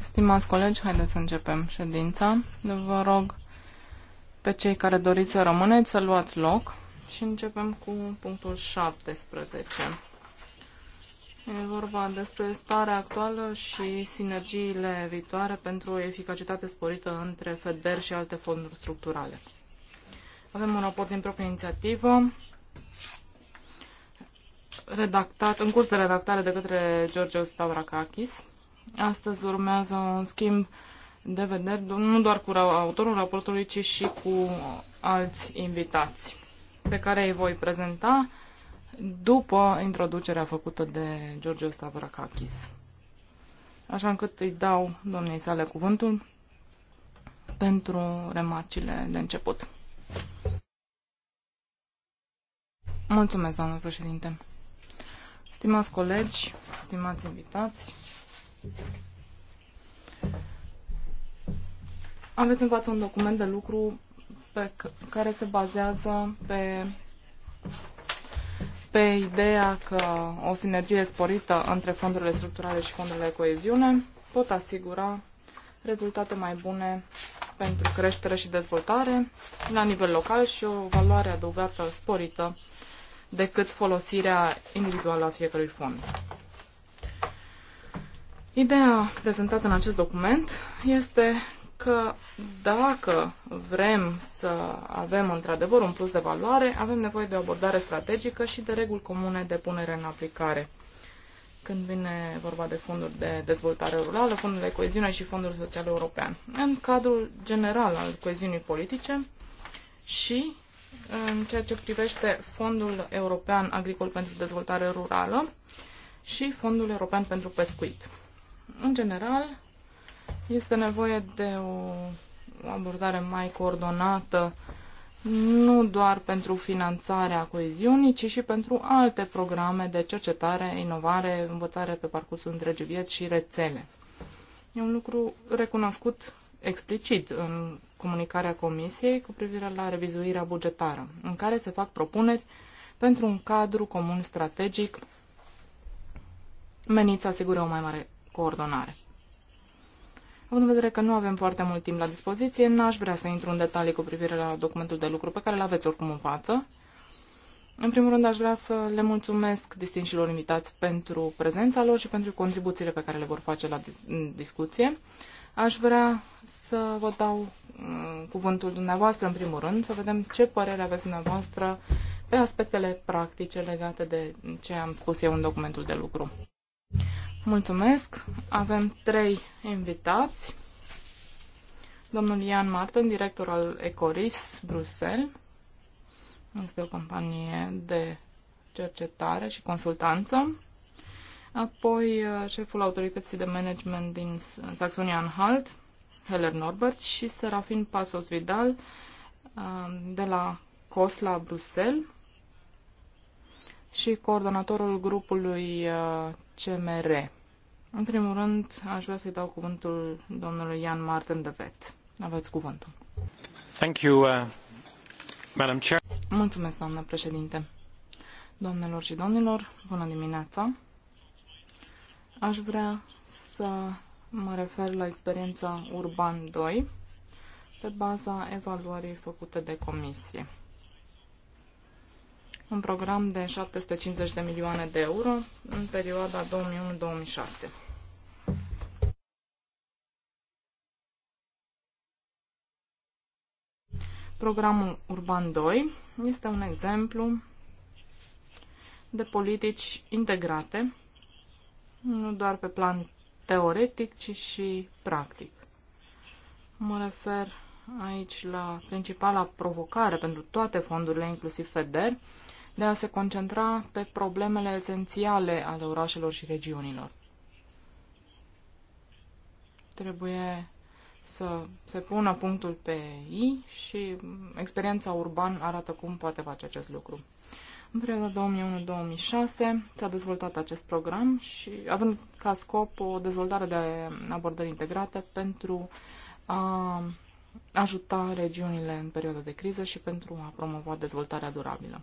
Stimați colegi, haideți să începem ședința. Vă rog pe cei care doriți să rămâneți să luați loc și începem cu punctul 17. E vorba despre starea actuală și sinergiile viitoare pentru eficacitate sporită între FEDER și alte fonduri structurale. Avem un raport din proprie inițiativă redactat, în curs de redactare de către George Stavrakakis. Astăzi urmează un schimb de vederi, nu doar cu autorul raportului, ci și cu alți invitați, pe care îi voi prezenta după introducerea făcută de George Stavrakakis. Așa încât îi dau domnei sale cuvântul pentru remarcile de început. Mulțumesc, doamnă președinte. Stimați colegi, stimați invitați, aveți în față un document de lucru pe care se bazează pe, pe ideea că o sinergie sporită între fondurile structurale și fondurile de coeziune pot asigura rezultate mai bune pentru creștere și dezvoltare la nivel local și o valoare adăugată sporită decât folosirea individuală a fiecărui fond. Ideea prezentată în acest document este că dacă vrem să avem într-adevăr un plus de valoare, avem nevoie de o abordare strategică și de reguli comune de punere în aplicare. Când vine vorba de fonduri de dezvoltare rurală, fondurile de coeziune și fondul social european. În cadrul general al coeziunii politice și în ceea ce privește Fondul European Agricol pentru Dezvoltare Rurală și Fondul European pentru Pescuit. În general, este nevoie de o abordare mai coordonată nu doar pentru finanțarea coeziunii, ci și pentru alte programe de cercetare, inovare, învățare pe parcursul întregii vieți și rețele. E un lucru recunoscut explicit în comunicarea Comisiei cu privire la revizuirea bugetară, în care se fac propuneri pentru un cadru comun strategic menit să asigure o mai mare coordonare. Având în vedere că nu avem foarte mult timp la dispoziție, n-aș vrea să intru în detalii cu privire la documentul de lucru pe care îl aveți oricum în față. În primul rând, aș vrea să le mulțumesc distinșilor invitați pentru prezența lor și pentru contribuțiile pe care le vor face la discuție. Aș vrea să vă dau Mm, cuvântul dumneavoastră, în primul rând, să vedem ce părere aveți dumneavoastră pe aspectele practice legate de ce am spus eu în documentul de lucru. Mulțumesc. Avem trei invitați. Domnul Ian Martin, director al Ecoris Bruxelles. Este o companie de cercetare și consultanță. Apoi uh, șeful autorității de management din Saxonia-Anhalt, Heller Norbert și Serafin Pasos Vidal um, de la COS la Bruxelles și coordonatorul grupului uh, CMR. În primul rând, aș vrea să-i dau cuvântul domnului Ian Martin de Vet. Aveți cuvântul. Thank you, uh, Madam Chair. Mulțumesc, doamnă președinte. Doamnelor și domnilor, bună dimineața. Aș vrea să Mă refer la experiența Urban 2, pe baza evaluării făcute de comisie. Un program de 750 de milioane de euro în perioada 2001-2006. Programul Urban 2 este un exemplu de politici integrate, nu doar pe plan teoretic, ci și practic. Mă refer aici la principala provocare pentru toate fondurile, inclusiv FEDER, de a se concentra pe problemele esențiale ale orașelor și regiunilor. Trebuie să se pună punctul pe I și experiența urban arată cum poate face acest lucru. În perioada 2001-2006 s-a dezvoltat acest program și având ca scop o dezvoltare de abordări integrate pentru a ajuta regiunile în perioada de criză și pentru a promova dezvoltarea durabilă.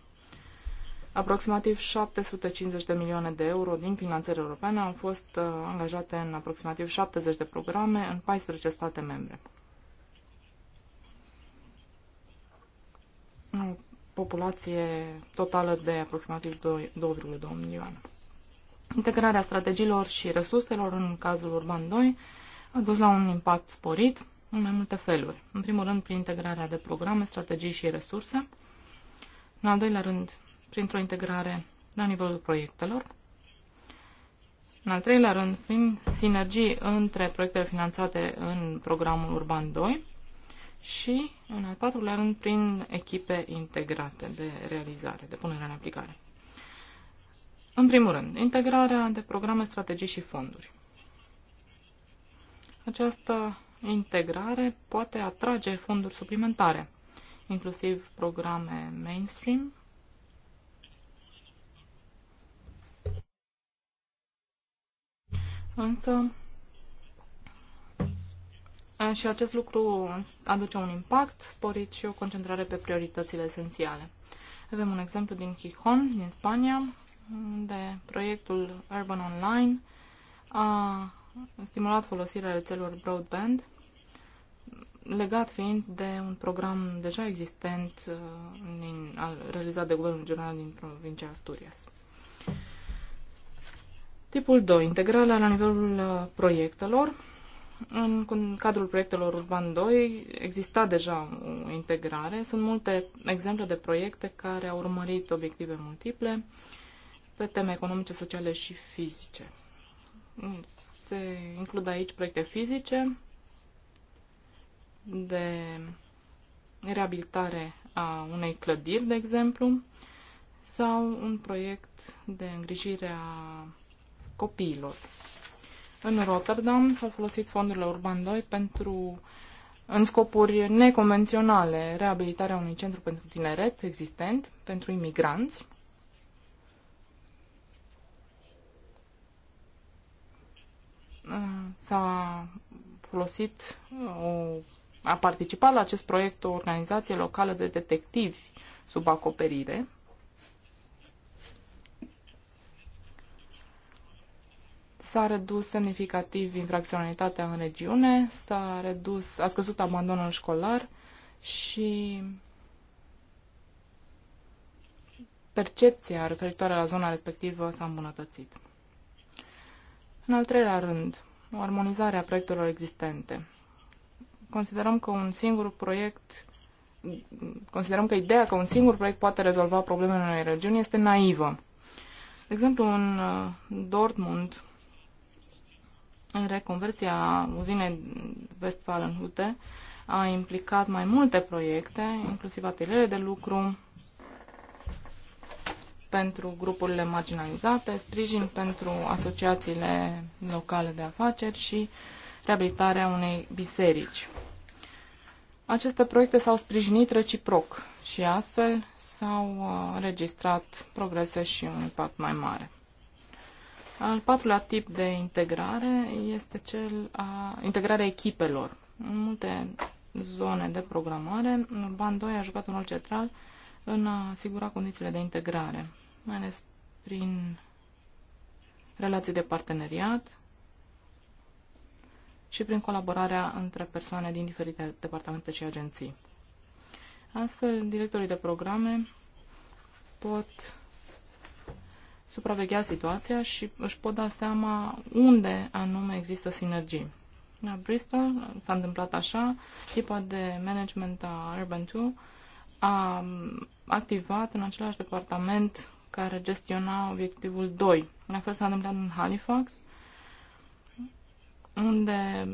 Aproximativ 750 de milioane de euro din finanțări europene au fost uh, angajate în aproximativ 70 de programe în 14 state membre populație totală de aproximativ 2,2 milioane. Integrarea strategiilor și resurselor în cazul Urban 2 a dus la un impact sporit în mai multe feluri. În primul rând, prin integrarea de programe, strategii și resurse. În al doilea rând, printr-o integrare la nivelul proiectelor. În al treilea rând, prin sinergii între proiectele finanțate în programul Urban 2 și, în al patrulea rând, prin echipe integrate de realizare, de punere în aplicare. În primul rând, integrarea de programe, strategii și fonduri. Această integrare poate atrage fonduri suplimentare, inclusiv programe mainstream, însă Eh, și acest lucru aduce un impact sporit și o concentrare pe prioritățile esențiale. Avem un exemplu din Gijón, din Spania, unde proiectul Urban Online a stimulat folosirea rețelor broadband, legat fiind de un program deja existent eh, din, al, realizat de Guvernul General din provincia Asturias. Tipul 2. Integrarea la nivelul eh, proiectelor în cadrul proiectelor Urban 2 exista deja o integrare. Sunt multe exemple de proiecte care au urmărit obiective multiple pe teme economice, sociale și fizice. Se includ aici proiecte fizice de reabilitare a unei clădiri, de exemplu, sau un proiect de îngrijire a copiilor. În Rotterdam s-au folosit fondurile Urban 2 pentru în scopuri neconvenționale, reabilitarea unui centru pentru tineret existent, pentru imigranți, s-a folosit, o, a participat la acest proiect o organizație locală de detectivi sub acoperire. S-a redus semnificativ infracționalitatea în regiune, s-a redus, a scăzut abandonul școlar și percepția referitoare la zona respectivă s-a îmbunătățit. În al treilea rând, o armonizare a proiectelor existente. Considerăm că un singur proiect considerăm că ideea că un singur proiect poate rezolva problemele unei regiuni este naivă. De exemplu, în uh, Dortmund reconversia uzinei Westfalenhute a implicat mai multe proiecte, inclusiv ateliere de lucru pentru grupurile marginalizate, sprijin pentru asociațiile locale de afaceri și reabilitarea unei biserici. Aceste proiecte s-au sprijinit reciproc și astfel s-au uh, înregistrat progrese și un impact mai mare. Al patrulea tip de integrare este cel a integrarea echipelor. În multe zone de programare, Urban 2 a jucat un rol central în a asigura condițiile de integrare, mai ales prin relații de parteneriat și prin colaborarea între persoane din diferite departamente și agenții. Astfel, directorii de programe pot supraveghea situația și își pot da seama unde anume există sinergii. La Bristol s-a întâmplat așa, echipa de management a Urban 2 a activat în același departament care gestiona obiectivul 2. La fel s-a întâmplat în Halifax, unde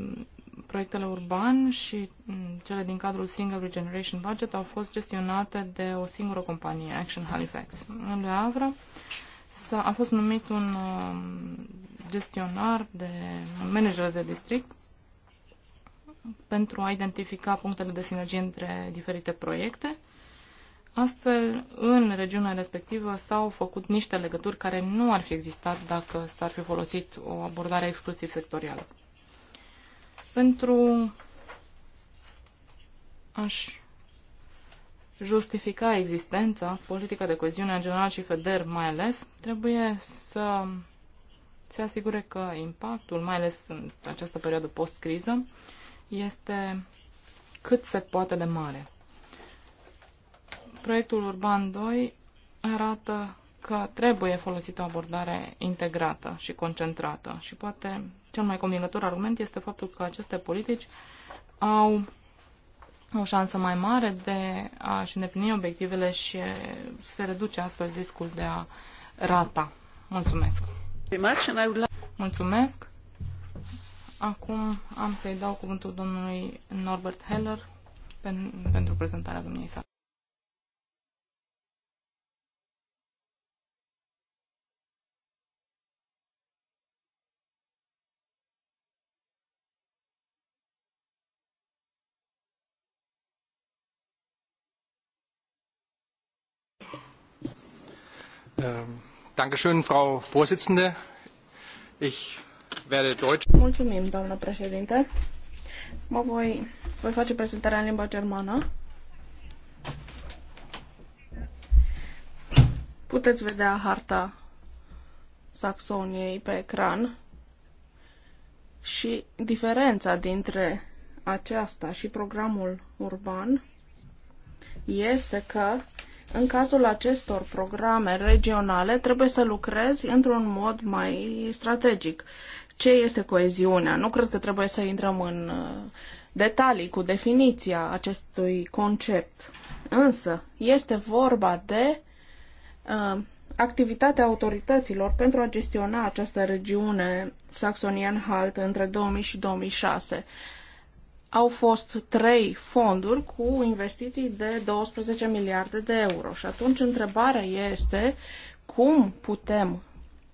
proiectele urban și mm, cele din cadrul Single Regeneration Budget au fost gestionate de o singură companie, Action Halifax. În Le Havre a fost numit un um, gestionar, de, un manager de district pentru a identifica punctele de sinergie între diferite proiecte. Astfel, în regiunea respectivă s-au făcut niște legături care nu ar fi existat dacă s-ar fi folosit o abordare exclusiv sectorială. Pentru aș justifica existența, politica de coeziune în general și FEDER mai ales, trebuie să se asigure că impactul, mai ales în această perioadă post-criză, este cât se poate de mare. Proiectul Urban 2 arată că trebuie folosită o abordare integrată și concentrată și poate cel mai convingător argument este faptul că aceste politici au o șansă mai mare de a-și îndeplini obiectivele și se reduce astfel riscul de a rata. Mulțumesc! Mulțumesc! Acum am să-i dau cuvântul domnului Norbert Heller pentru prezentarea domniei sale. Ähm, Frau Vorsitzende. Ich werde Deutsch. Mulțumim, doamnă președinte. Mă voi, voi face prezentarea în limba germană. Puteți vedea harta Saxoniei pe ecran și diferența dintre aceasta și programul urban este că în cazul acestor programe regionale, trebuie să lucrezi într-un mod mai strategic. Ce este coeziunea? Nu cred că trebuie să intrăm în uh, detalii cu definiția acestui concept. Însă, este vorba de uh, activitatea autorităților pentru a gestiona această regiune saxonian-halt între 2000 și 2006 au fost trei fonduri cu investiții de 12 miliarde de euro. Și atunci întrebarea este cum putem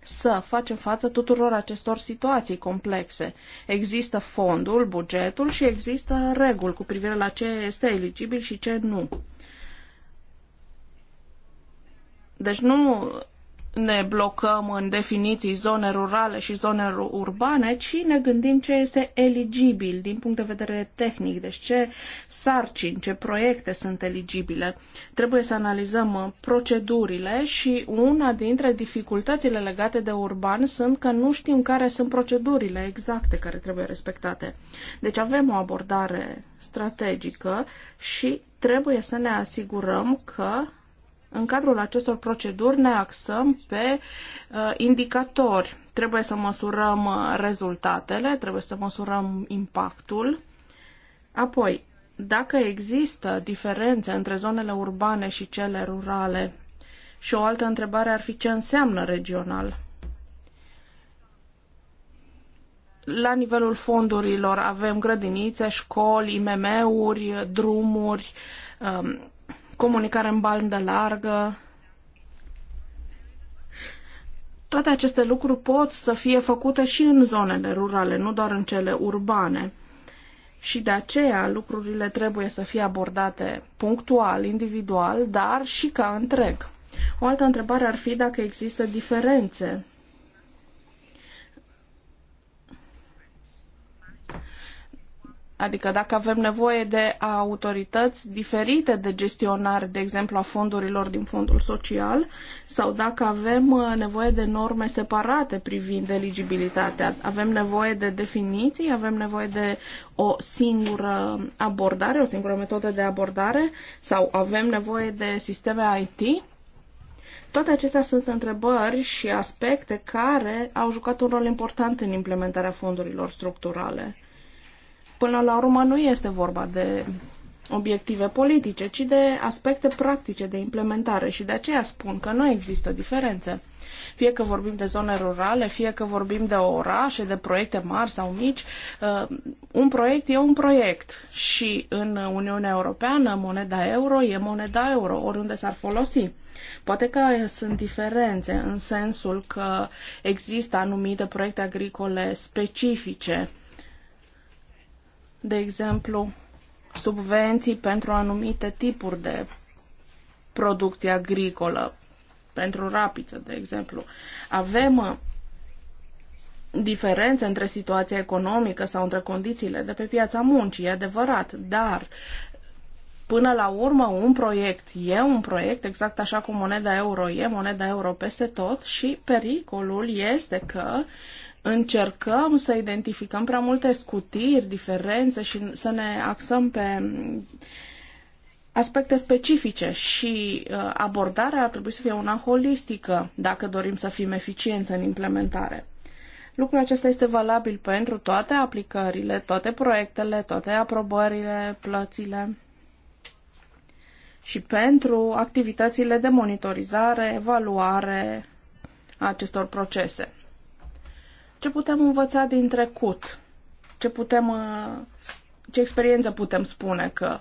să facem față tuturor acestor situații complexe. Există fondul, bugetul și există reguli cu privire la ce este eligibil și ce nu. Deci nu ne blocăm în definiții zone rurale și zone urbane, ci ne gândim ce este eligibil din punct de vedere tehnic, deci ce sarcini, ce proiecte sunt eligibile. Trebuie să analizăm uh, procedurile și una dintre dificultățile legate de urban sunt că nu știm care sunt procedurile exacte care trebuie respectate. Deci avem o abordare strategică și trebuie să ne asigurăm că în cadrul acestor proceduri ne axăm pe uh, indicatori. Trebuie să măsurăm uh, rezultatele, trebuie să măsurăm impactul. Apoi, dacă există diferențe între zonele urbane și cele rurale, și o altă întrebare ar fi ce înseamnă regional. La nivelul fondurilor avem grădinițe, școli, IMM-uri, drumuri, um, comunicare în bandă largă. Toate aceste lucruri pot să fie făcute și în zonele rurale, nu doar în cele urbane. Și de aceea lucrurile trebuie să fie abordate punctual, individual, dar și ca întreg. O altă întrebare ar fi dacă există diferențe Adică dacă avem nevoie de autorități diferite de gestionare, de exemplu, a fondurilor din fondul social, sau dacă avem uh, nevoie de norme separate privind eligibilitatea, avem nevoie de definiții, avem nevoie de o singură abordare, o singură metodă de abordare, sau avem nevoie de sisteme IT. Toate acestea sunt întrebări și aspecte care au jucat un rol important în implementarea fondurilor structurale. Până la urmă nu este vorba de obiective politice, ci de aspecte practice de implementare și de aceea spun că nu există diferențe. Fie că vorbim de zone rurale, fie că vorbim de orașe, de proiecte mari sau mici, uh, un proiect e un proiect și în Uniunea Europeană moneda euro e moneda euro, oriunde s-ar folosi. Poate că sunt diferențe în sensul că există anumite proiecte agricole specifice de exemplu, subvenții pentru anumite tipuri de producție agricolă, pentru rapiță, de exemplu. Avem uh, diferențe între situația economică sau între condițiile de pe piața muncii, e adevărat, dar până la urmă un proiect e un proiect, exact așa cum moneda euro e, moneda euro peste tot și pericolul este că uh, încercăm să identificăm prea multe scutiri, diferențe și să ne axăm pe aspecte specifice și uh, abordarea ar trebui să fie una holistică dacă dorim să fim eficienți în implementare. Lucrul acesta este valabil pentru toate aplicările, toate proiectele, toate aprobările, plățile și pentru activitățile de monitorizare, evaluare a acestor procese. Ce putem învăța din trecut? Ce putem uh, ce experiență putem spune că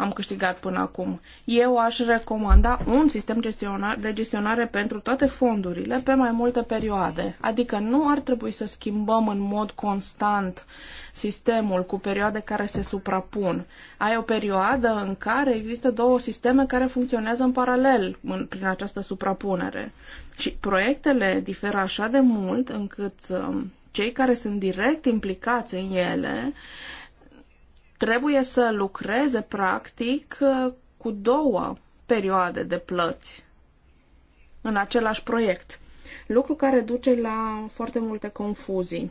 am câștigat până acum. Eu aș recomanda un sistem gestionar, de gestionare pentru toate fondurile pe mai multe perioade. Adică nu ar trebui să schimbăm în mod constant sistemul cu perioade care se suprapun. Ai o perioadă în care există două sisteme care funcționează în paralel în, prin această suprapunere. Și proiectele diferă așa de mult încât um, cei care sunt direct implicați în ele trebuie să lucreze practic cu două perioade de plăți în același proiect. Lucru care duce la foarte multe confuzii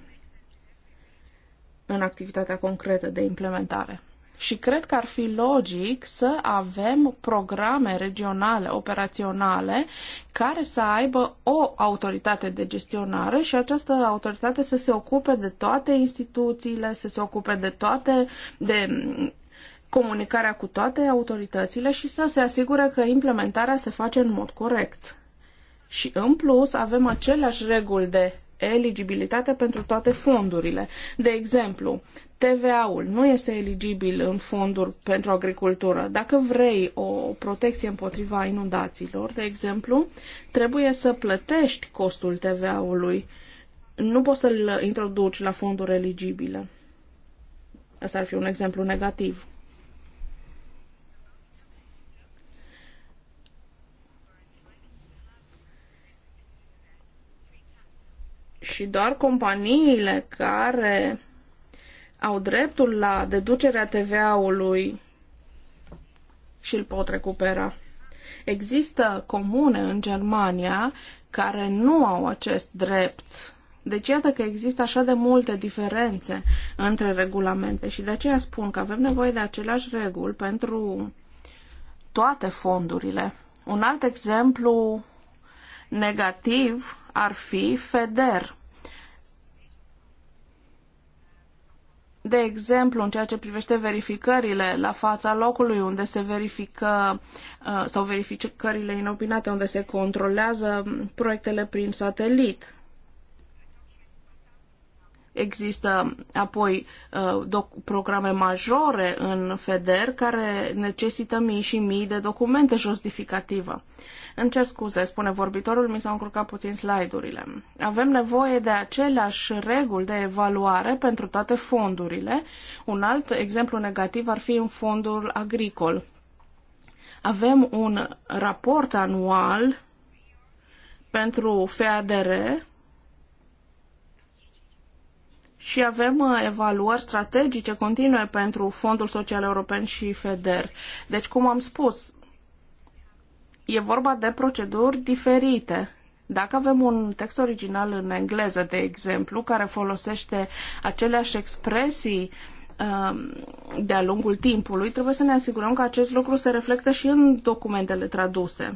în activitatea concretă de implementare și cred că ar fi logic să avem programe regionale, operaționale, care să aibă o autoritate de gestionare și această autoritate să se ocupe de toate instituțiile, să se ocupe de toate, de comunicarea cu toate autoritățile și să se asigure că implementarea se face în mod corect. Și în plus avem aceleași reguli de eligibilitatea pentru toate fondurile. De exemplu, TVA-ul nu este eligibil în fonduri pentru agricultură. Dacă vrei o protecție împotriva inundațiilor, de exemplu, trebuie să plătești costul TVA-ului. Nu poți să-l introduci la fonduri eligibile. Asta ar fi un exemplu negativ. și doar companiile care au dreptul la deducerea TVA-ului și îl pot recupera. Există comune în Germania care nu au acest drept. Deci iată că există așa de multe diferențe între regulamente și de aceea spun că avem nevoie de aceleași reguli pentru toate fondurile. Un alt exemplu negativ ar fi FEDER, De exemplu, în ceea ce privește verificările la fața locului unde se verifică uh, sau verificările inopinate unde se controlează proiectele prin satelit, Există apoi uh, programe majore în FEDER care necesită mii și mii de documente justificativă. Îmi cer scuze, spune vorbitorul, mi s-au încurcat puțin slide-urile. Avem nevoie de aceleași reguli de evaluare pentru toate fondurile. Un alt exemplu negativ ar fi în fondul agricol. Avem un raport anual pentru FADR și avem uh, evaluări strategice continue pentru Fondul Social European și FEDER. Deci, cum am spus, e vorba de proceduri diferite. Dacă avem un text original în engleză, de exemplu, care folosește aceleași expresii um, de-a lungul timpului, trebuie să ne asigurăm că acest lucru se reflectă și în documentele traduse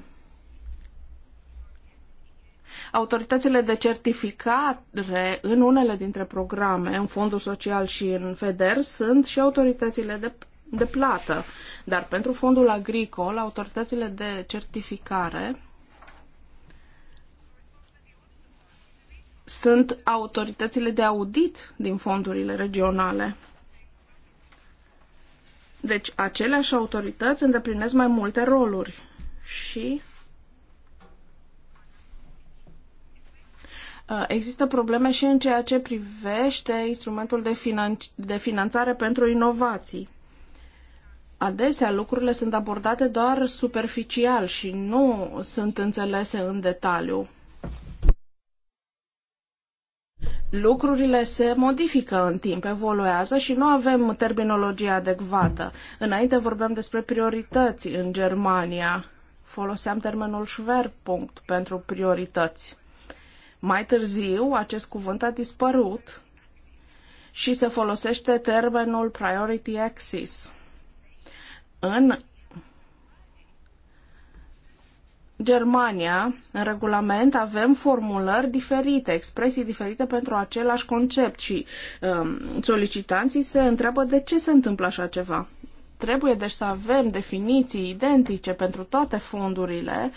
autoritățile de certificare în unele dintre programe, în Fondul Social și în FEDER, sunt și autoritățile de, de plată. Dar pentru fondul agricol, autoritățile de certificare sunt autoritățile de audit din fondurile regionale. Deci, aceleași autorități îndeplinesc mai multe roluri și Uh, există probleme și în ceea ce privește instrumentul de, finanț- de finanțare pentru inovații. Adesea lucrurile sunt abordate doar superficial și nu sunt înțelese în detaliu. lucrurile se modifică în timp, evoluează și nu avem terminologie adecvată. Înainte vorbeam despre priorități în Germania. Foloseam termenul Schwerpunkt pentru priorități. Mai târziu, acest cuvânt a dispărut și se folosește termenul priority axis. În Germania, în regulament, avem formulări diferite, expresii diferite pentru același concept și um, solicitanții se întreabă de ce se întâmplă așa ceva. Trebuie deci să avem definiții identice pentru toate fondurile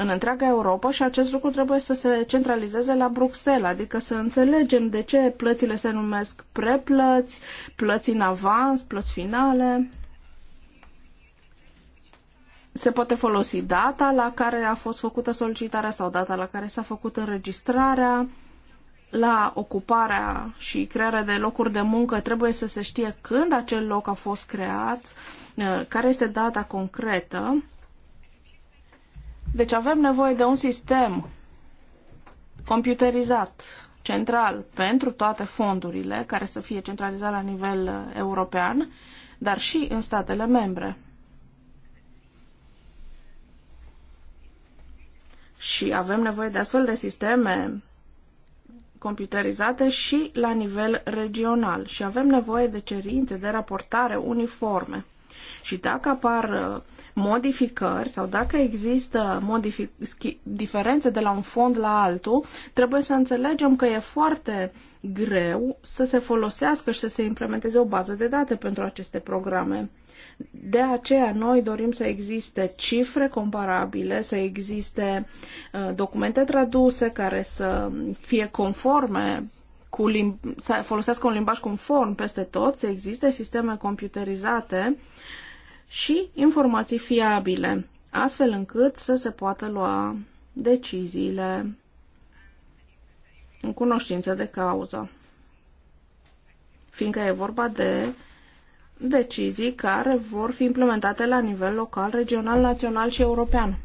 în întreaga Europa și acest lucru trebuie să se centralizeze la Bruxelles, adică să înțelegem de ce plățile se numesc preplăți, plăți în avans, plăți finale se poate folosi data la care a fost făcută solicitarea sau data la care s-a făcut înregistrarea. La ocuparea și crearea de locuri de muncă trebuie să se știe când acel loc a fost creat, eh, care este data concretă deci avem nevoie de un sistem computerizat, central, pentru toate fondurile, care să fie centralizat la nivel uh, european, dar și în statele membre. Și avem nevoie de astfel de sisteme computerizate și la nivel regional și avem nevoie de cerințe de raportare uniforme. Și dacă apar uh, modificări sau dacă există modific- diferențe de la un fond la altul, trebuie să înțelegem că e foarte greu să se folosească și să se implementeze o bază de date pentru aceste programe. De aceea noi dorim să existe cifre comparabile, să existe uh, documente traduse care să fie conforme cu lim- să folosească un limbaj conform peste tot, să existe sisteme computerizate și informații fiabile, astfel încât să se poată lua deciziile în cunoștință de cauză. Fiindcă e vorba de decizii care vor fi implementate la nivel local, regional, național și european.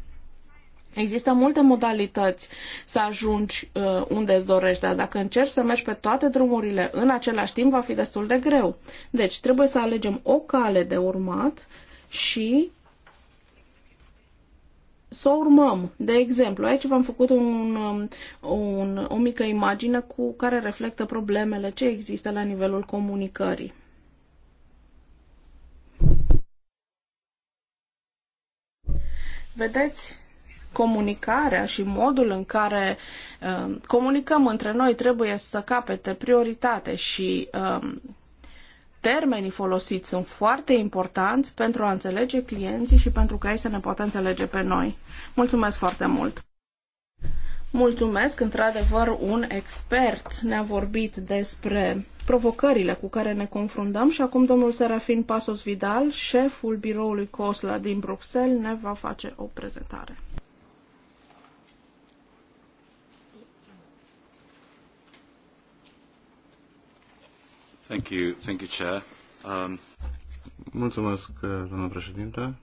Există multe modalități să ajungi uh, unde îți dorești, dar dacă încerci să mergi pe toate drumurile în același timp, va fi destul de greu. Deci trebuie să alegem o cale de urmat și să o urmăm. De exemplu, aici v-am făcut un, um, un, o mică imagine cu care reflectă problemele ce există la nivelul comunicării. Vedeți, comunicarea și modul în care uh, comunicăm între noi trebuie să capete prioritate și uh, termenii folosiți sunt foarte importanți pentru a înțelege clienții și pentru ca ei să ne poată înțelege pe noi. Mulțumesc foarte mult! Mulțumesc, într-adevăr, un expert ne-a vorbit despre provocările cu care ne confruntăm și acum domnul Serafin Pasos Vidal, șeful biroului COSLA din Bruxelles, ne va face o prezentare. Um, mulțumesc, uh, doamnă președinte,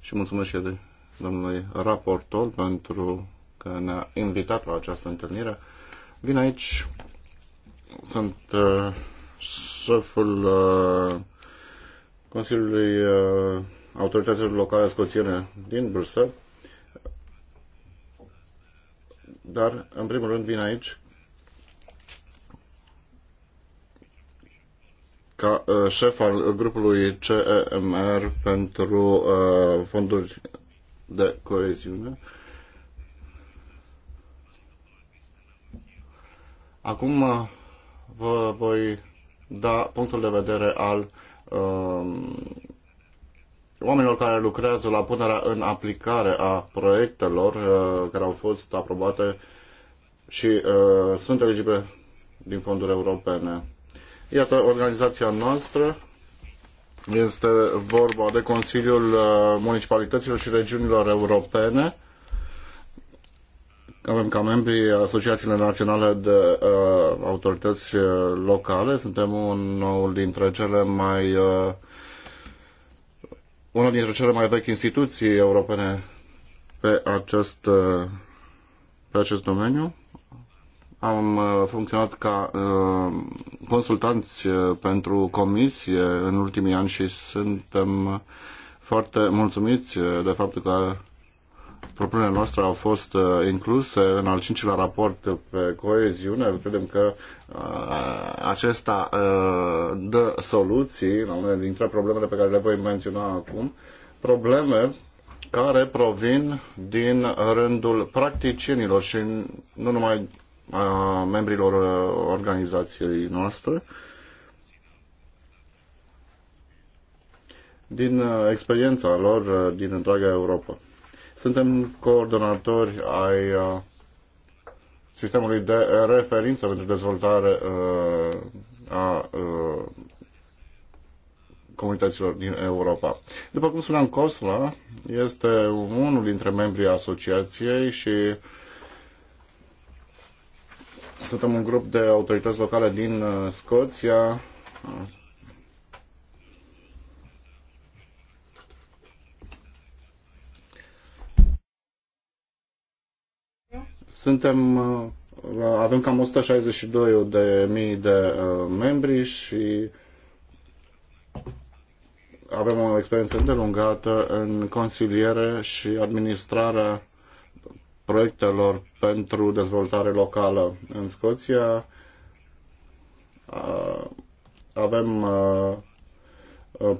și mulțumesc și domnului raportor pentru că ne-a invitat la această întâlnire. Vin aici, sunt uh, șeful uh, Consiliului uh, Autorităților Locale Scoțiene din Bruxelles, dar, în primul rând, vin aici ca uh, șef al grupului CEMR pentru uh, fonduri de coeziune. Acum uh, vă voi da punctul de vedere al um, oamenilor care lucrează la punerea în aplicare a proiectelor care au fost aprobate și sunt eligibile din fonduri europene. Iată, organizația noastră este vorba de Consiliul uh, Municipalităților și Regiunilor Europene. Avem ca membri Asociațiile Naționale de uh, Autorități uh, Locale. Suntem unul dintre cele mai uh, una dintre cele mai vechi instituții europene pe acest, uh, pe acest domeniu. Am uh, funcționat ca uh, consultanți uh, pentru comisie în ultimii ani și suntem foarte mulțumiți de faptul că propunerea noastră au fost incluse în al cincilea raport pe coeziune. Credem că acesta dă soluții la unele dintre problemele pe care le voi menționa acum. Probleme care provin din rândul practicienilor și nu numai a membrilor uh, organizației noastre. din uh, experiența lor uh, din întreaga Europa. Suntem coordonatori ai sistemului de referință pentru dezvoltare a comunităților din Europa. După cum spuneam, COSLA este unul dintre membrii asociației și suntem un grup de autorități locale din uh, Scoția. Suntem, uh, avem cam 162 de mii de uh, membri și avem o experiență îndelungată în consiliere și administrarea proiectelor pentru dezvoltare locală în Scoția. Avem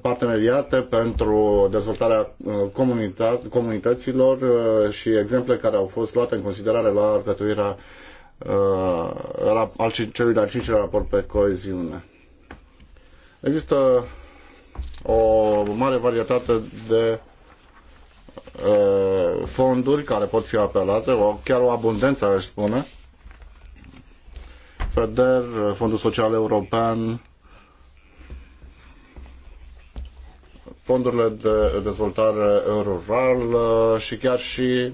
parteneriate pentru dezvoltarea comunita- comunităților și exemple care au fost luate în considerare la alcătuirea al celui de-al cincilea raport pe coeziune. Există o mare varietate de Uh, fonduri care pot fi apelate, o, chiar o abundență, aș spune. FEDER, uh, Fondul Social European, fondurile de dezvoltare rurală și chiar și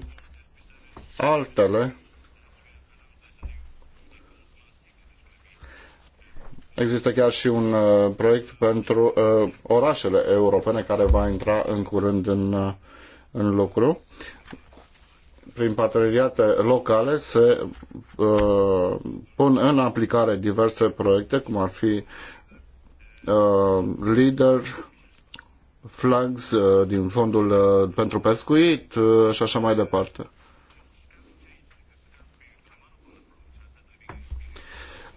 altele. Există chiar și un uh, proiect pentru orașele europene care va intra în curând în în lucru. Prin parteneriate locale se uh, pun în aplicare diverse proiecte, cum ar fi uh, Leader, Flags uh, din fondul uh, pentru pescuit uh, și așa mai departe.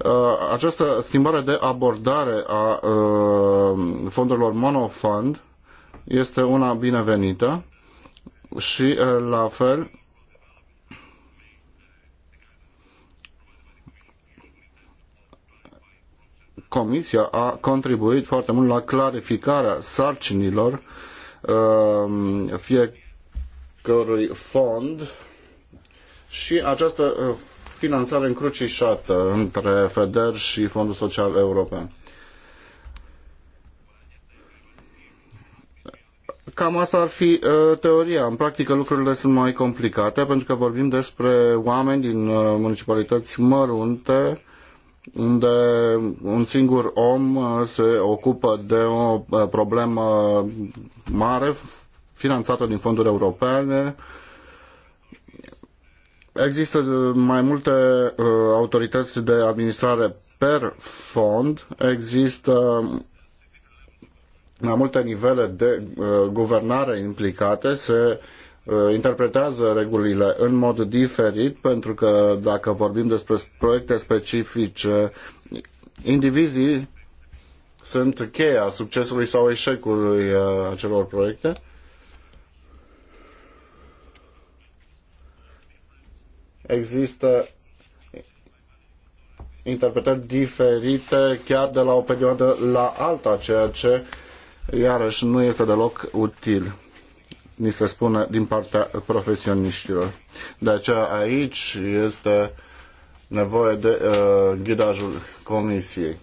Uh, această schimbare de abordare a uh, fondurilor monofund este una binevenită și uh, la fel Comisia a contribuit foarte mult la clarificarea sarcinilor um, fiecărui fond și această uh, finanțare încrucișată între FEDER și Fondul Social European. cam asta ar fi uh, teoria. În practică lucrurile sunt mai complicate pentru că vorbim despre oameni din uh, municipalități mărunte unde un singur om uh, se ocupă de o problemă mare finanțată din fonduri europene. Există mai multe autorități de administrare per fond, există mai multe nivele de uh, guvernare implicate se uh, interpretează regulile în mod diferit, pentru că dacă vorbim despre proiecte specifice, indivizii sunt cheia succesului sau eșecului uh, acelor proiecte. Există interpretări diferite chiar de la o perioadă la alta, ceea ce iarăși nu este deloc util ni se spune din partea profesioniștilor. De aceea aici este nevoie de uh, ghidajul comisiei.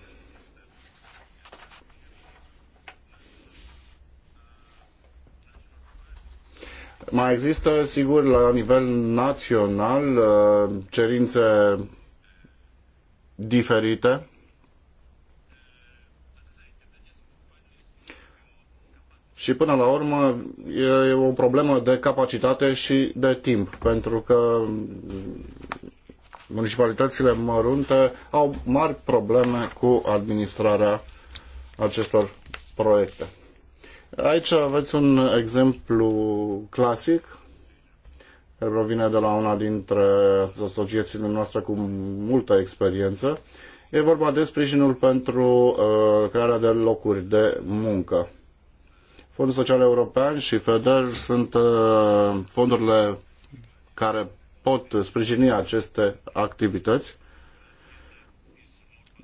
Mai există, sigur, la nivel național uh, cerințe diferite Și până la urmă e o problemă de capacitate și de timp, pentru că municipalitățile mărunte au mari probleme cu administrarea acestor proiecte. Aici aveți un exemplu clasic care provine de la una dintre asociațiile noastre cu multă experiență. E vorba de sprijinul pentru uh, crearea de locuri de muncă. Fondul Social European și FEDER sunt uh, fondurile care pot sprijini aceste activități.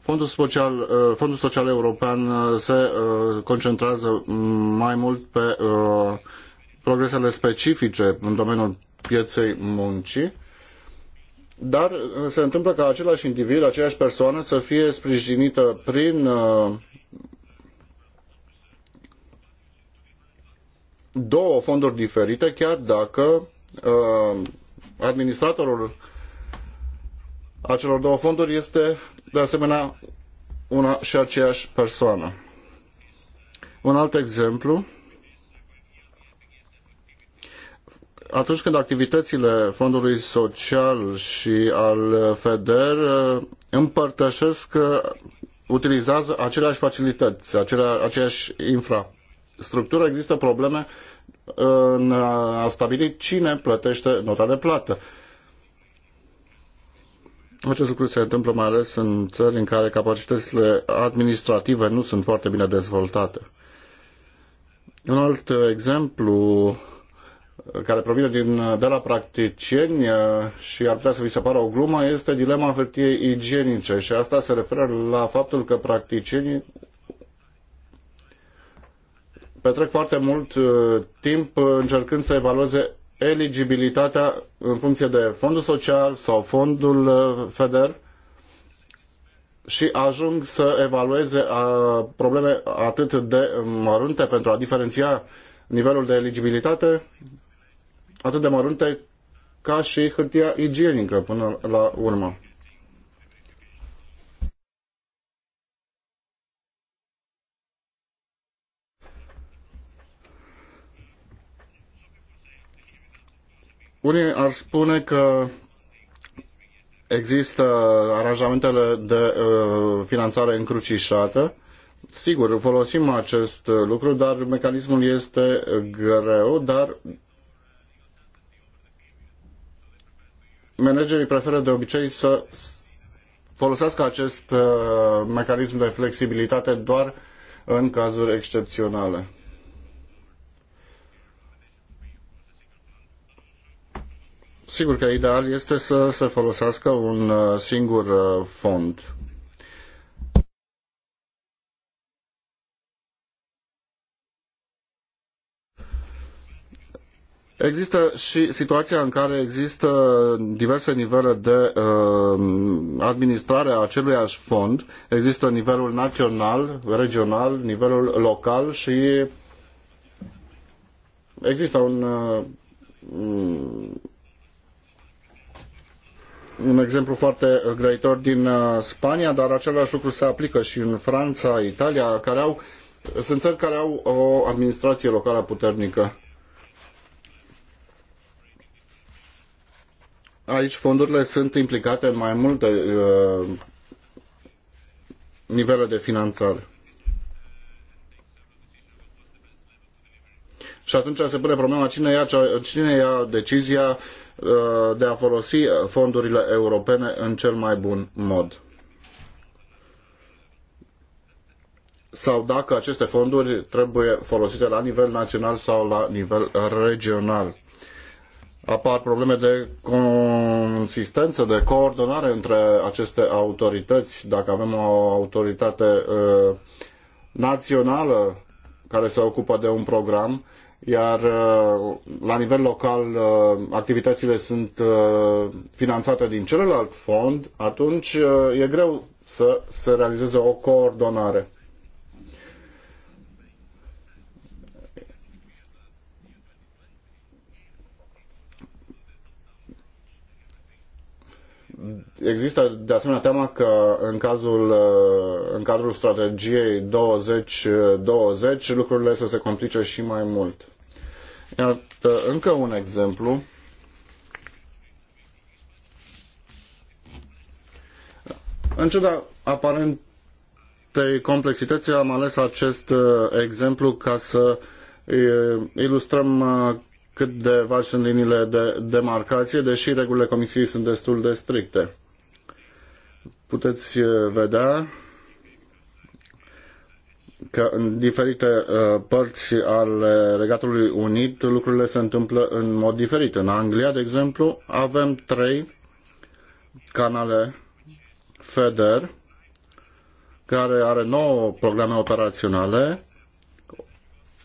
Fondul Social, uh, Fondul Social European uh, se concentrează mai mult pe progresele specifice în domeniul pieței muncii, dar se întâmplă ca același individ, aceeași persoană să fie sprijinită prin două fonduri diferite, chiar dacă uh, administratorul acelor două fonduri este de asemenea una și aceeași persoană. Un alt exemplu, atunci când activitățile Fondului Social și al FEDER uh, împărtășesc, uh, utilizează aceleași facilități, acelea, aceeași infra structură există probleme în a stabili cine plătește nota de plată. Acest lucru se întâmplă mai ales în țări în care capacitățile administrative nu sunt foarte bine dezvoltate. Un alt exemplu care provine din, de la practicieni uh, și ar putea să vi se pară o glumă, este dilema hârtiei igienice și asta se referă la faptul că practicienii petrec foarte mult uh, timp uh, încercând să evalueze eligibilitatea în funcție de fondul social sau fondul uh, FEDER și ajung să evalueze probleme atât de mărunte pentru a diferenția nivelul de eligibilitate atât de mărunte ca și hârtia igienică până la urmă. Unii ar spune că există aranjamentele de uh, finanțare încrucișată. Sigur, folosim acest lucru, dar mecanismul este greu, dar managerii preferă de obicei să folosească acest uh, mecanism de flexibilitate doar în cazuri excepționale. Sigur că ideal este să se folosească un uh, singur uh, fond. Există și situația în care există diverse nivele de uh, administrare a aceluiași fond. Există nivelul național, regional, nivelul local și există un un exemplu foarte grăitor din uh, Spania, dar același lucru se aplică și în Franța, Italia, care au, sunt țări care au o administrație locală puternică. Aici fondurile sunt implicate în mai multe uh, nivele de finanțare. Și atunci se pune problema cine ia, cine ia decizia Uh, de a folosi fondurile europene în cel mai bun mod. sau dacă aceste fonduri trebuie folosite la nivel național sau la nivel regional. Apar probleme de consistență, de coordonare între aceste autorități. Dacă avem o autoritate uh, națională care se ocupă de un program, iar uh, la nivel local uh, activitățile sunt uh, finanțate din celălalt fond, atunci e greu să se realizeze o coordonare. Există de asemenea teama că în, cazul, uh, în cadrul strategiei 20-20 lucrurile să se complice și mai mult. Iar uh, încă un exemplu. În ciuda aparentei complexității am ales acest uh, exemplu ca să ilustrăm cât de vagi sunt liniile de demarcație, deși regulile Comisiei sunt destul de stricte. Puteți uh, vedea că în diferite uh, părți ale Regatului Unit lucrurile se întâmplă în mod diferit. În Anglia, de exemplu, avem trei canale FEDER, care are nouă programe operaționale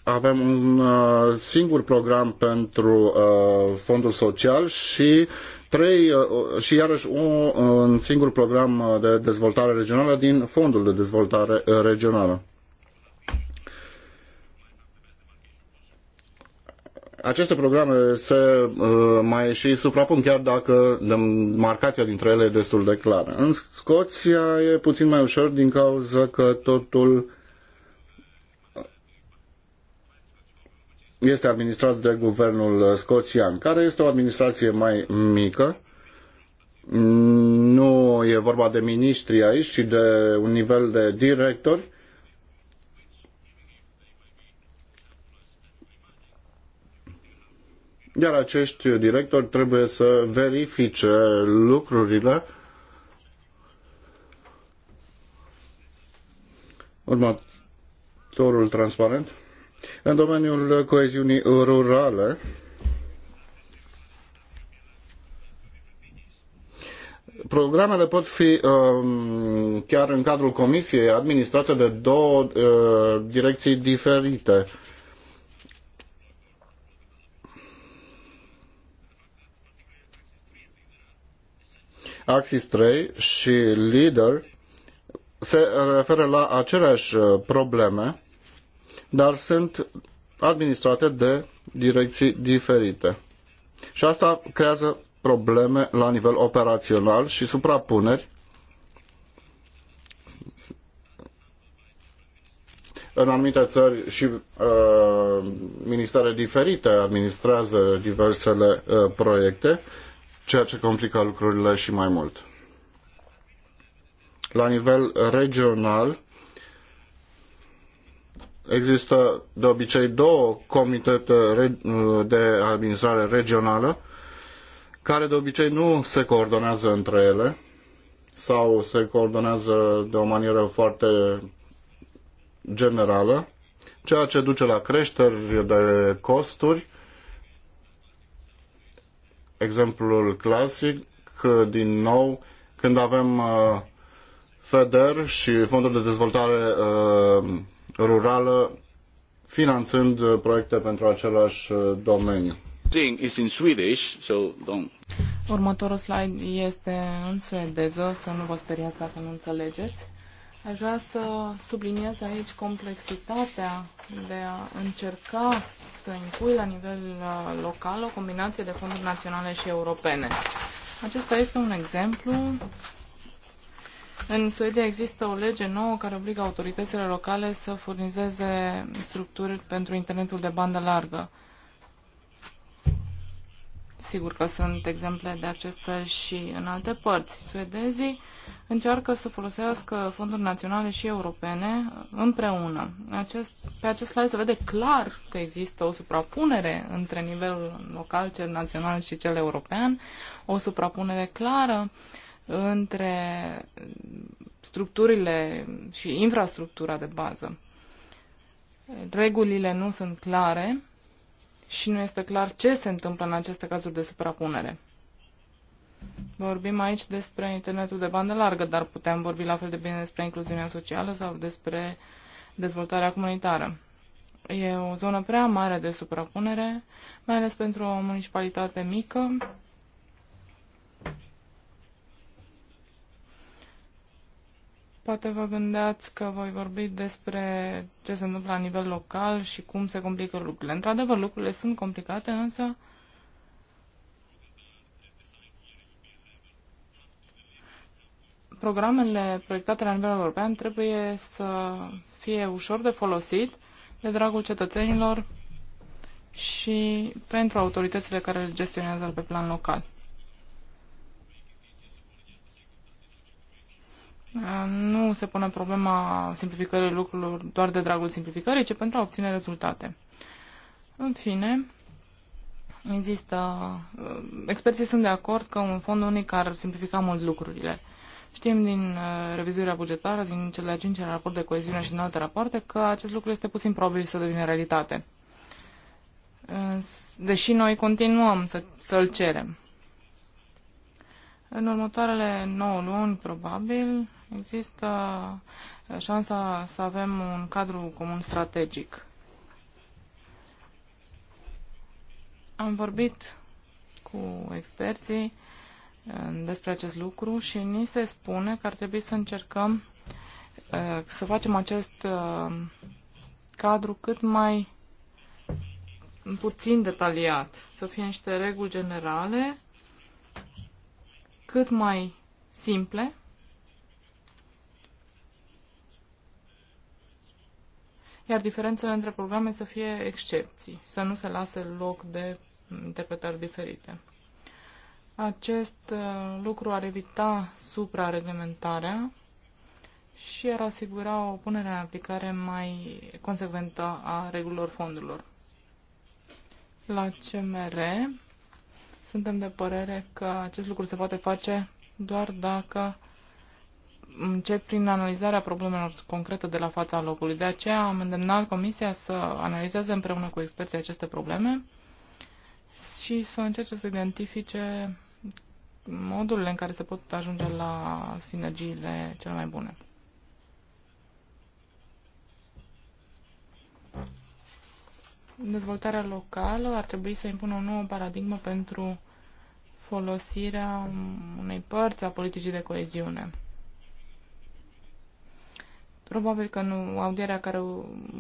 avem un uh, singur program pentru uh, fondul social și trei uh, și iarăși un singur program de dezvoltare regională din fondul de dezvoltare regională. Aceste programe se mai și suprapun chiar dacă marcația dintre ele e destul de clară. În Scoția e puțin mai ușor din cauza că totul este administrat de guvernul scoțian, care este o administrație mai mică. Nu e vorba de miniștri aici, ci de un nivel de directori. Iar acești directori trebuie să verifice lucrurile Următorul transparent. În domeniul coeziunii rurale, programele pot fi um, chiar în cadrul comisiei administrate de două uh, direcții diferite. Axis 3 și Leader se referă la aceleași uh, probleme dar sunt administrate de direcții diferite. Și asta creează probleme la nivel operațional și suprapuneri. În anumite țări și uh, ministere diferite administrează diversele uh, proiecte, ceea ce complică lucrurile și mai mult. La nivel regional, Există de obicei două comitete de administrare regională care de obicei nu se coordonează între ele sau se coordonează de o manieră foarte generală, ceea ce duce la creșteri de costuri. Exemplul clasic, că din nou, când avem uh, FEDER și fondul de dezvoltare uh, rurală finanțând uh, proiecte pentru același uh, domeniu. Următorul slide este în suedeză, să nu vă speriați dacă nu înțelegeți. Aș vrea să subliniez aici complexitatea de a încerca să impui la nivel uh, local o combinație de fonduri naționale și europene. Acesta este un exemplu în Suedia există o lege nouă care obligă autoritățile locale să furnizeze structuri pentru internetul de bandă largă. Sigur că sunt exemple de acest fel și în alte părți. Suedezii încearcă să folosească fonduri naționale și europene împreună. Acest, pe acest slide se vede clar că există o suprapunere între nivelul local, cel național și cel european, o suprapunere clară uh, între structurile și infrastructura de bază. Regulile nu sunt clare și nu este clar ce se întâmplă în aceste cazuri de suprapunere. Vorbim aici despre internetul de bandă largă, dar putem vorbi la fel de bine despre incluziunea socială sau despre dezvoltarea comunitară. E o zonă prea mare de suprapunere, mai ales pentru o municipalitate mică, Poate vă gândeați că voi vorbi despre ce se întâmplă la nivel local și cum se complică lucrurile. Într-adevăr, lucrurile sunt complicate, însă programele proiectate la nivel european trebuie să fie ușor de folosit de dragul cetățenilor și pentru autoritățile care le gestionează pe plan local. Ah, nu se pune problema simplificării lucrurilor doar de dragul simplificării, ci pentru a obține rezultate. În fine, există... Ah, experții sunt de acord că un fond unic ar simplifica mult lucrurile. Știm din ah, revizuirea bugetară, din cele de-al cincilea raport de coeziune și din alte rapoarte, că acest lucru este puțin probabil să devină realitate. Deși noi continuăm să, să-l cerem. În următoarele 9 luni, probabil, Există uh, șansa să avem un cadru comun strategic. Am vorbit cu experții uh, despre acest lucru și ni se spune că ar trebui să încercăm uh, să facem acest cadru cât mai puțin detaliat, să fie niște reguli generale cât mai simple iar diferențele între programe să fie excepții, să nu se lase loc de interpretări diferite. Acest uh, lucru ar evita suprareglementarea și ar asigura o punere în aplicare mai consecventă a regulilor fondurilor. La CMR suntem de părere că acest lucru se poate face doar dacă încep prin analizarea problemelor concrete de la fața locului. De aceea am îndemnat Comisia să analizeze împreună cu experții aceste probleme și să încerce să identifice modurile în care se pot ajunge la sinergiile cele mai bune. Dezvoltarea locală ar trebui să impună o nouă paradigmă pentru folosirea unei părți a politicii de coeziune. Probabil că nu audierea care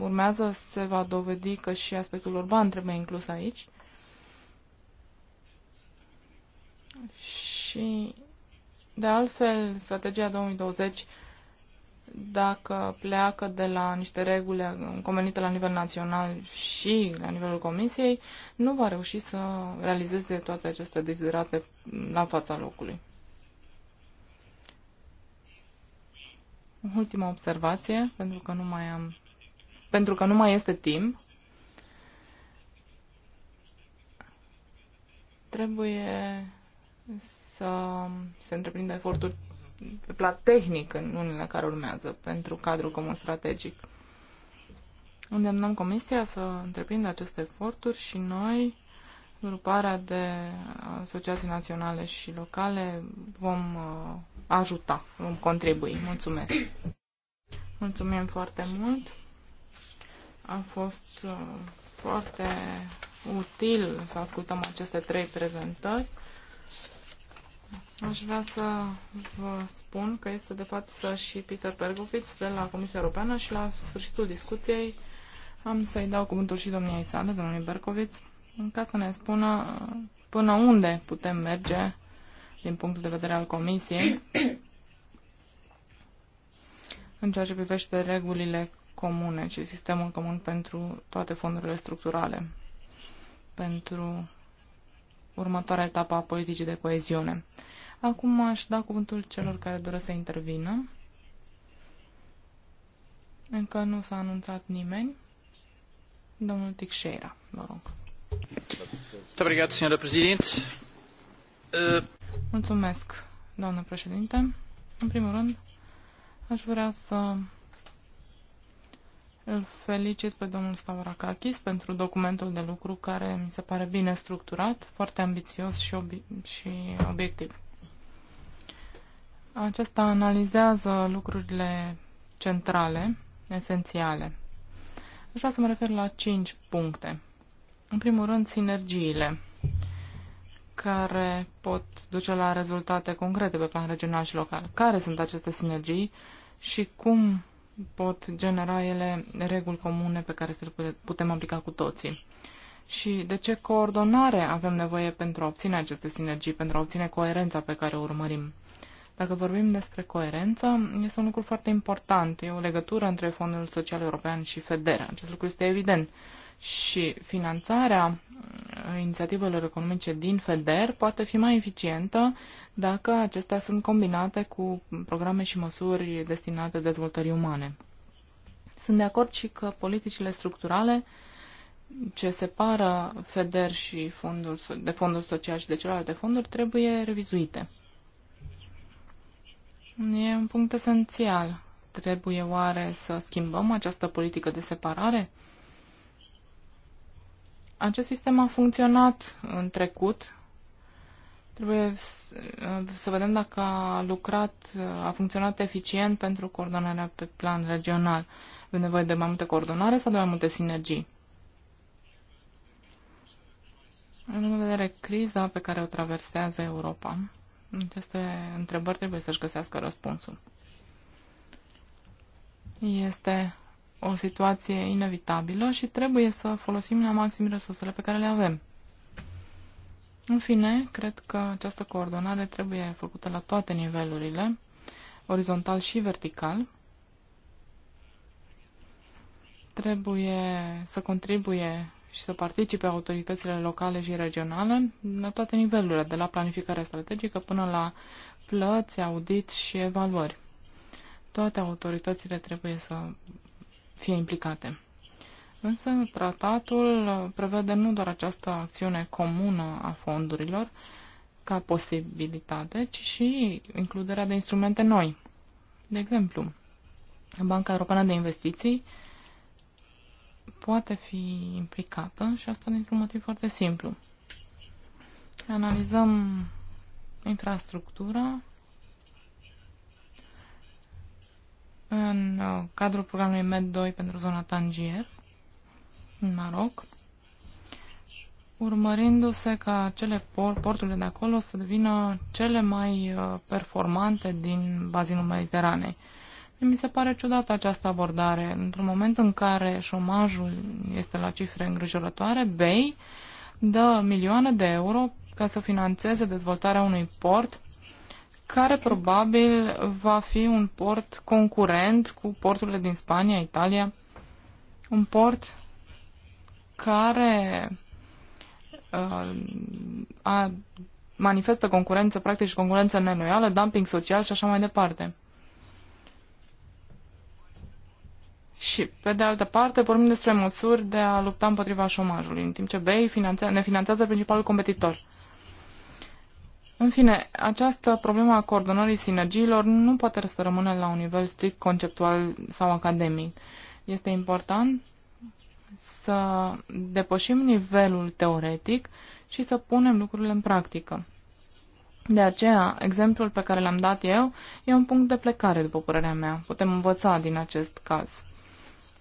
urmează se va dovedi că și aspectul urban trebuie inclus aici. Și, de altfel, strategia 2020, dacă pleacă de la niște reguli convenite la nivel național și la nivelul Comisiei, nu va reuși să realizeze toate aceste deziderate la fața locului. ultima observație, pentru că nu mai am pentru că nu mai este timp. Trebuie să se întreprindă eforturi pe plat tehnic în unele care urmează pentru cadrul comun strategic. Îndemnăm Comisia să întreprindă aceste eforturi și noi Gruparea de asociații naționale și locale vom uh, ajuta, vom contribui. Mulțumesc! Mulțumim foarte mult! A fost uh, foarte util să ascultăm aceste trei prezentări. Aș vrea să vă spun că este de fapt să și Peter Pergoviț de la Comisia Europeană și la sfârșitul discuției am să-i dau cuvântul și domniei sale, domnului Bercoviț ca să ne spună până unde putem merge din punctul de vedere al Comisiei în ceea ce privește regulile comune și sistemul comun pentru toate fondurile structurale, pentru următoarea etapă a politicii de coeziune. Acum aș da cuvântul celor care doresc să intervină. Încă nu s-a anunțat nimeni. Domnul Tixeira, vă rog. Eh, Mulțumesc, doamnă președinte. În primul rând, aș vrea să îl felicit pe domnul Stavrakakis pentru documentul de lucru care mi se pare bine structurat, foarte ambițios și, obi- și obiectiv. Acesta analizează lucrurile centrale, esențiale. Aș vrea să mă refer la cinci puncte în primul rând, sinergiile care pot duce la rezultate concrete pe plan regional și local. Care sunt aceste sinergii și cum pot genera ele reguli comune pe care să le putem aplica cu toții? Și de ce coordonare avem nevoie pentru a obține aceste sinergii, pentru a obține coerența pe care o urmărim? Dacă vorbim despre coerență, este un lucru foarte important. E o legătură între Fondul Social European și FEDER. Acest lucru este evident și finanțarea uh, inițiativelor economice din FEDER poate fi mai eficientă dacă acestea sunt combinate cu programe și măsuri destinate dezvoltării umane. Sunt de acord și că politicile structurale ce separă FEDER și fondul, de fondul social și de celelalte fonduri trebuie revizuite. E un punct esențial. Trebuie oare să schimbăm această politică de separare? Acest sistem a funcționat în trecut. Trebuie uh, să vedem dacă a lucrat, uh, a funcționat eficient pentru coordonarea pe plan regional. Avem nevoie de mai multe coordonare sau de mai multe sinergii? În vedere criza pe care o traversează Europa, aceste întrebări trebuie să-și găsească răspunsul. Este o situație inevitabilă și trebuie să folosim la maxim resursele pe care le avem. În fine, cred că această coordonare trebuie făcută la toate nivelurile, orizontal și vertical. Trebuie să contribuie și să participe autoritățile locale și regionale la toate nivelurile, de la planificarea strategică până la plăți, audit și evaluări. Toate autoritățile trebuie să fie implicate. Însă tratatul prevede nu doar această acțiune comună a fondurilor ca posibilitate, ci și includerea de instrumente noi. De exemplu, Banca Europeană de Investiții poate fi implicată și asta dintr-un motiv foarte simplu. Analizăm infrastructura în uh, cadrul programului MED2 pentru zona Tangier, în Maroc, urmărindu-se ca cele por- porturile de acolo să devină cele mai uh, performante din bazinul Mediteranei. Mi se pare ciudată această abordare. Într-un moment în care șomajul este la cifre îngrijorătoare, BEI dă milioane de euro ca să financeze dezvoltarea unui port care probabil va fi un port concurent cu porturile din Spania, Italia, un port care uh, a, manifestă concurență, practic și concurență neloială, dumping social și așa mai departe. Și, pe de altă parte, vorbim despre măsuri de a lupta împotriva șomajului, în timp ce BEI finanțe- ne finanțează principalul competitor. În fine, această problemă a coordonării sinergiilor nu poate să rămână la un nivel strict conceptual sau academic. Este important să depășim nivelul teoretic și să punem lucrurile în practică. De aceea, exemplul pe care l-am dat eu e un punct de plecare, după părerea mea. Putem învăța din acest caz.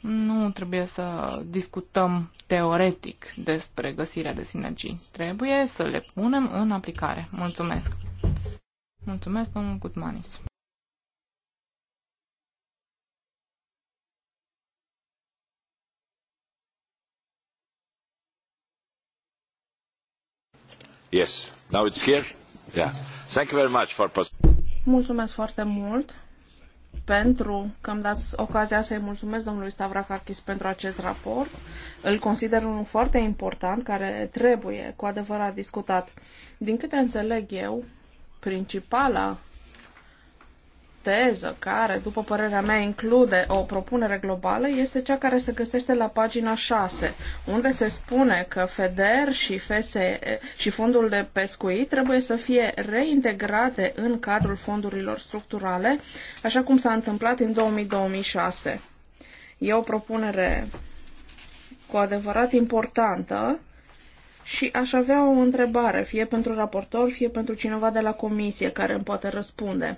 Nu trebuie să discutăm teoretic despre găsirea de sinergii. Trebuie să le punem în aplicare. Mulțumesc! Mulțumesc, domnul Gutmanis! Yes, now it's here. Yeah. Thank you very much for Mulțumesc foarte mult pentru că îmi dați ocazia să-i mulțumesc domnului Stavrakakis pentru acest raport. Îl consider unul foarte important care trebuie cu adevărat discutat. Din câte înțeleg eu, principala teză care, după părerea mea, include o propunere globală este cea care se găsește la pagina 6, unde se spune că FEDER și, FSE, și fondul de pescuit trebuie să fie reintegrate în cadrul fondurilor structurale, așa cum s-a întâmplat în 2006. E o propunere cu adevărat importantă și aș avea o întrebare, fie pentru raportor, fie pentru cineva de la comisie care îmi poate răspunde.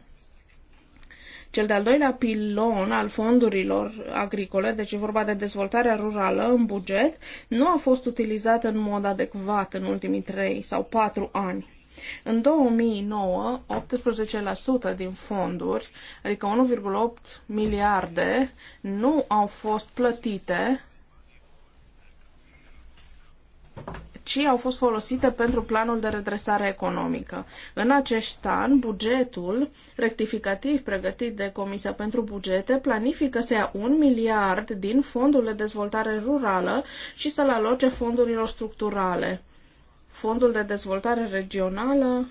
Cel de-al doilea pilon al fondurilor agricole, deci e vorba de dezvoltarea rurală în buget, nu a fost utilizat în mod adecvat în ultimii 3 sau 4 ani. În 2009, 18% din fonduri, adică 1,8 miliarde, nu au fost plătite ci au fost folosite pentru planul de redresare economică. În acest an, bugetul rectificativ pregătit de Comisia pentru Bugete planifică să ia un miliard din fondul de dezvoltare rurală și să-l aloce fondurilor structurale. Fondul de dezvoltare regională,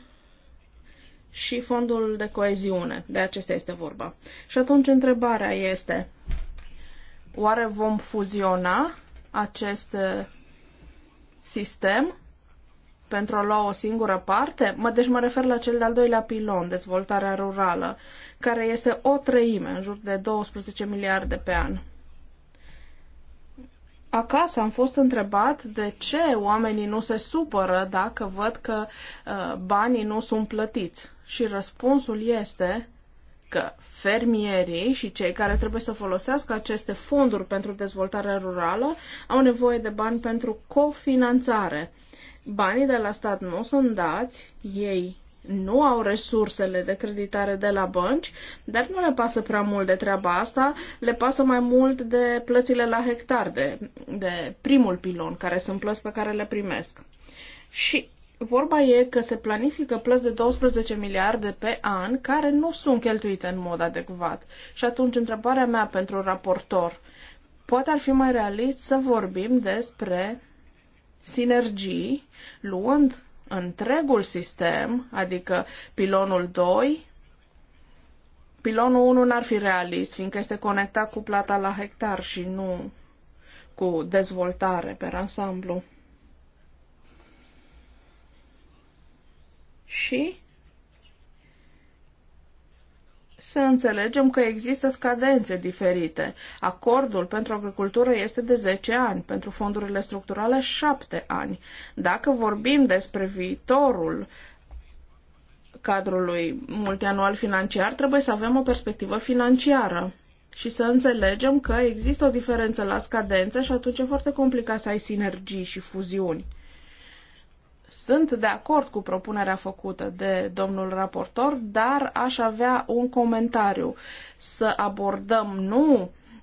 și fondul de coeziune. De acestea este vorba. Și atunci întrebarea este, oare vom fuziona aceste sistem pentru a lua o singură parte? Mă, deci mă refer la cel de-al doilea pilon, dezvoltarea rurală, care este o treime, în jur de 12 miliarde pe an. Acasă am fost întrebat de ce oamenii nu se supără dacă văd că uh, banii nu sunt plătiți. Și răspunsul este că fermierii și cei care trebuie să folosească aceste fonduri pentru dezvoltarea rurală au nevoie de bani pentru cofinanțare. Banii de la stat nu sunt dați, ei nu au resursele de creditare de la bănci, dar nu le pasă prea mult de treaba asta, le pasă mai mult de plățile la hectar, de, de primul pilon, care sunt plăți pe care le primesc. Și Vorba e că se planifică plăți de 12 miliarde pe an care nu sunt cheltuite în mod adecvat. Și atunci întrebarea mea pentru raportor, poate ar fi mai realist să vorbim despre sinergii, luând întregul sistem, adică pilonul 2, pilonul 1 n-ar fi realist, fiindcă este conectat cu plata la hectar și nu cu dezvoltare pe ansamblu. și să înțelegem că există scadențe diferite. Acordul pentru agricultură este de 10 ani, pentru fondurile structurale 7 ani. Dacă vorbim despre viitorul cadrului multianual financiar, trebuie să avem o perspectivă financiară și să înțelegem că există o diferență la scadență și atunci e foarte complicat să ai sinergii și fuziuni. Sunt de acord cu propunerea făcută de domnul raportor, dar aș avea un comentariu. Să abordăm nu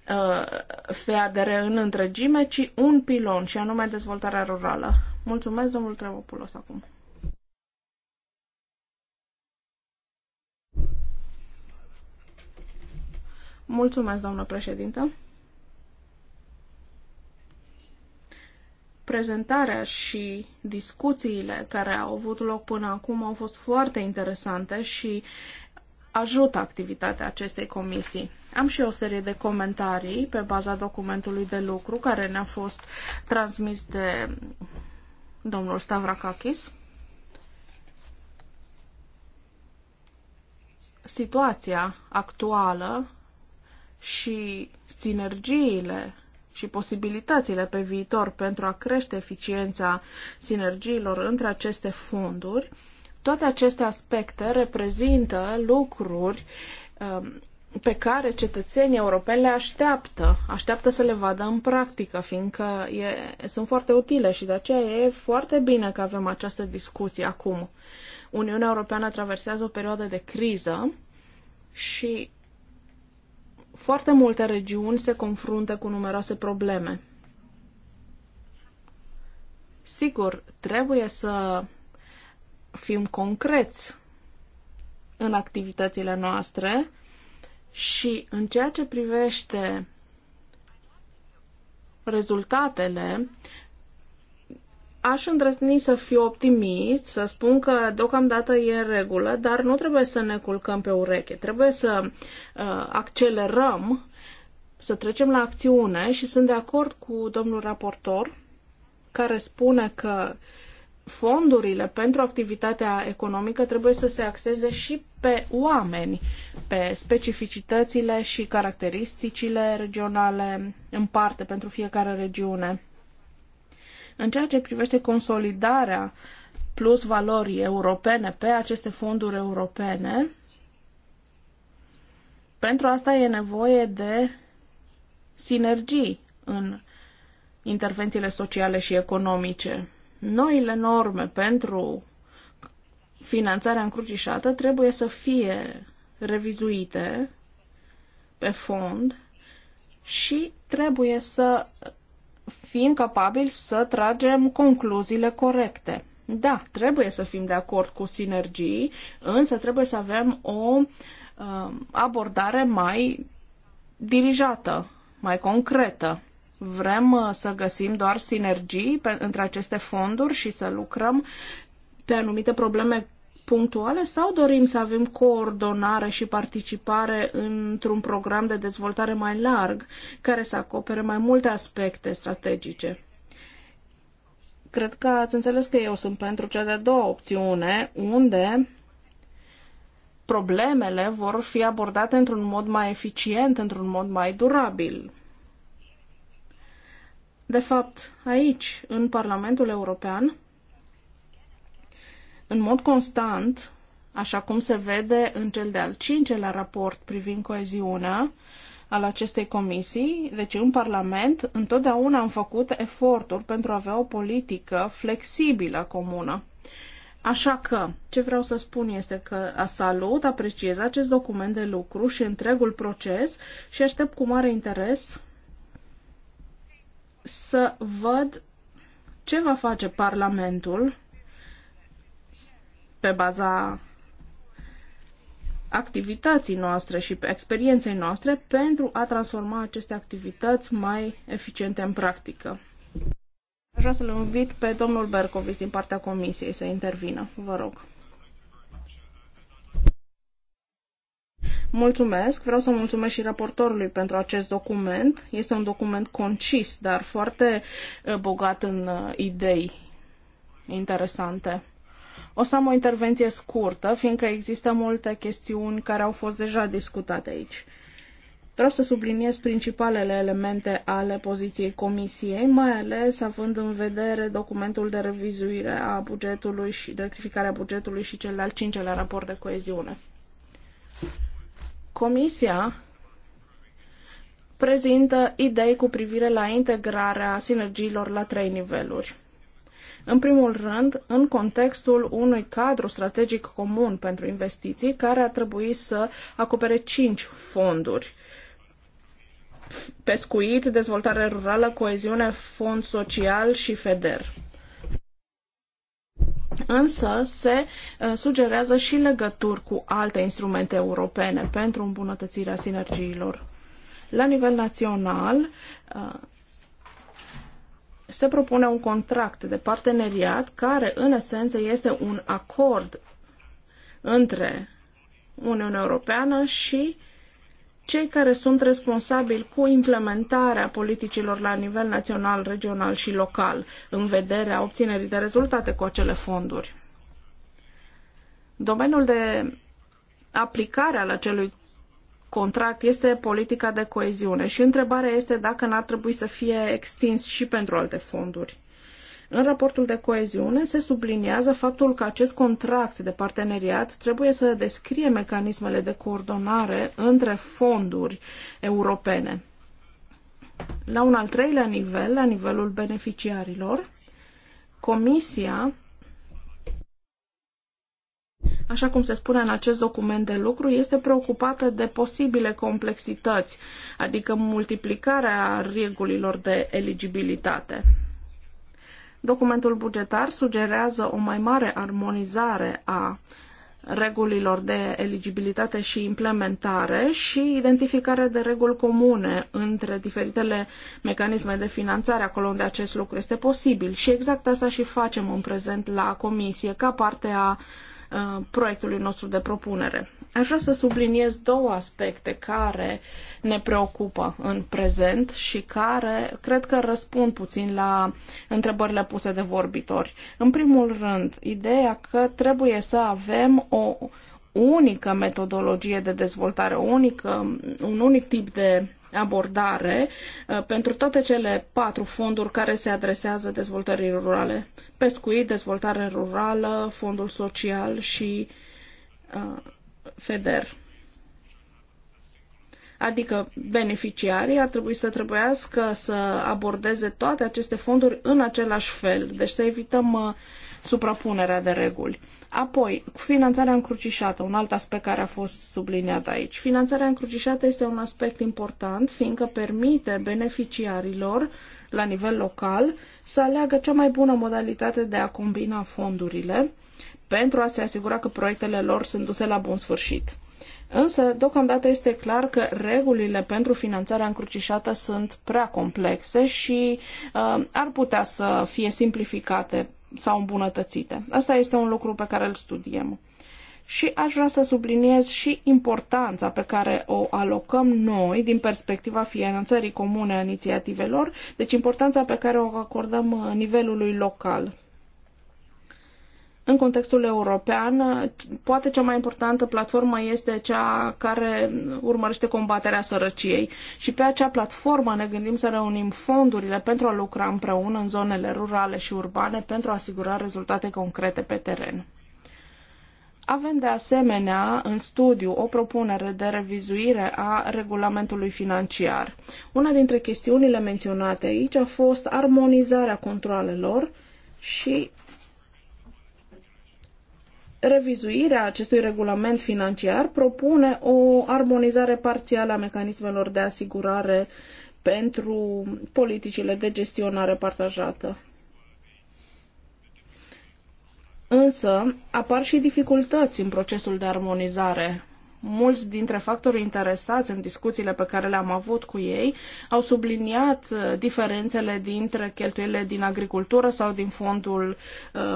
uh, FEADR în întregime, ci un pilon, și anume dezvoltarea rurală. Mulțumesc, domnul Trevopulos, acum. Mulțumesc, doamnă președintă. Prezentarea și discuțiile care au avut loc până acum au fost foarte interesante și ajută activitatea acestei comisii. Am și o serie de comentarii pe baza documentului de lucru care ne-a fost transmis de domnul Stavrakakis. Situația actuală și sinergiile și posibilitățile pe viitor pentru a crește eficiența sinergiilor între aceste fonduri, toate aceste aspecte reprezintă lucruri um, pe care cetățenii europeni le așteaptă, așteaptă să le vadă în practică, fiindcă e, sunt foarte utile și de aceea e foarte bine că avem această discuție acum. Uniunea Europeană traversează o perioadă de criză și foarte multe regiuni se confruntă cu numeroase probleme. Sigur, trebuie să fim concreți în activitățile noastre și în ceea ce privește rezultatele Aș îndrăzni să fiu optimist, să spun că deocamdată e în regulă, dar nu trebuie să ne culcăm pe ureche. Trebuie să uh, accelerăm, să trecem la acțiune și sunt de acord cu domnul raportor care spune că fondurile pentru activitatea economică trebuie să se axeze și pe oameni, pe specificitățile și caracteristicile regionale în parte pentru fiecare regiune. În ceea ce privește consolidarea plus valorii europene pe aceste fonduri europene, pentru asta e nevoie de sinergii în intervențiile sociale și economice. Noile norme pentru finanțarea încrucișată trebuie să fie revizuite pe fond și trebuie să fiind capabili să tragem concluziile corecte. Da, trebuie să fim de acord cu sinergii, însă trebuie să avem o uh, abordare mai dirijată, mai concretă. Vrem uh, să găsim doar sinergii pe, între aceste fonduri și să lucrăm pe anumite probleme punctuale sau dorim să avem coordonare și participare într-un program de dezvoltare mai larg care să acopere mai multe aspecte strategice? Cred că ați înțeles că eu sunt pentru cea de-a doua opțiune, unde problemele vor fi abordate într-un mod mai eficient, într-un mod mai durabil. De fapt, aici, în Parlamentul European, în mod constant, așa cum se vede în cel de-al cincelea raport privind coeziunea al acestei comisii, deci în Parlament, întotdeauna am făcut eforturi pentru a avea o politică flexibilă comună. Așa că, ce vreau să spun este că a salut, apreciez acest document de lucru și întregul proces și aștept cu mare interes să văd ce va face Parlamentul pe baza activității noastre și experienței noastre pentru a transforma aceste activități mai eficiente în practică. Aș vrea să-l invit pe domnul Bercovici din partea comisiei să intervină. Vă rog. Mulțumesc. Vreau să mulțumesc și raportorului pentru acest document. Este un document concis, dar foarte eh, bogat în eh, idei interesante. O să am o intervenție scurtă, fiindcă există multe chestiuni care au fost deja discutate aici. Vreau să subliniez principalele elemente ale poziției Comisiei, mai ales având în vedere documentul de revizuire a bugetului și de rectificarea bugetului și cel de-al cincelea raport de coeziune. Comisia prezintă idei cu privire la integrarea sinergiilor la trei niveluri. În primul rând, în contextul unui cadru strategic comun pentru investiții, care ar trebui să acopere cinci fonduri pescuit, dezvoltare rurală, coeziune, fond social și FEDER. Însă se uh, sugerează și legături cu alte instrumente europene pentru îmbunătățirea sinergiilor. La nivel național, uh, se propune un contract de parteneriat care, în esență, este un acord între Uniunea Europeană și cei care sunt responsabili cu implementarea politicilor la nivel național, regional și local în vederea obținerii de rezultate cu acele fonduri. Domeniul de aplicare al acelui contract este politica de coeziune și întrebarea este dacă n-ar trebui să fie extins și pentru alte fonduri. În raportul de coeziune se subliniază faptul că acest contract de parteneriat trebuie să descrie mecanismele de coordonare între fonduri europene. La un al treilea nivel, la nivelul beneficiarilor, Comisia așa cum se spune în acest document de lucru, este preocupată de posibile complexități, adică multiplicarea regulilor de eligibilitate. Documentul bugetar sugerează o mai mare armonizare a regulilor de eligibilitate și implementare și identificare de reguli comune între diferitele mecanisme de finanțare acolo unde acest lucru este posibil. Și exact asta și facem în prezent la Comisie ca parte a Uh, proiectului nostru de propunere. Aș vrea să subliniez două aspecte care ne preocupă în prezent și care cred că răspund puțin la întrebările puse de vorbitori. În primul rând, ideea că trebuie să avem o unică metodologie de dezvoltare, unică, un unic tip de abordare uh, pentru toate cele patru fonduri care se adresează dezvoltării rurale. Pescuit, dezvoltare rurală, fondul social și uh, FEDER adică beneficiarii, ar trebui să trebuiască să abordeze toate aceste fonduri în același fel. Deci să evităm uh, suprapunerea de reguli. Apoi, finanțarea încrucișată, un alt aspect care a fost subliniat aici. Finanțarea încrucișată este un aspect important, fiindcă permite beneficiarilor la nivel local să aleagă cea mai bună modalitate de a combina fondurile pentru a se asigura că proiectele lor sunt duse la bun sfârșit. Însă, deocamdată este clar că regulile pentru finanțarea încrucișată sunt prea complexe și uh, ar putea să fie simplificate sau îmbunătățite. Asta este un lucru pe care îl studiem. Și aș vrea să subliniez și importanța pe care o alocăm noi din perspectiva finanțării comune a inițiativelor, deci importanța pe care o acordăm uh, nivelului local în contextul european, poate cea mai importantă platformă este cea care urmărește combaterea sărăciei. Și pe acea platformă ne gândim să reunim fondurile pentru a lucra împreună în zonele rurale și urbane pentru a asigura rezultate concrete pe teren. Avem de asemenea în studiu o propunere de revizuire a regulamentului financiar. Una dintre chestiunile menționate aici a fost armonizarea controalelor și revizuirea acestui regulament financiar propune o armonizare parțială a mecanismelor de asigurare pentru politicile de gestionare partajată. Însă apar și dificultăți în procesul de armonizare. Mulți dintre factorii interesați în discuțiile pe care le-am avut cu ei au subliniat uh, diferențele dintre cheltuielile din agricultură sau din fondul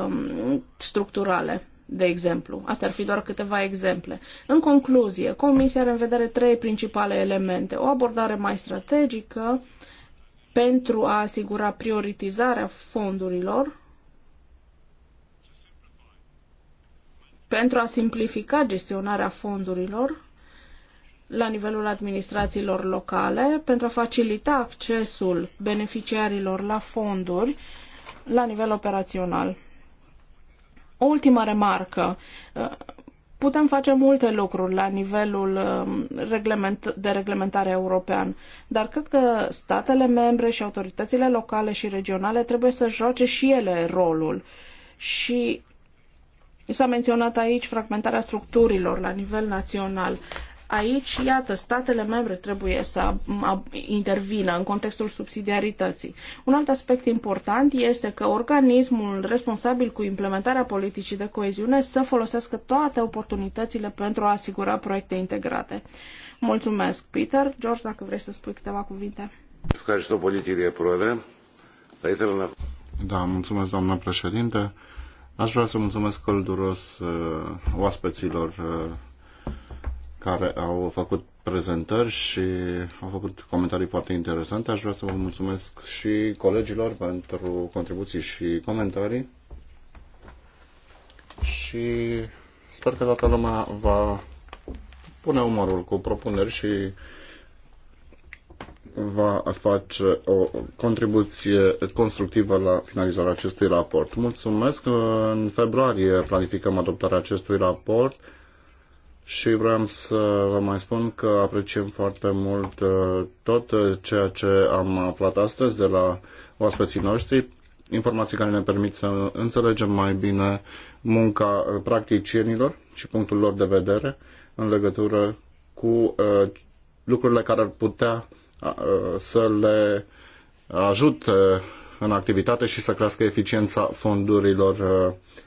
um, structurale de exemplu. Astea ar fi doar câteva exemple. În concluzie, Comisia are în vedere trei principale elemente. O abordare mai strategică pentru a asigura prioritizarea fondurilor, pentru a simplifica gestionarea fondurilor la nivelul administrațiilor locale, pentru a facilita accesul beneficiarilor la fonduri la nivel operațional. O ultimă remarcă. Putem face multe lucruri la nivelul um, de reglementare european, dar cred că statele membre și autoritățile locale și regionale trebuie să joace și ele rolul. Și S-a menționat aici fragmentarea structurilor la nivel național. Aici, iată, statele membre trebuie să intervină în contextul subsidiarității. Un alt aspect important este că organismul responsabil cu implementarea politicii de coeziune să folosească toate oportunitățile pentru a asigura proiecte integrate. Mulțumesc, Peter. George, dacă vrei să spui câteva cuvinte. Da, mulțumesc, doamna președinte. Aș vrea să mulțumesc călduros uh, oaspeților uh, care au făcut prezentări și au făcut comentarii foarte interesante. Aș vrea să vă mulțumesc și colegilor pentru contribuții și comentarii și sper că toată lumea va pune umărul cu propuneri și va face o contribuție constructivă la finalizarea acestui raport. Mulțumesc! În februarie planificăm adoptarea acestui raport și vreau să vă mai spun că apreciem foarte mult uh, tot uh, ceea ce am aflat astăzi de la oaspeții noștri, informații care ne permit să înțelegem mai bine munca uh, practicienilor și punctul lor de vedere în legătură cu lucrurile care ar putea să le ajute în activitate și să crească eficiența fondurilor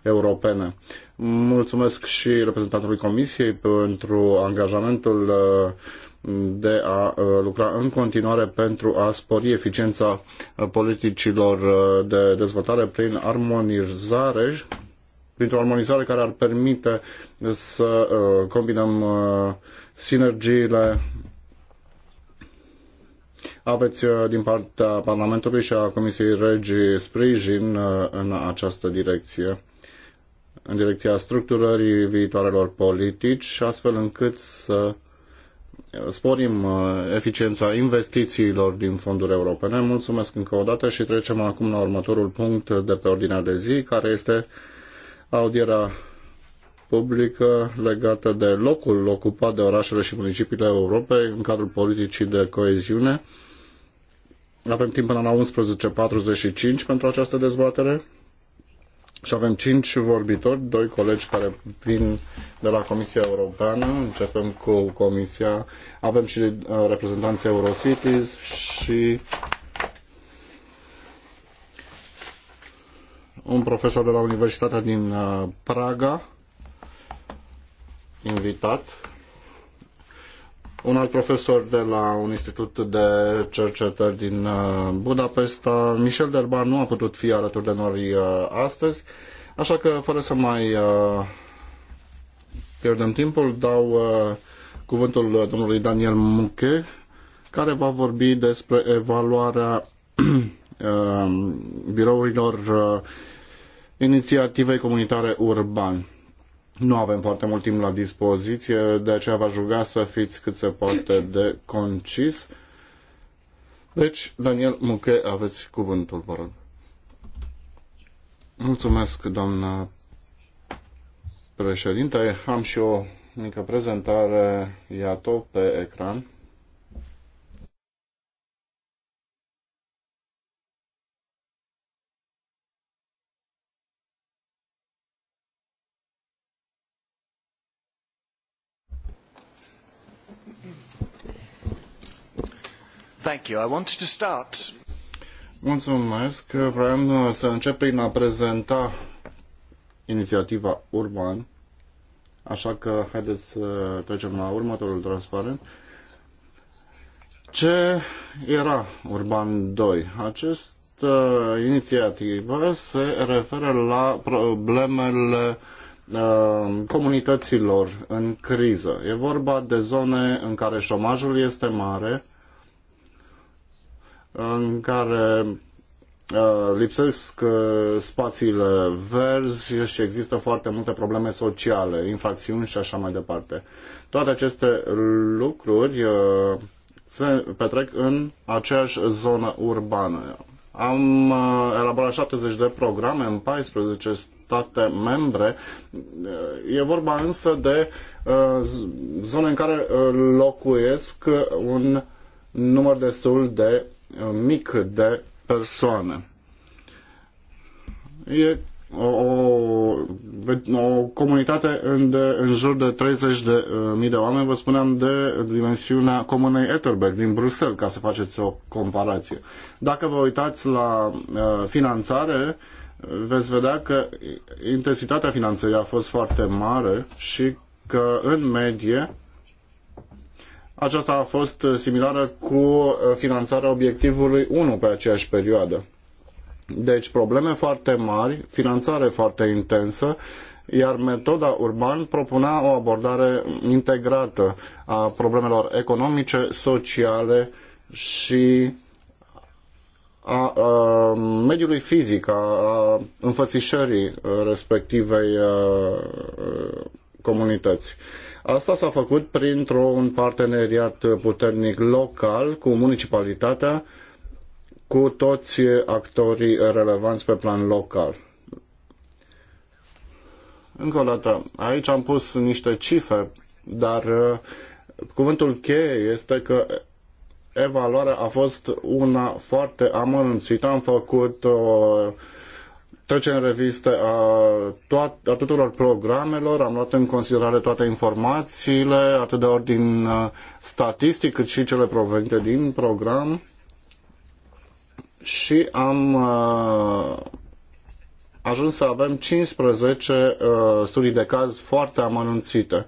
europene. Mulțumesc și reprezentantului Comisiei pentru angajamentul uh, de a uh, lucra în continuare pentru a spori eficiența uh, politicilor de dezvoltare prin armonizare, printr-o armonizare care ar permite să combinăm sinergiile aveți din partea Parlamentului și a Comisiei Regii sprijin în această direcție în direcția structurării viitoarelor politici, astfel încât să sporim uh, eficiența investițiilor din fonduri europene. Mulțumesc încă o dată și trecem acum la următorul punct de pe ordinea de zi, care este audierea publică legată de locul ocupat de orașele și municipiile Europei în cadrul politicii de coeziune. Avem timp până la 11.45 pentru această dezbatere și avem cinci vorbitori, doi colegi care vin de la Comisia Europeană, începem cu Comisia, avem și uh, reprezentanții Eurocities și un profesor de la Universitatea din uh, Praga, invitat un alt profesor de la un institut de cercetări din uh, Budapesta. Uh, Michel Derban nu a putut fi alături de noi uh, astăzi, așa că fără să mai pierdem timpul, dau cuvântul domnului Daniel Muche, care va vorbi despre evaluarea birourilor inițiativei comunitare urban. Nu avem foarte mult timp la dispoziție, de aceea v-aș ruga să fiți cât se poate de concis. Deci, Daniel Muche, aveți cuvântul, vă rog. Mulțumesc, doamna președinte. Am și o mică prezentare, iată, pe ecran. Thank you. I wanted to start. Mulțumesc. Vreau să încep prin a prezenta inițiativa Urban. Așa că haideți să trecem la următorul transparent. Ce era Urban 2? această uh, inițiativă se referă la problemele uh, comunităților în criză. E vorba de zone în care șomajul este mare, în care uh, lipsesc uh, spațiile verzi și există foarte multe probleme sociale, infracțiuni și așa mai departe. Toate aceste lucruri uh, se petrec în aceeași zonă urbană. Am elaborat 70 de programe în 14 state membre. E vorba însă de zone în care locuiesc un număr destul de mic de persoane. E o, o, o comunitate în, de, în jur de 30 de uh, mii de oameni, vă spuneam de dimensiunea comunei Etterberg din Bruxelles, ca să faceți o comparație. Dacă vă uitați la uh, finanțare, veți vedea că intensitatea finanțării a fost foarte mare și că în medie aceasta a fost uh, similară cu uh, finanțarea obiectivului 1 pe aceeași perioadă. Deci probleme foarte mari, finanțare foarte intensă, iar metoda urban propunea o abordare integrată a problemelor economice, sociale și a, a mediului fizic, a, a înfățișării uh, respectivei a, a, comunități. Asta s-a făcut printr-un parteneriat puternic local cu municipalitatea, cu toți actorii relevanți pe plan local. Încă o dată, aici am pus niște cifre, dar uh, cuvântul cheie este că evaluarea a fost una foarte amănunțită. Am făcut o uh, trece în revistă a, toat, a tuturor programelor, am luat în considerare toate informațiile, atât de ordin uh, statistic, cât și cele provenite din program și am a, uh, ajuns să avem 15 a, uh, studii de caz foarte amănunțite.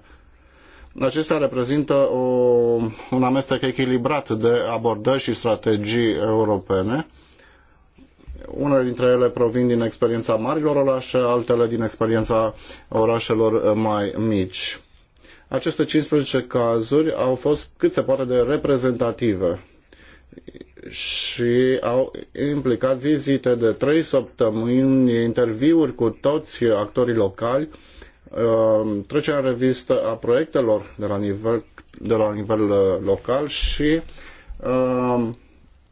Acestea reprezintă o, un amestec echilibrat de abordări și strategii europene unele dintre ele provin din experiența marilor orașe, altele din experiența orașelor mai mici. Aceste 15 cazuri au fost cât se poate de reprezentative și au implicat vizite de trei săptămâni, interviuri cu toți actorii locali, uh, trecerea în revistă a proiectelor de la nivel, de la nivel uh, local și uh,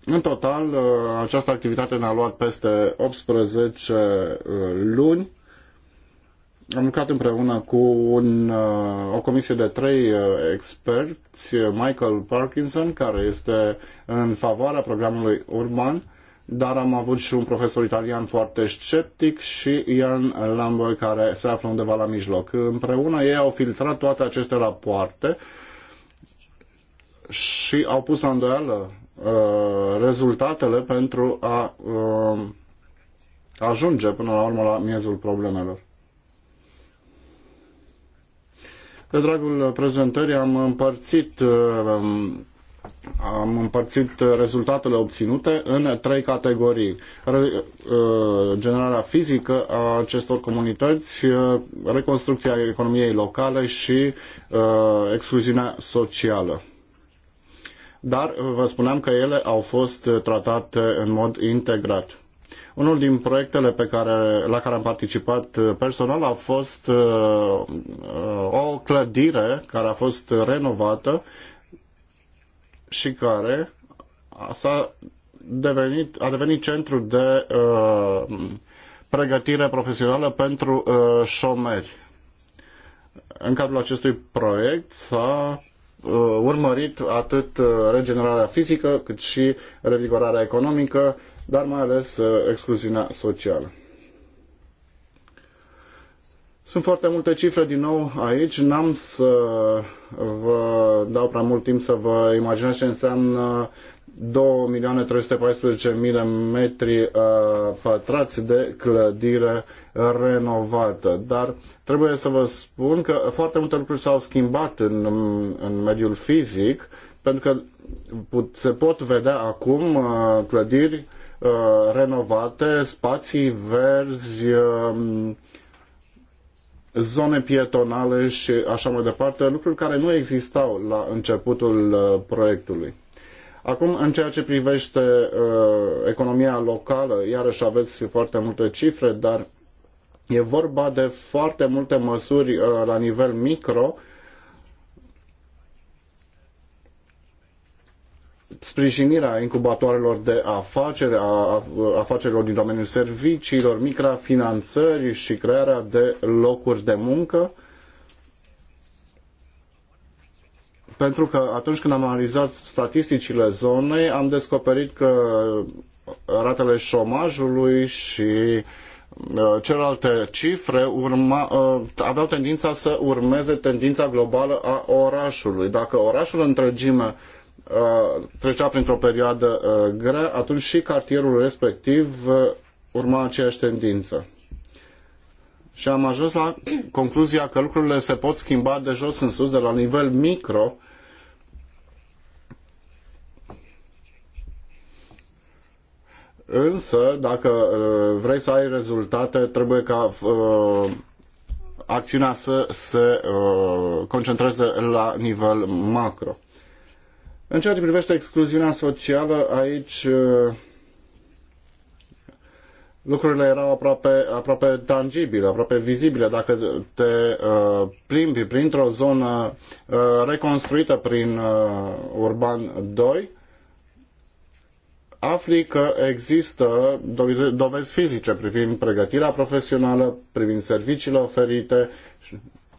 în total, uh, această activitate ne-a luat peste 18 uh, luni. Am lucrat împreună cu un, uh, o comisie de trei experți, Michael Parkinson, care este în favoarea programului Urban, dar am avut și un profesor italian foarte sceptic și Ian Lamboy, care se află undeva la mijloc. Împreună ei au filtrat toate aceste rapoarte și au pus la îndoială Uh, rezultatele pentru a uh, ajunge până la urmă la miezul problemelor. Pe dragul prezentării am împărțit uh, am împărțit rezultatele obținute în trei categorii. Generarea fizică a acestor comunități, reconstrucția economiei locale și excluziunea socială dar uh, vă spuneam că ele au fost uh, tratate în mod integrat. Unul din proiectele pe care, la care am participat uh, personal a fost uh, o clădire care a fost renovată și care a devenit, a devenit centru de uh, pregătire profesională pentru uh, șomeri. În cadrul acestui proiect s-a Uh, urmărit atât uh, regenerarea fizică cât și revigorarea economică, dar mai ales uh, excluziunea socială. Sunt foarte multe cifre din nou aici, n-am să vă dau prea mult timp să vă imaginați ce înseamnă 2.314.000 de metri uh, pătrați de clădire renovată. Dar trebuie să vă spun că foarte multe lucruri s-au schimbat în, în mediul fizic, pentru că put, se pot vedea acum uh, clădiri uh, renovate, spații verzi, um, zone pietonale și așa mai departe, lucruri care nu existau la începutul uh, proiectului. Acum, în ceea ce privește uh, economia locală, iarăși aveți foarte multe cifre, dar E vorba de foarte multe măsuri uh, la nivel micro sprijinirea incubatoarelor de afaceri, a afacerilor din domeniul serviciilor, microfinanțări și crearea de locuri de muncă. Pentru că atunci când am analizat statisticile zonei, am descoperit că ratele șomajului și Uh, celelalte cifre urma, uh, aveau tendința să urmeze tendința globală a orașului. Dacă orașul întregime uh, trecea printr-o perioadă grea, atunci și cartierul respectiv urma aceeași tendință. Și am ajuns la concluzia că lucrurile se pot schimba de jos în sus, de la nivel micro, Însă, dacă uh, vrei să ai rezultate, trebuie ca uh, acțiunea să se uh, concentreze la nivel macro. În ceea ce privește excluziunea socială, aici uh, lucrurile erau aproape, aproape tangibile, aproape vizibile. Dacă te uh, plimbi printr-o zonă uh, reconstruită prin uh, Urban 2, afli că există dovezi fizice privind pregătirea profesională, privind serviciile oferite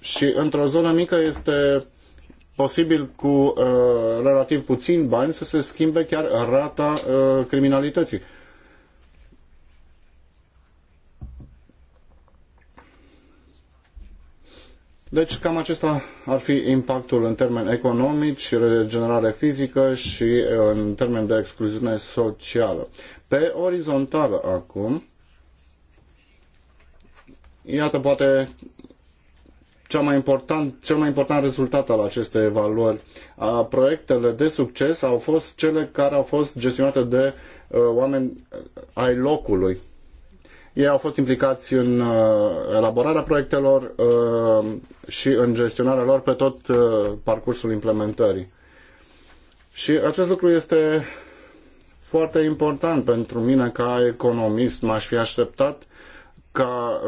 și într-o zonă mică este posibil cu uh, relativ puțin bani să se schimbe chiar rata uh, criminalității. Deci cam acesta ar fi impactul în termeni economici, regenerare fizică și în termeni de excluziune socială. Pe orizontală acum, iată poate cea mai important, cel mai important rezultat al acestei evaluări. A, proiectele de succes au fost cele care au fost gestionate de uh, oameni ai locului. Ei au fost implicați în uh, elaborarea proiectelor uh, și în gestionarea lor pe tot uh, parcursul implementării. Și acest lucru este foarte important pentru mine ca economist. M-aș fi așteptat ca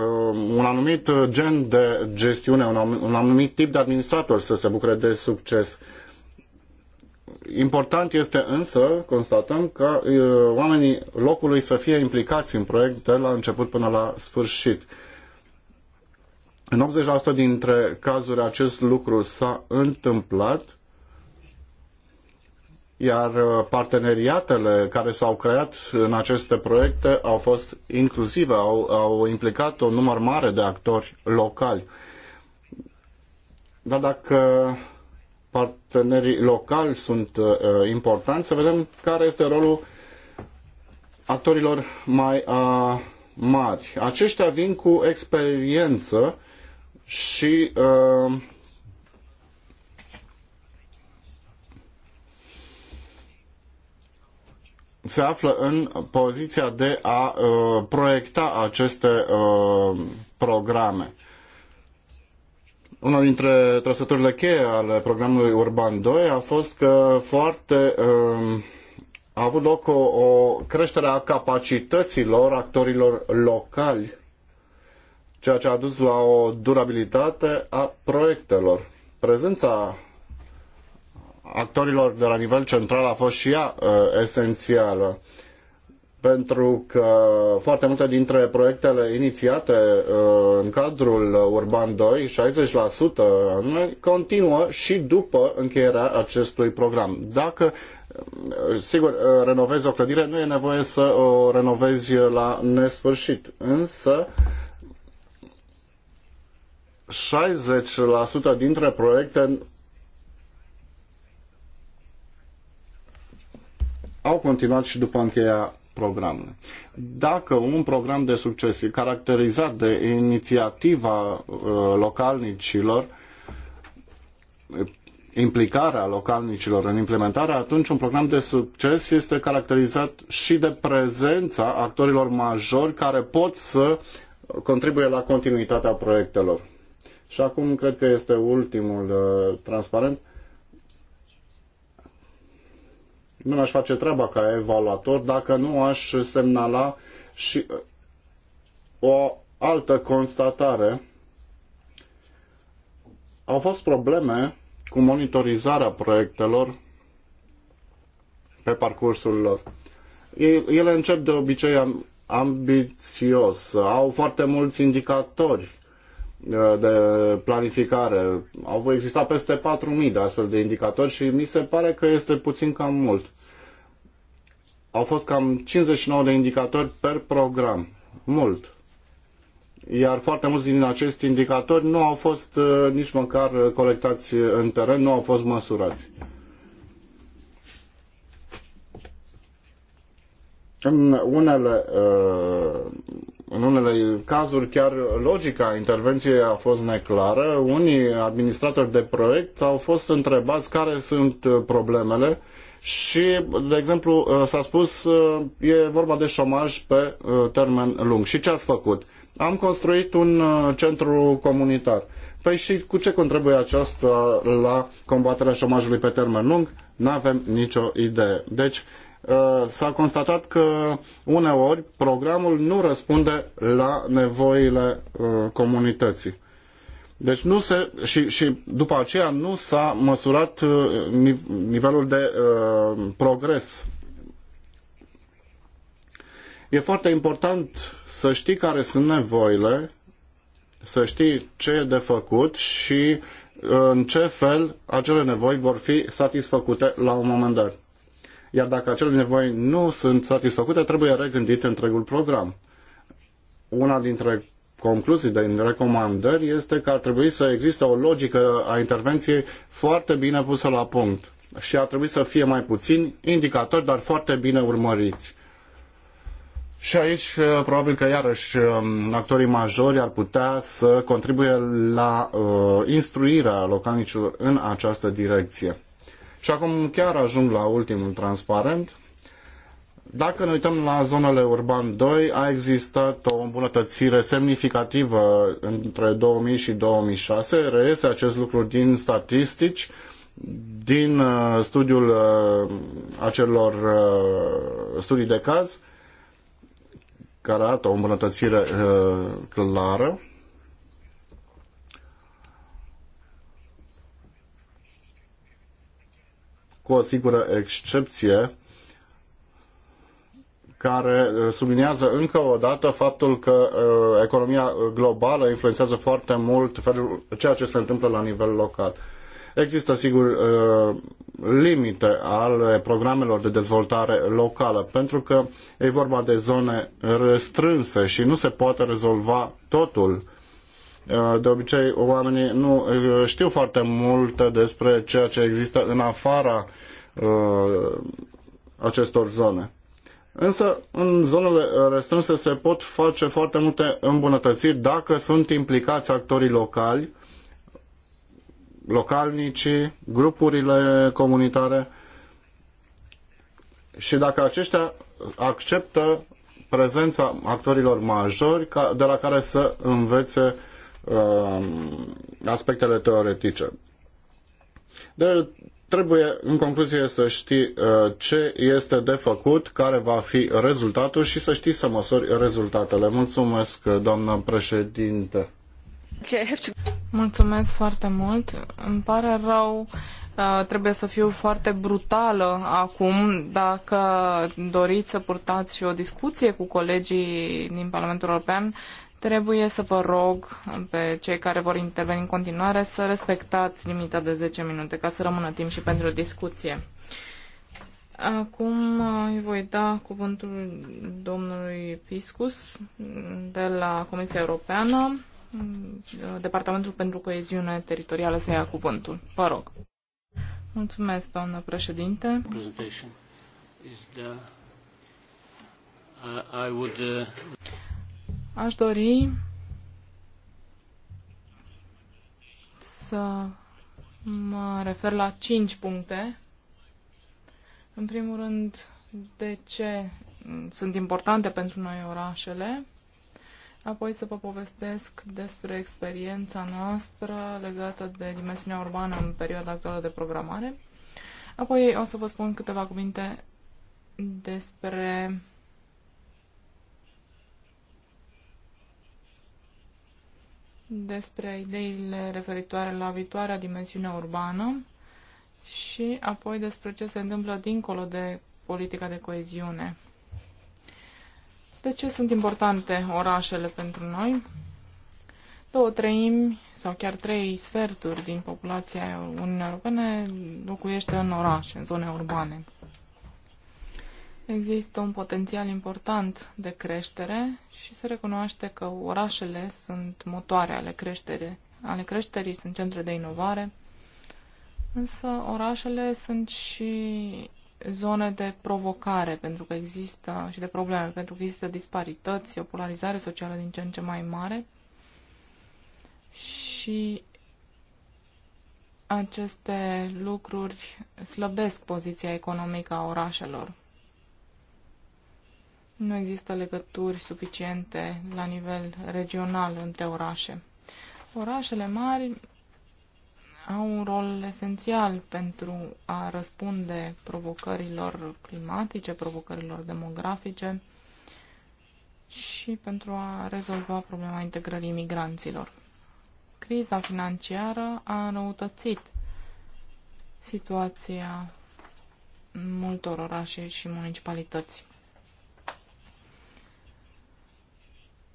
un anumit gen de gestiune, un, anumit tip de administrator să se bucure de succes. Uh, Important este însă, constatăm, că uh, oamenii locului să fie implicați în proiect de la început până la sfârșit. În 80% dintre cazuri acest lucru s-a întâmplat, iar uh, parteneriatele care s-au creat în aceste proiecte au fost inclusive, au, au implicat un număr mare de actori locali. Dar dacă partenerii locali sunt uh, uh, importanți, să vedem care este rolul actorilor mai uh, mari. Aceștia vin cu experiență și uh, se află în poziția de a uh, proiecta aceste uh, programe. Una dintre trăsăturile cheie ale programului Urban 2 a fost că foarte um, a avut loc o, o creștere a capacităților actorilor locali, ceea ce a dus la o durabilitate a proiectelor. Prezența actorilor de la nivel central a fost și ea uh, esențială. Uh, pentru că foarte multe dintre proiectele inițiate uh, în cadrul Urban 2, 60% continuă și după încheierea acestui program. Dacă, uh, sigur, uh, renovezi o clădire, nu e nevoie să o renovezi la nesfârșit, însă 60% dintre proiecte au continuat și după încheierea programele. Dacă un program de succes e caracterizat de inițiativa uh, localnicilor, implicarea localnicilor în implementare, atunci un program de succes este caracterizat și de prezența actorilor majori care pot să contribuie la continuitatea proiectelor. Și acum cred că este ultimul uh, transparent. nu mi-aș face treaba ca evaluator dacă nu aș semnala și uh, o altă constatare. Au fost probleme cu monitorizarea proiectelor pe parcursul lor. ele încep de obicei ambițios, au foarte mulți indicatori Uh, de planificare. Au existat peste 4.000 de astfel de indicatori și mi se pare că este puțin cam mult. Au fost cam 59 de indicatori per program. Mult. Iar foarte mulți din acești indicatori nu au fost uh, nici măcar colectați în teren, nu au fost măsurați. În unele uh, în unele cazuri chiar logica intervenției a fost neclară. Unii administratori de proiect au fost întrebați care sunt uh, problemele și, de exemplu, uh, s-a spus uh, e vorba de șomaj pe termen lung. Și ce ați făcut? Am construit un centru comunitar. Păi și cu ce contribuie aceasta la combaterea șomajului pe termen lung? Nu avem nicio idee. Deci, Uh, s-a constatat că uneori programul nu răspunde la nevoile uh, comunității. Deci nu se, și, și după aceea nu s-a măsurat uh, nivelul de progres. E foarte important să știi care sunt nevoile, să știi ce e de făcut și în ce fel acele nevoi vor fi satisfăcute la un moment dat iar dacă acele nevoi nu sunt satisfăcute, trebuie regândit întregul program. Una dintre concluzii din recomandări este că ar trebui să existe o logică a intervenției foarte bine pusă la punct și ar trebui să fie mai puțini indicatori, dar foarte bine urmăriți. Și aici, uh, probabil că iarăși um, actorii majori ar putea să contribuie la uh, instruirea localnicilor în această direcție. Și acum chiar ajung la ultimul transparent. Dacă ne uităm la zonele urban 2, a existat o îmbunătățire semnificativă între 2000 și 2006. Reiese acest lucru din statistici, din uh, studiul uh, acelor uh, studii de caz, care arată o îmbunătățire clară. cu o singură excepție care uh, subliniază încă o dată faptul că uh, economia globală influențează foarte mult felul, ceea ce se întâmplă la nivel local. Există, sigur, uh, limite ale programelor de dezvoltare locală, pentru că e vorba de zone restrânse și nu se poate rezolva totul Uh, de obicei, oamenii nu uh, știu foarte multe despre ceea ce există în afara uh, acestor zone. Însă, în zonele restrânse se pot face foarte multe îmbunătățiri dacă sunt implicați actorii locali, localnicii, grupurile comunitare și dacă aceștia acceptă prezența actorilor majori de la care să învețe Um, aspectele teoretice. De trebuie, în concluzie, să știi uh, ce este de făcut, care va fi rezultatul și să știi să măsori rezultatele. Mulțumesc, doamnă președinte. Mulțumesc foarte mult. Îmi pare rău, uh, trebuie să fiu foarte brutală acum. Dacă doriți să purtați și o discuție cu colegii din Parlamentul European, Trebuie să vă rog pe cei care vor interveni în continuare să respectați limita de 10 minute ca să rămână timp și pentru discuție. Acum îi voi da cuvântul domnului Piscus de la Comisia Europeană, Departamentul pentru Coeziune Teritorială să ia cuvântul. Vă rog. Mulțumesc, doamnă președinte. Aș dori să mă refer la cinci puncte. În primul rând, de ce sunt importante pentru noi orașele. Apoi să vă povestesc despre experiența noastră legată de dimensiunea urbană în perioada actuală de programare. Apoi o să vă spun câteva cuvinte despre despre ideile referitoare la viitoarea dimensiune urbană și apoi despre ce se întâmplă dincolo de politica de coeziune. De ce sunt importante orașele pentru noi? Două treimi sau chiar trei sferturi din populația Uniunii Europene locuiește în orașe, în zone urbane. Există un potențial important de creștere și se recunoaște că orașele sunt motoare ale, creștere, ale creșterii, sunt centre de inovare, însă orașele sunt și zone de provocare pentru că există și de probleme, pentru că există disparități, o polarizare socială din ce în ce mai mare și aceste lucruri slăbesc poziția economică a orașelor. Nu există legături suficiente la nivel regional între orașe. Orașele mari au un rol esențial pentru a răspunde provocărilor climatice, provocărilor demografice și pentru a rezolva problema integrării migranților. Criza financiară a înăutățit situația multor orașe și municipalități.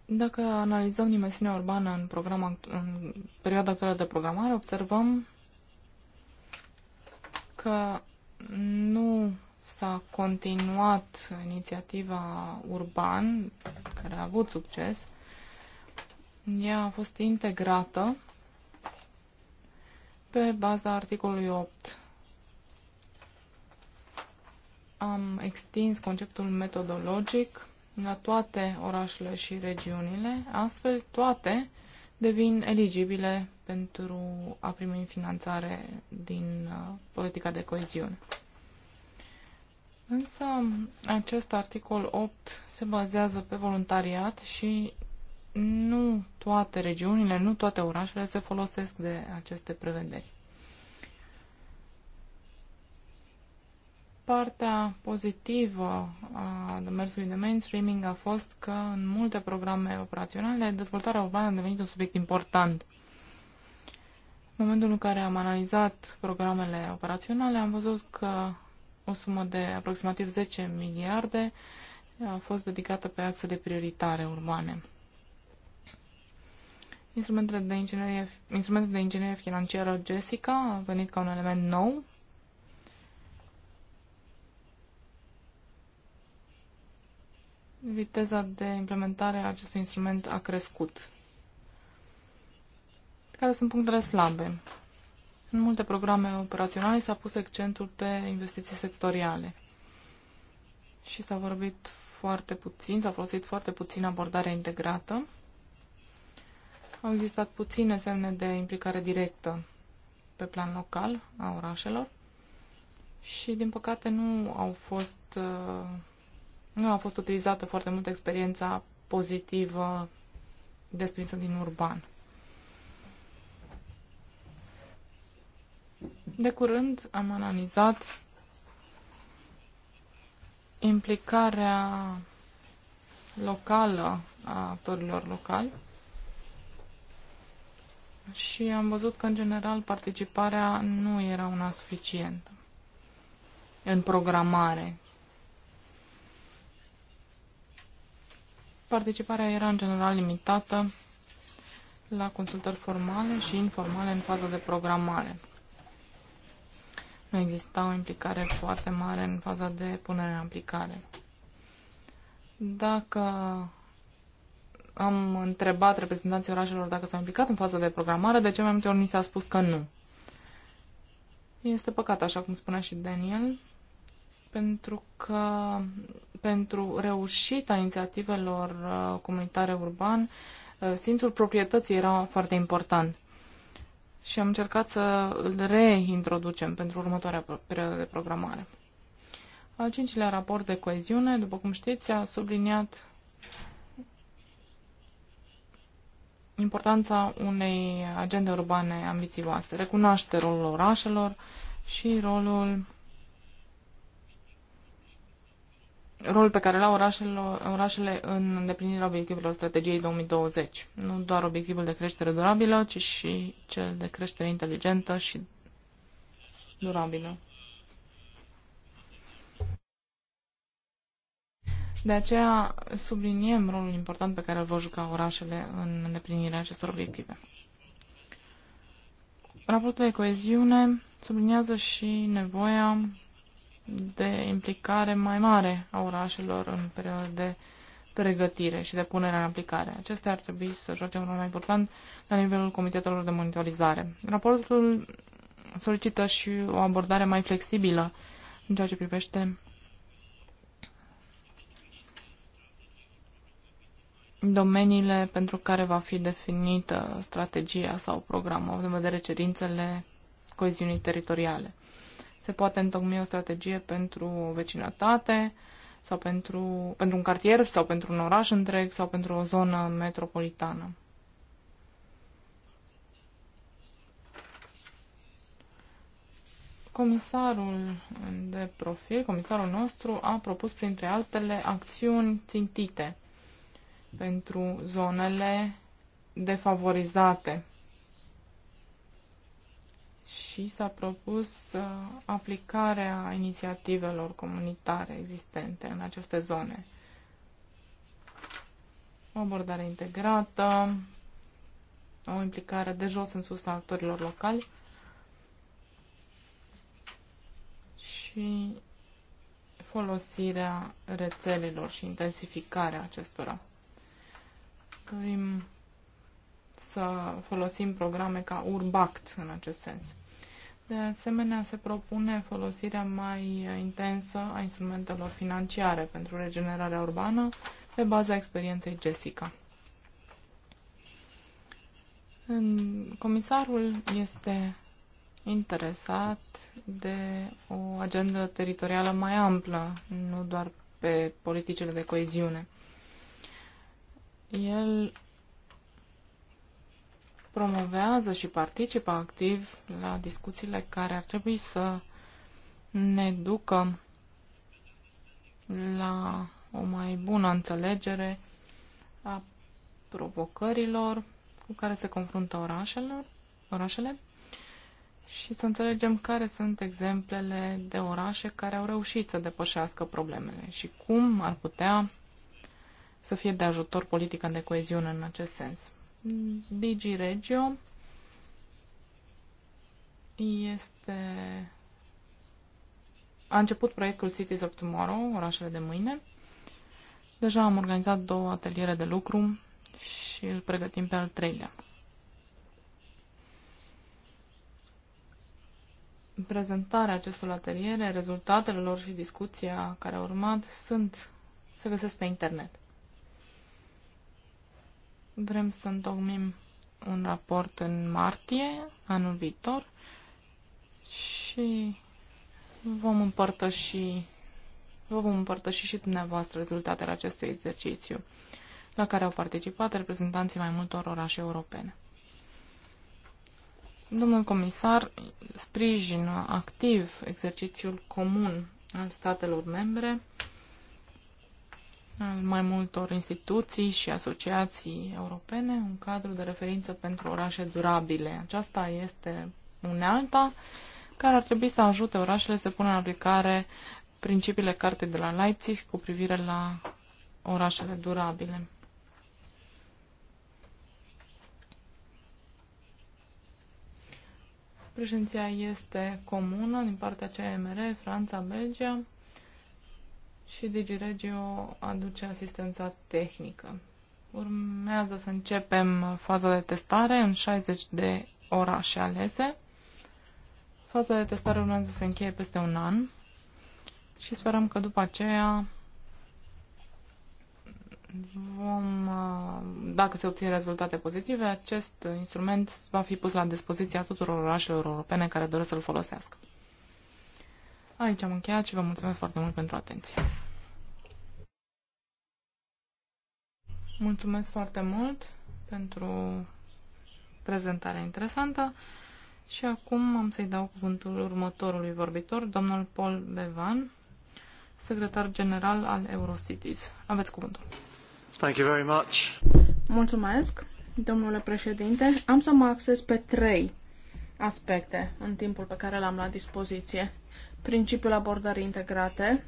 Dacă analizăm dimensiunea urbană în, program, în perioada actuală de programare, observăm că nu s-a continuat inițiativa urban, care a avut succes. Ea a fost integrată pe baza articolului 8. Am extins conceptul metodologic la toate orașele și regiunile, astfel toate devin eligibile pentru a primi finanțare din uh, politica de coeziune. Însă acest articol 8 se bazează pe voluntariat și nu toate regiunile, nu toate orașele se folosesc de aceste prevederi. Partea pozitivă a demersului de mainstreaming a fost că în multe programe operaționale dezvoltarea urbană a devenit un subiect important. În momentul în care am analizat programele operaționale, am văzut că o sumă de aproximativ 10 miliarde a fost dedicată pe axele prioritare urbane. Instrumentele de inginerie, instrumentele de inginerie financiară Jessica a venit ca un element nou viteza de implementare a acestui instrument a crescut. Care sunt punctele slabe? În multe programe operaționale s-a pus accentul pe investiții sectoriale și s-a vorbit foarte puțin, s-a folosit foarte puțin abordarea integrată. Au existat puține semne de implicare directă pe plan local a orașelor și, din păcate, nu au fost uh, nu a fost utilizată foarte mult experiența pozitivă desprinsă din urban. De curând am analizat implicarea locală a actorilor locali și am văzut că, în general, participarea nu era una suficientă în programare Participarea era în general limitată la consultări formale și informale în faza de programare. Nu exista o implicare foarte mare în faza de punere în aplicare. Dacă am întrebat reprezentanții orașelor dacă s-au implicat în faza de programare, de ce mai multe ori ni s-a spus că nu. Este păcat, așa cum spunea și Daniel, pentru că pentru reușita inițiativelor uh, comunitare urban, uh, simțul proprietății era foarte important. Și am încercat să îl reintroducem pentru următoarea perioadă de programare. Al cincilea raport de coeziune, după cum știți, a subliniat importanța unei agende urbane ambițioase, recunoaște rolul orașelor și rolul rolul pe care l-au orașele, orașele în îndeplinirea obiectivelor strategiei 2020. Nu doar obiectivul de creștere durabilă, ci și cel de creștere inteligentă și durabilă. De aceea subliniem rolul important pe care îl vor juca orașele în îndeplinirea acestor obiective. Raportul de coeziune subliniază și nevoia de implicare mai mare a orașelor în perioada de pregătire și de punere în aplicare. Acestea ar trebui să joace un rol mai important la nivelul comitetelor de monitorizare. Raportul solicită și o abordare mai flexibilă în ceea ce privește domeniile pentru care va fi definită strategia sau programul, având în vedere cerințele coeziunii teritoriale. Se poate întocmi o strategie pentru o vecinătate sau pentru, pentru un cartier sau pentru un oraș întreg sau pentru o zonă metropolitană. comisarul de profil, comisarul nostru, a propus, printre altele, acțiuni țintite pentru zonele defavorizate și s-a propus uh, aplicarea inițiativelor comunitare existente în aceste zone. O abordare integrată, o implicare de jos în sus a actorilor locali și folosirea rețelelor și intensificarea acestora. Dorim să folosim programe ca URBACT în acest sens. De asemenea, se propune folosirea mai intensă a instrumentelor financiare pentru regenerarea urbană pe baza experienței Jessica. Comisarul este interesat de o agendă teritorială mai amplă, nu doar pe politicile de coeziune. El promovează și participă activ la discuțiile care ar trebui să ne ducă la o mai bună înțelegere a provocărilor cu care se confruntă orașelor, orașele și să înțelegem care sunt exemplele de orașe care au reușit să depășească problemele și cum ar putea să fie de ajutor politica de coeziune în acest sens. DigiRegio este... A început proiectul Cities of Tomorrow, orașele de mâine. Deja am organizat două ateliere de lucru și îl pregătim pe al treilea. Prezentarea acestor ateliere, rezultatele lor și discuția care a urmat sunt se găsesc pe internet. Vrem să întocmim un raport în martie, anul viitor, și vom împărtăși, vă vom împărtăși și dumneavoastră rezultatele acestui exercițiu, la care au participat reprezentanții mai multor orașe europene. Domnul comisar sprijină activ exercițiul comun al statelor membre al mai multor instituții și asociații europene, un cadru de referință pentru orașe durabile. Aceasta este unealta care ar trebui să ajute orașele să pună în aplicare principiile cartei de la Leipzig cu privire la orașele durabile. Președinția este comună din partea CMR, Franța, Belgia și DigiRegio aduce asistența tehnică. Urmează să începem faza de testare în 60 de orașe alese. Faza de testare urmează să se încheie peste un an și sperăm că după aceea vom, dacă se obțin rezultate pozitive, acest instrument va fi pus la dispoziția tuturor orașelor europene care doresc să-l folosească. Aici am încheiat și vă mulțumesc foarte mult pentru atenție. Mulțumesc foarte mult pentru prezentarea interesantă și acum am să-i dau cuvântul următorului vorbitor, domnul Paul Bevan, secretar general al Eurocities. Aveți cuvântul. Thank you very much. Mulțumesc, domnule președinte. Am să mă acces pe trei aspecte în timpul pe care l-am la dispoziție principiul abordării integrate,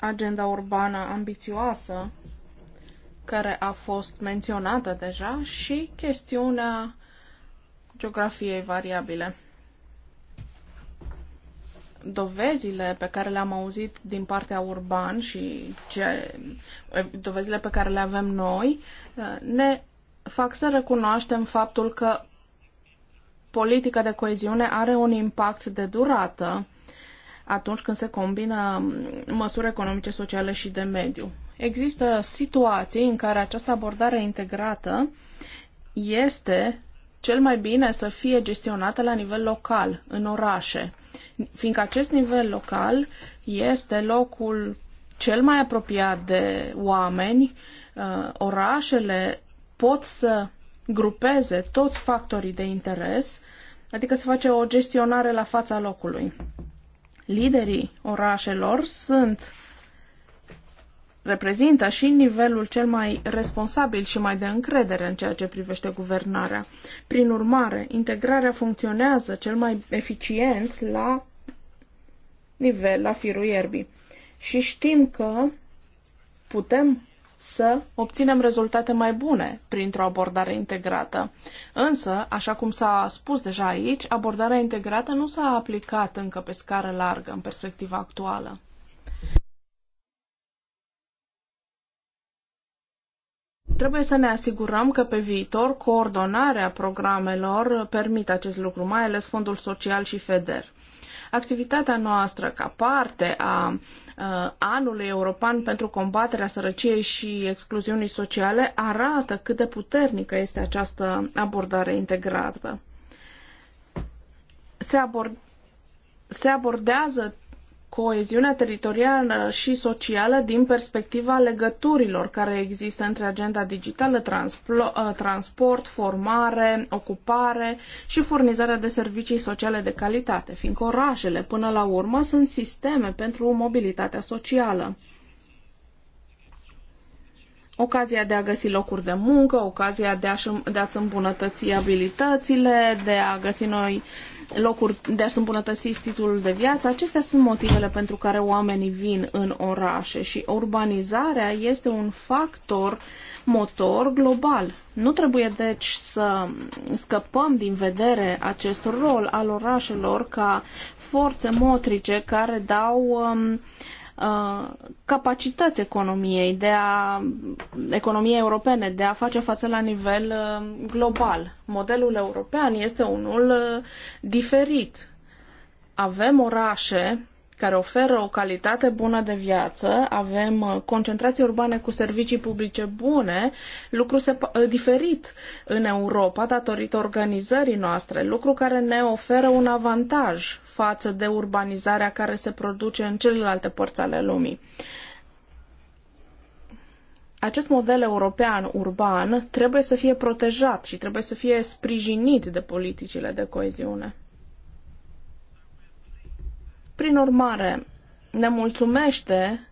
agenda urbană ambițioasă, care a fost menționată deja, și chestiunea geografiei variabile. Dovezile pe care le-am auzit din partea urban și ce, eh, dovezile pe care le avem noi eh, ne fac să recunoaștem faptul că politica de coeziune are un impact de durată atunci când se combină mm, măsuri economice, sociale și de mediu. Există situații în care această abordare integrată este cel mai bine să fie gestionată la nivel local, în orașe, fiindcă acest nivel local este locul cel mai apropiat de oameni, uh, orașele pot să grupeze toți factorii de interes Adică se face o gestionare la fața locului. Liderii orașelor sunt reprezintă și nivelul cel mai responsabil și mai de încredere în ceea ce privește guvernarea. Prin urmare, integrarea funcționează cel mai eficient la nivel, la firul ierbii. Și știm că putem să obținem rezultate mai bune printr-o abordare integrată. Însă, așa cum s-a spus deja aici, abordarea integrată nu s-a aplicat încă pe scară largă în perspectiva actuală. Trebuie să ne asigurăm că pe viitor coordonarea programelor permite acest lucru, mai ales Fondul Social și FEDER. Activitatea noastră ca parte a uh, Uh, anului european pentru combaterea sărăciei și excluziunii sociale arată cât de puternică este această abordare integrată. Se, se abordează coeziunea teritorială și socială din perspectiva legăturilor care există între agenda digitală, uh, transport, formare, ocupare și furnizarea de servicii sociale de calitate, fiindcă orașele, până la urmă, sunt sisteme pentru mobilitatea socială ocazia de a găsi locuri de muncă, ocazia de, a, de a-ți îmbunătăți abilitățile, de a găsi noi locuri de a-și îmbunătăți stilul de viață. Acestea sunt motivele pentru care oamenii vin în orașe și urbanizarea este un factor motor global. Nu trebuie deci să scăpăm din vedere acest rol al orașelor ca forțe motrice care dau um, Uh, capacități economiei, de a, economiei europene de a face față la nivel uh, global. Modelul european este unul uh, diferit. Avem orașe care oferă o calitate bună de viață, avem uh, concentrații urbane cu servicii publice bune, lucru uh, diferit în Europa datorită organizării noastre, lucru care ne oferă un avantaj față de urbanizarea care se produce în celelalte părți ale lumii. Acest model european urban trebuie să fie protejat și trebuie să fie sprijinit de politicile de coeziune. Prin urmare, ne mulțumește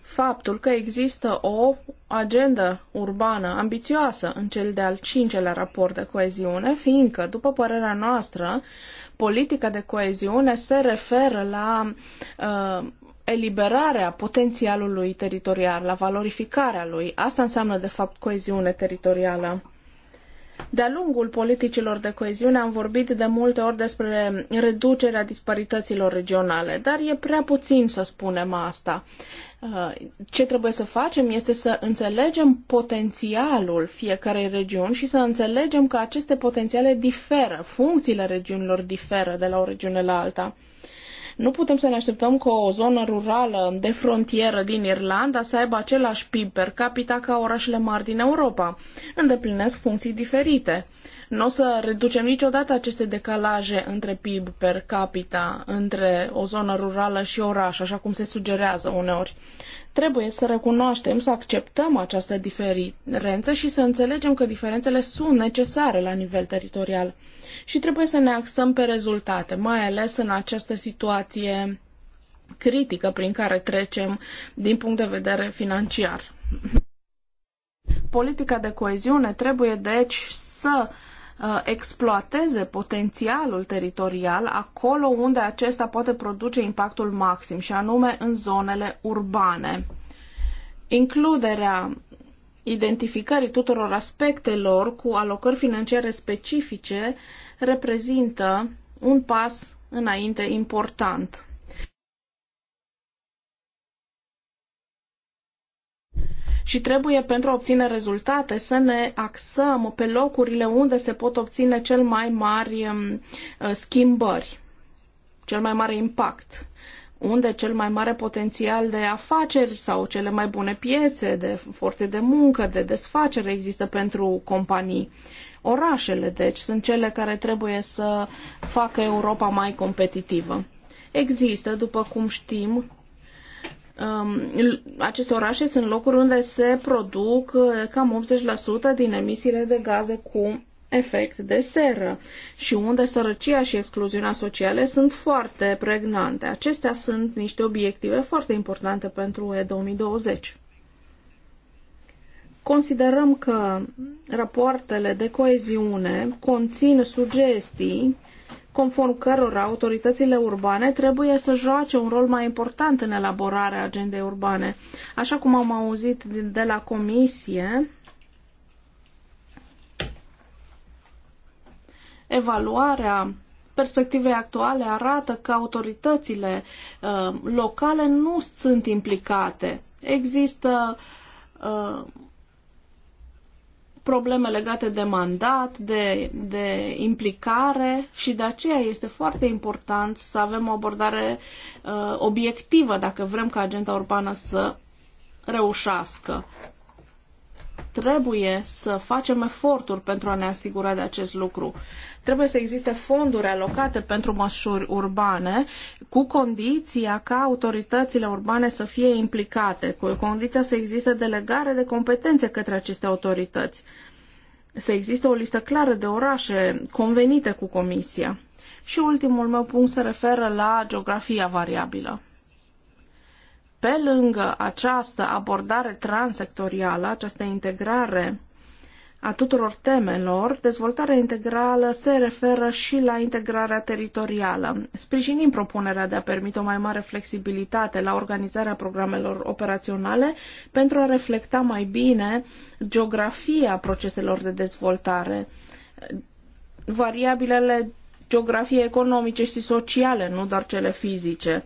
faptul că există o agendă urbană ambițioasă în cel de-al cincelea raport de coeziune, fiindcă, după părerea noastră, politica de coeziune se referă la uh, eliberarea potențialului teritorial, la valorificarea lui. Asta înseamnă, de fapt, coeziune teritorială. De-a lungul politicilor de coeziune am vorbit de multe ori despre reducerea disparităților regionale, dar e prea puțin să spunem asta. Uh, ce trebuie să facem este să înțelegem potențialul fiecarei regiuni și să înțelegem că aceste potențiale diferă, funcțiile regiunilor diferă de la o regiune la alta. Nu putem să ne așteptăm că o zonă rurală de frontieră din Irlanda să aibă același PIB per capita ca orașele mari din Europa. Îndeplinesc funcții diferite. Nu o să reducem niciodată aceste decalaje între PIB per capita, între o zonă rurală și oraș, așa cum se sugerează uneori. Trebuie să recunoaștem, să acceptăm această diferență și să înțelegem că diferențele sunt necesare la nivel teritorial. Și trebuie să ne axăm pe rezultate, mai ales în această situație critică prin care trecem din punct de vedere financiar. Politica de coeziune trebuie deci să Uh, exploateze potențialul teritorial acolo unde acesta poate produce impactul maxim, și anume în zonele urbane. Includerea identificării tuturor aspectelor cu alocări financiare specifice reprezintă un pas înainte important. și trebuie pentru a obține rezultate să ne axăm pe locurile unde se pot obține cel mai mari um, uh, schimbări, cel mai mare impact unde cel mai mare potențial de afaceri sau cele mai bune piețe de forțe de muncă, de desfacere există pentru companii. Orașele, deci, sunt cele care trebuie să facă Europa mai competitivă. Există, după cum știm, Um, aceste orașe sunt locuri unde se produc uh, cam 80% din emisiile de gaze cu efect de seră și unde sărăcia și excluziunea sociale sunt foarte pregnante. Acestea sunt niște obiective foarte importante pentru e 2020. Considerăm că rapoartele de coeziune conțin sugestii conform cărora autoritățile urbane trebuie să joace un rol mai important în elaborarea agendei urbane. Așa cum am auzit de la comisie, evaluarea perspectivei actuale arată că autoritățile uh, locale nu sunt implicate. Există uh, probleme legate de mandat, de, de implicare și de aceea este foarte important să avem o abordare uh, obiectivă dacă vrem ca agenda urbană să reușească. Trebuie să facem eforturi pentru a ne asigura de acest lucru. Trebuie să existe fonduri alocate pentru măsuri urbane, cu condiția ca autoritățile urbane să fie implicate, cu condiția să existe delegare de competențe către aceste autorități, să existe o listă clară de orașe convenite cu Comisia. Și ultimul meu punct se referă la geografia variabilă. Pe lângă această abordare transectorială, această integrare a tuturor temelor, dezvoltarea integrală se referă și la integrarea teritorială. Sprijinim propunerea de a permite o mai mare flexibilitate la organizarea programelor operaționale pentru a reflecta mai bine geografia proceselor de dezvoltare, variabilele geografiei economice și sociale, nu doar cele fizice.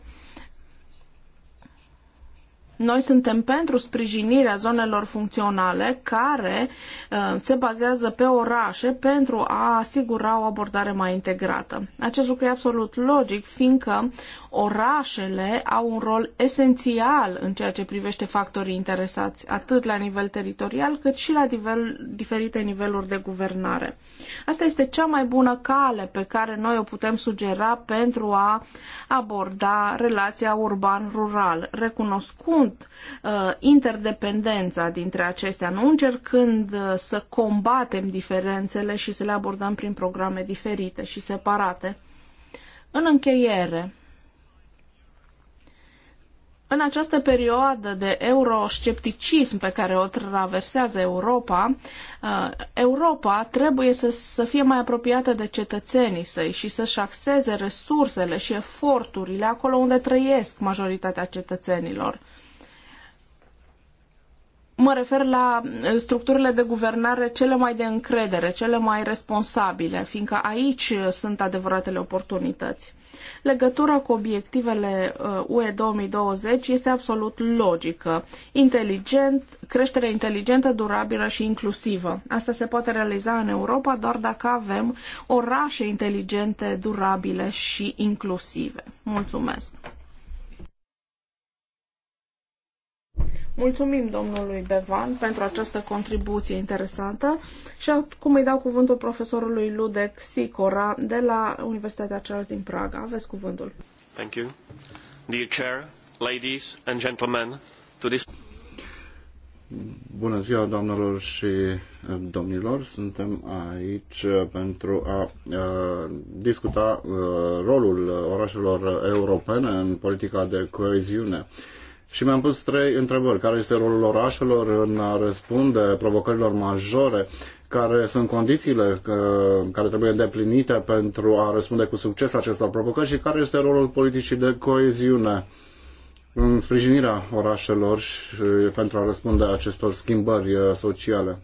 Noi suntem pentru sprijinirea zonelor funcționale care uh, se bazează pe orașe pentru a asigura o abordare mai integrată. Acest lucru e absolut logic, fiindcă orașele au un rol esențial în ceea ce privește factorii interesați, atât la nivel teritorial, cât și la nivel, diferite niveluri de guvernare. Asta este cea mai bună cale pe care noi o putem sugera pentru a aborda relația urban-rural, recunoscând uh, interdependența dintre acestea, nu încercând uh, să combatem diferențele și să le abordăm prin programe diferite și separate. În încheiere, în această perioadă de euroscepticism pe care o traversează Europa, uh, Europa trebuie să, să fie mai apropiată de cetățenii săi și să-și axeze resursele și eforturile acolo unde trăiesc majoritatea cetățenilor. Mă refer la eh, structurile de guvernare cele mai de încredere, cele mai responsabile, fiindcă aici eh, sunt adevăratele oportunități. Legătura cu obiectivele eh, UE 2020 este absolut logică. Inteligent, creștere inteligentă, durabilă și inclusivă. Asta se poate realiza în Europa doar dacă avem orașe inteligente, durabile și inclusive. Mulțumesc! Mulțumim domnului Bevan pentru această contribuție interesantă și acum îi dau cuvântul profesorului Ludek Sicora de la Universitatea Charles din Praga. Aveți cuvântul. Thank you. Dear Chair, ladies and gentlemen, to this... Bună ziua, doamnelor și uh, domnilor! Suntem aici uh, pentru a uh, discuta rolul orașelor europene în politica de coeziune și mi-am pus trei întrebări. Care este rolul orașelor în a răspunde provocărilor majore? Care sunt condițiile care trebuie îndeplinite pentru a răspunde cu succes acestor provocări și care este rolul politicii de coeziune în sprijinirea orașelor și pentru a răspunde acestor schimbări sociale?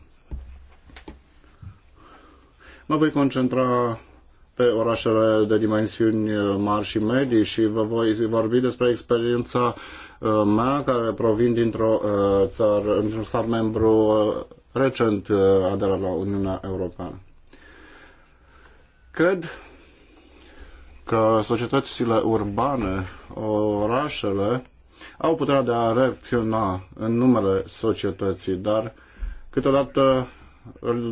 Mă voi concentra pe orașele de dimensiuni mari și medii și vă voi vorbi despre experiența Uh, mea, care provin dintr-o uh, țară, dintr-un stat membru uh, recent aderat la Uniunea Europeană. Cred că societățile urbane, orașele, au puterea de a reacționa în numele societății, dar câteodată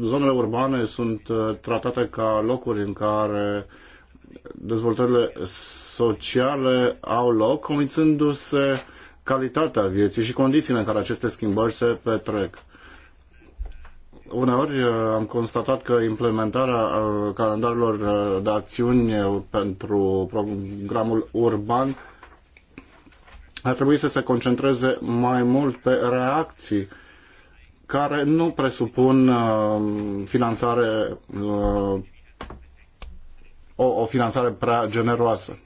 zonele urbane sunt tratate ca locuri în care dezvoltările sociale au loc, comițându-se calitatea vieții și condițiile în care aceste schimbări se petrec. Uneori uh, am constatat că implementarea uh, calendarilor uh, de acțiuni pentru programul urban ar trebui să se concentreze mai mult pe reacții care nu presupun finanțare o, finanțare prea generoasă.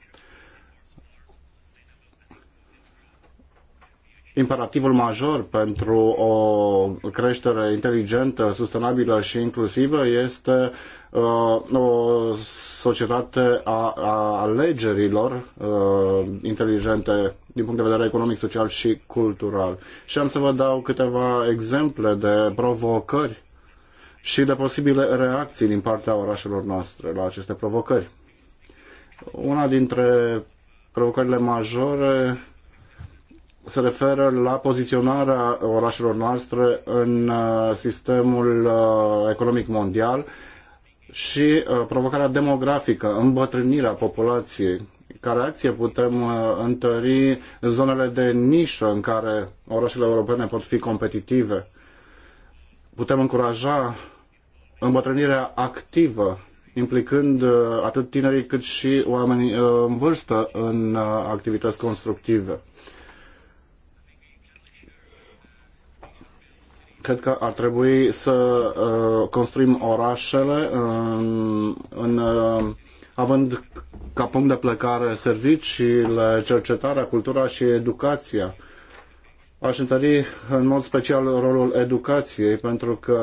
imperativul major pentru o creștere inteligentă, sustenabilă și inclusivă este uh, o societate a, a alegerilor uh, inteligente din punct de vedere economic, social și cultural. Și am să vă dau câteva exemple de provocări și de posibile reacții din partea orașelor noastre la aceste provocări. Una dintre provocările majore se referă la poziționarea orașelor noastre în uh, sistemul uh, economic mondial și uh, provocarea demografică, îmbătrânirea populației. Care acție putem întări zonele de nișă în care orașele europene pot fi competitive? Putem încuraja îmbătrânirea activă, implicând atât tinerii cât și oamenii în vârstă în activități constructive. cred că ar trebui să uh, construim orașele în, în, uh, având ca punct de plecare serviciile, cercetarea, cultura și educația. Aș întări în mod special rolul educației, pentru că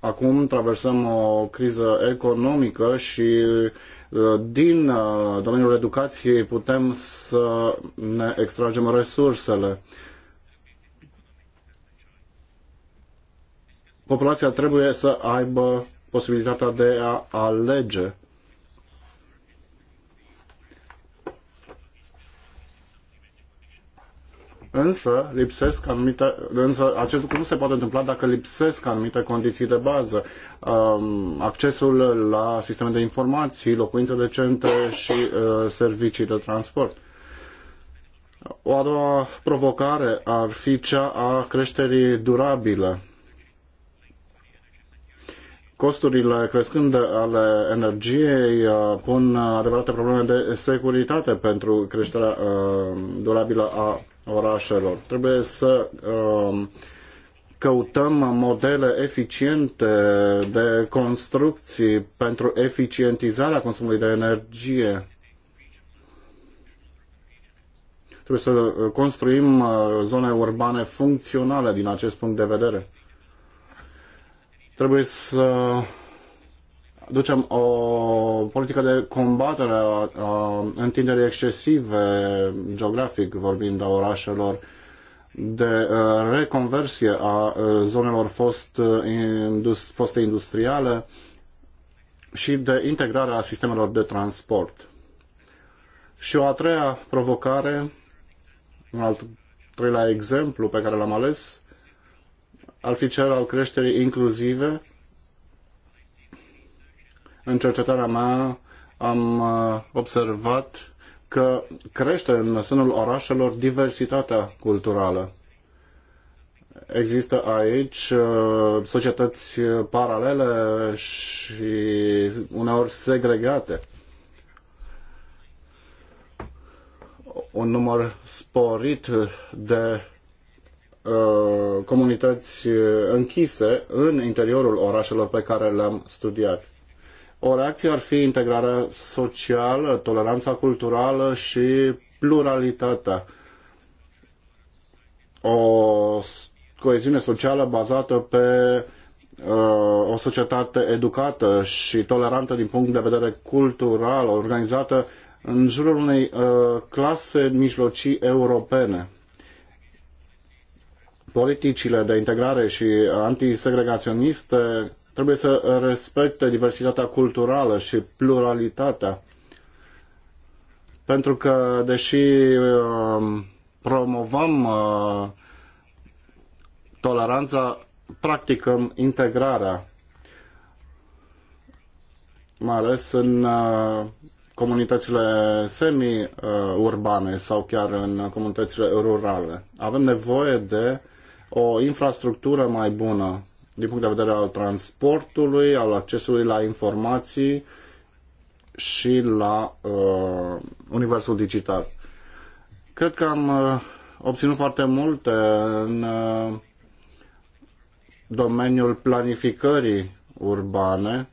acum traversăm o criză economică și uh, din uh, domeniul educației putem să ne extragem resursele. populația trebuie să aibă posibilitatea de a alege Însă, lipsesc anumite, însă acest lucru nu se poate întâmpla dacă lipsesc anumite condiții de bază. Um, accesul la sisteme de informații, locuințe decente și uh, servicii de transport. O a doua provocare ar fi cea a creșterii durabile costurile crescând ale energiei uh, pun adevărate probleme de securitate pentru creșterea uh, durabilă a orașelor. Trebuie să uh, căutăm modele eficiente de construcții pentru eficientizarea consumului de energie. Trebuie să construim zone urbane funcționale din acest punct de vedere. Trebuie să ducem o politică de combatere a, a întinderii excesive, geografic vorbind, a orașelor, de uh, reconversie a uh, zonelor fost, uh, indus, foste industriale și de integrarea sistemelor de transport. Și o a treia provocare, un alt treilea exemplu pe care l-am ales, ar fi cel al creșterii inclusive. În cercetarea mea am uh, observat că crește în sânul orașelor diversitatea culturală. Există aici uh, societăți paralele și uneori segregate. Un număr sporit de Uh, comunități uh, închise în interiorul orașelor pe care le-am studiat. O reacție ar fi integrarea socială, toleranța culturală și pluralitatea. O coeziune socială bazată pe uh, o societate educată și tolerantă din punct de vedere cultural, organizată în jurul unei clase mijlocii europene politicile de integrare și antisegregaționiste trebuie să respecte diversitatea culturală și pluralitatea. Pentru că, deși um, promovăm uh, toleranța, practicăm integrarea, mai ales în uh, comunitățile semi-urbane uh, sau chiar în comunitățile rurale. Avem nevoie de o infrastructură mai bună din punct de vedere al transportului, al accesului la informații și la uh, universul digital. Cred că am uh, obținut foarte multe în uh, domeniul planificării urbane,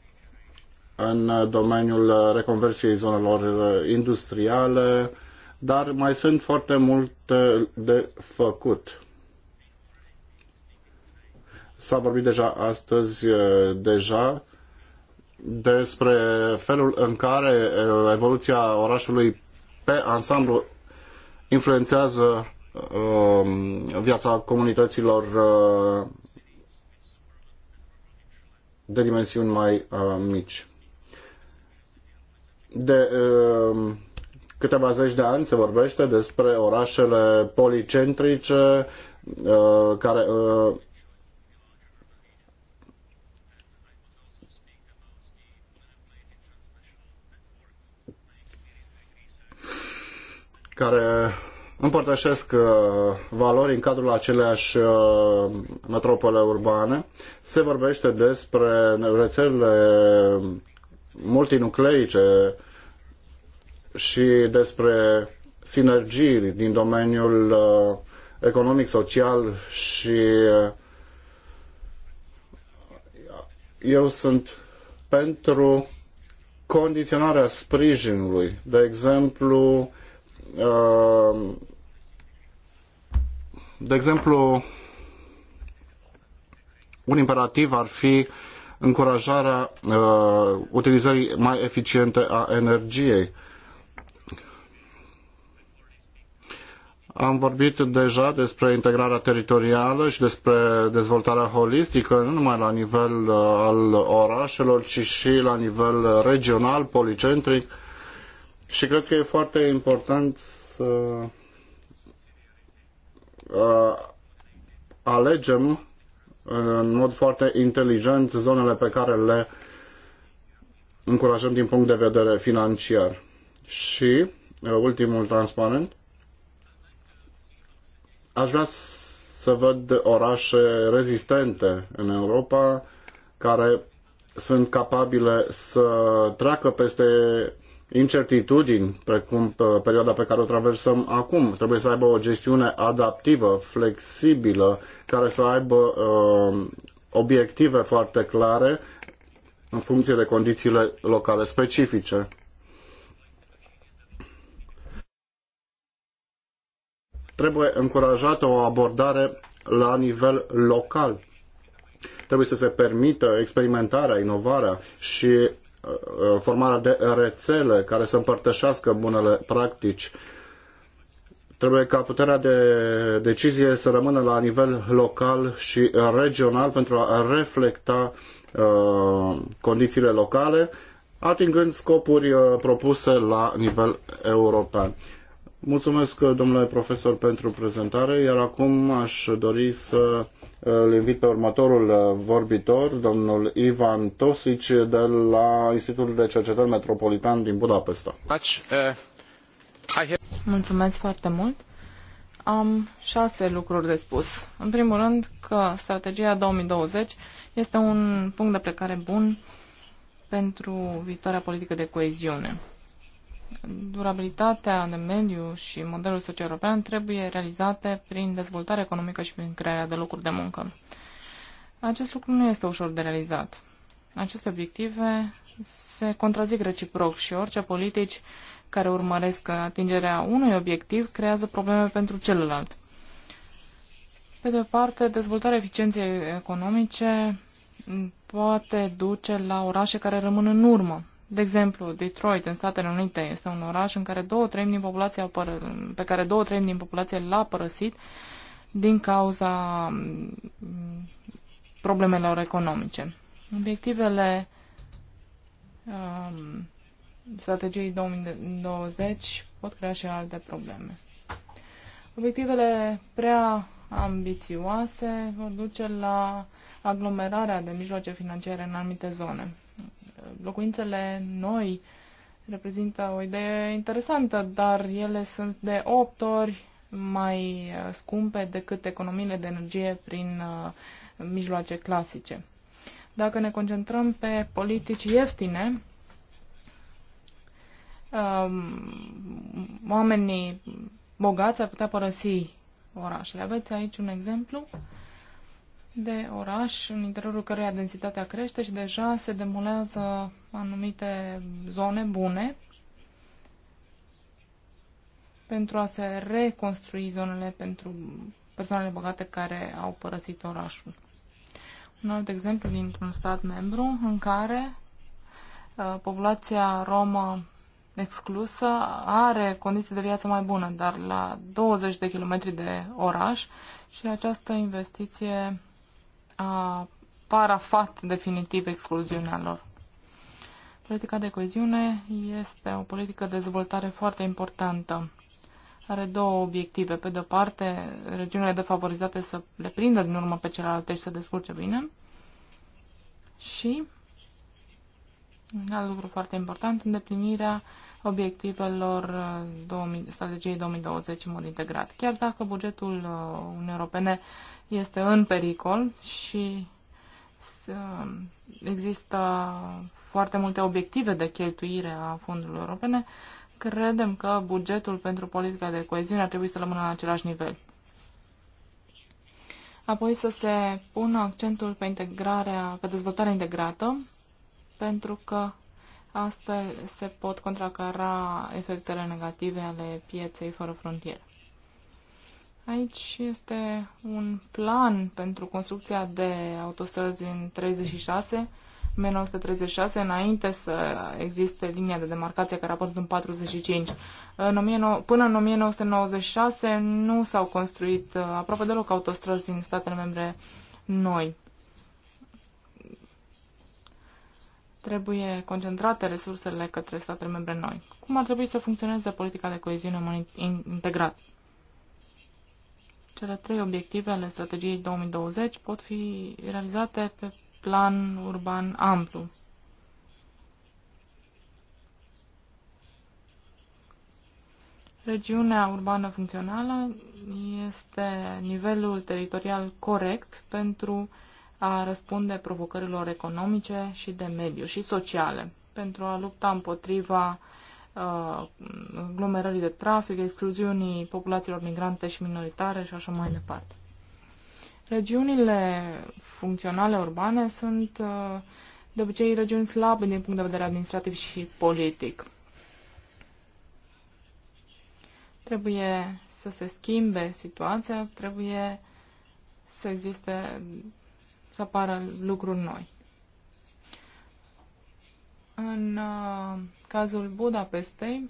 în uh, domeniul uh, reconversiei zonelor uh, industriale, dar mai sunt foarte multe de făcut. S-a vorbit deja astăzi deja despre felul în care evoluția orașului pe ansamblu influențează viața comunităților de dimensiuni mai mici. De câteva zeci de ani se vorbește despre orașele policentrice care care împărtășesc uh, valori în cadrul aceleași uh, metropole urbane. Se vorbește despre rețelele multinucleice și despre sinergii din domeniul uh, economic, social și eu sunt pentru condiționarea sprijinului. De exemplu, Uh, de exemplu, un imperativ ar fi încurajarea uh, utilizării mai eficiente a energiei. Am vorbit deja despre integrarea teritorială și despre dezvoltarea holistică, nu numai la nivel uh, al orașelor, ci și la nivel regional, policentric. Și cred că e foarte important să uh, alegem uh, în mod foarte inteligent zonele pe care le încurajăm din punct de vedere financiar. Și uh, ultimul transparent, aș vrea să văd orașe rezistente în Europa care sunt capabile să treacă peste incertitudini, precum perioada pe care o traversăm acum. Trebuie să aibă o gestiune adaptivă, flexibilă, care să aibă uh, obiective foarte clare în funcție de condițiile locale specifice. Trebuie încurajată o abordare la nivel local. Trebuie să se permită experimentarea, inovarea și Uh, formarea de rețele care să împărtășească bunele practici. Trebuie ca puterea de decizie să rămână la nivel local și regional pentru a reflecta uh, condițiile locale, atingând scopuri uh, propuse la nivel european. Mulțumesc, domnule profesor, pentru prezentare, iar acum aș dori să îl invit pe următorul vorbitor, domnul Ivan Tosic, de la Institutul de Cercetări Metropolitan din Budapesta. Uh, Mulțumesc foarte mult. Am șase lucruri de spus. În primul rând că strategia 2020 este un punct de plecare bun pentru viitoarea politică de coeziune durabilitatea de mediu și modelul social european trebuie realizate prin dezvoltare economică și prin crearea de locuri de muncă. Acest lucru nu este ușor de realizat. Aceste obiective se contrazic reciproc și orice politici care urmăresc atingerea unui obiectiv creează probleme pentru celălalt. Pe de o parte, dezvoltarea eficienței economice poate duce la orașe care rămân în urmă. De exemplu, Detroit, în Statele Unite, este un oraș în care două treimi din populația au pe care două treimi din populație l-a părăsit din cauza mm, problemelor economice. Obiectivele um, strategiei 2020 pot crea și alte probleme. Obiectivele prea ambițioase vor duce la aglomerarea de mijloace financiare în anumite zone locuințele noi reprezintă o idee interesantă, dar ele sunt de 8 ori mai uh, scumpe decât economiile de energie prin uh, mijloace clasice. Dacă ne concentrăm pe politici ieftine, um, oamenii bogați ar putea părăsi orașele. Aveți aici un exemplu? de oraș în interiorul căreia densitatea crește și deja se demolează anumite zone bune pentru a se reconstrui zonele pentru persoanele bogate care au părăsit orașul. Un alt exemplu dintr-un stat membru în care uh, populația romă exclusă are condiții de viață mai bune, dar la 20 de kilometri de oraș și această investiție a parafat definitiv excluziunea lor. Politica de coeziune este o politică de dezvoltare foarte importantă. Are două obiective. Pe de-o parte, regiunile defavorizate să le prindă din urmă pe celelalte și să descurce bine. Și, un alt lucru foarte important, îndeplinirea uh, obiectivelor uh, strategiei 2020 în mod integrat. Chiar dacă bugetul uh, Uniunii Europene este în pericol și uh, există foarte multe obiective de cheltuire a fondurilor europene, credem că bugetul pentru politica de coeziune ar trebui să rămână la același nivel. Apoi să se pună accentul pe integrarea, pe dezvoltarea integrată, pentru că Astfel se pot contracara efectele negative ale pieței fără frontiere. Aici este un plan pentru construcția de autostrăzi în 36, 1936, înainte să existe linia de demarcație care a apărut în 45. În 19, până în 1996 nu s-au construit uh, aproape deloc autostrăzi în statele membre noi. Trebuie concentrate resursele către statele membre noi. Cum ar trebui să funcționeze politica de coeziune integrat? Cele trei obiective ale strategiei 2020 pot fi realizate pe plan urban amplu. Regiunea urbană funcțională este nivelul teritorial corect pentru a răspunde provocărilor economice și de mediu și sociale, pentru a lupta împotriva uh, aglomerării de trafic, excluziunii populațiilor migrante și minoritare și așa mai departe. Regiunile funcționale urbane sunt uh, de obicei regiuni slabe din punct de vedere administrativ și politic. Trebuie să se schimbe situația, trebuie să existe să apară lucruri noi. În uh, cazul Budapestei,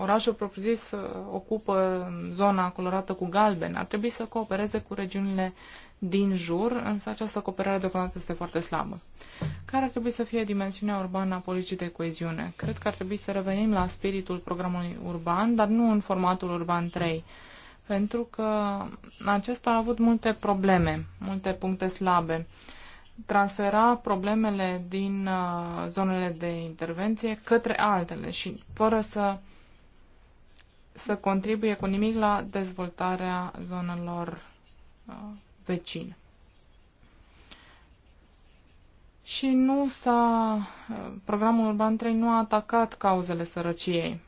orașul propriu-zis uh, ocupă zona colorată cu galben. Ar trebui să coopereze cu regiunile din jur, însă această cooperare deocamdată este foarte slabă. Care ar trebui să fie dimensiunea urbană a politicii de coeziune? Cred că ar trebui să revenim la spiritul programului urban, dar nu în formatul urban 3 pentru că acesta a avut multe probleme, multe puncte slabe. Transfera problemele din uh, zonele de intervenție către altele și fără să, să contribuie cu nimic la dezvoltarea zonelor uh, vecine. Și nu s-a, uh, programul Urban 3 nu a atacat cauzele sărăciei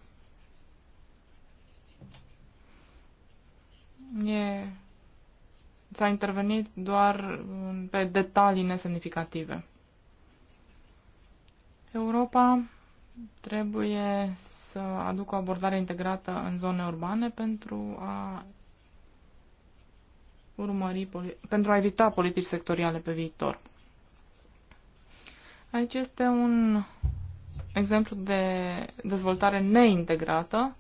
e, s-a intervenit doar pe detalii nesemnificative. Europa trebuie să aducă o abordare integrată în zone urbane pentru a urmări, pentru a evita politici sectoriale pe viitor. Aici este un exemplu de dezvoltare neintegrată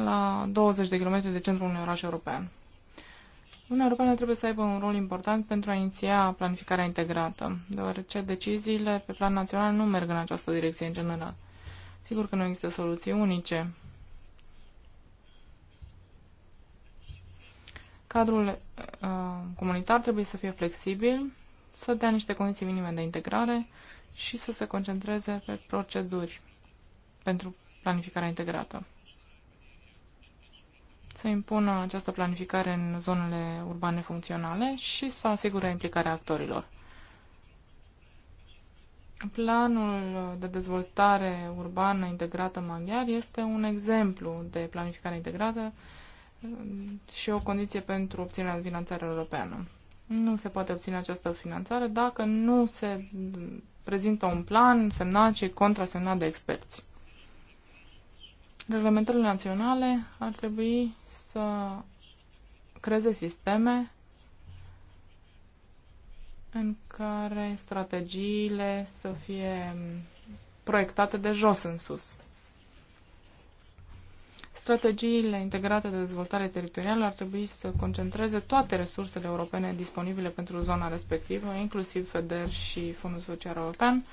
la 20 de km de centrul unui oraș european. Uniunea Europeană trebuie să aibă un rol important pentru a iniția planificarea integrată, deoarece deciziile pe plan național nu merg în această direcție în general. Sigur că nu există soluții unice. Cadrul uh, comunitar trebuie să fie flexibil, să dea niște condiții minime de integrare și să se concentreze pe proceduri pentru planificarea integrată să impună această planificare în zonele urbane funcționale și să asigure implicarea actorilor. Planul de dezvoltare urbană integrată maghiar este un exemplu de planificare integrată și o condiție pentru obținerea finanțării europeană. Nu se poate obține această finanțare dacă nu se prezintă un plan semnat și contrasemnat de experți. Reglementările naționale ar trebui să creeze sisteme în care strategiile să fie proiectate de jos în sus. Strategiile integrate de dezvoltare teritorială ar trebui să concentreze toate resursele europene disponibile pentru zona respectivă, inclusiv FEDER și Fondul Social European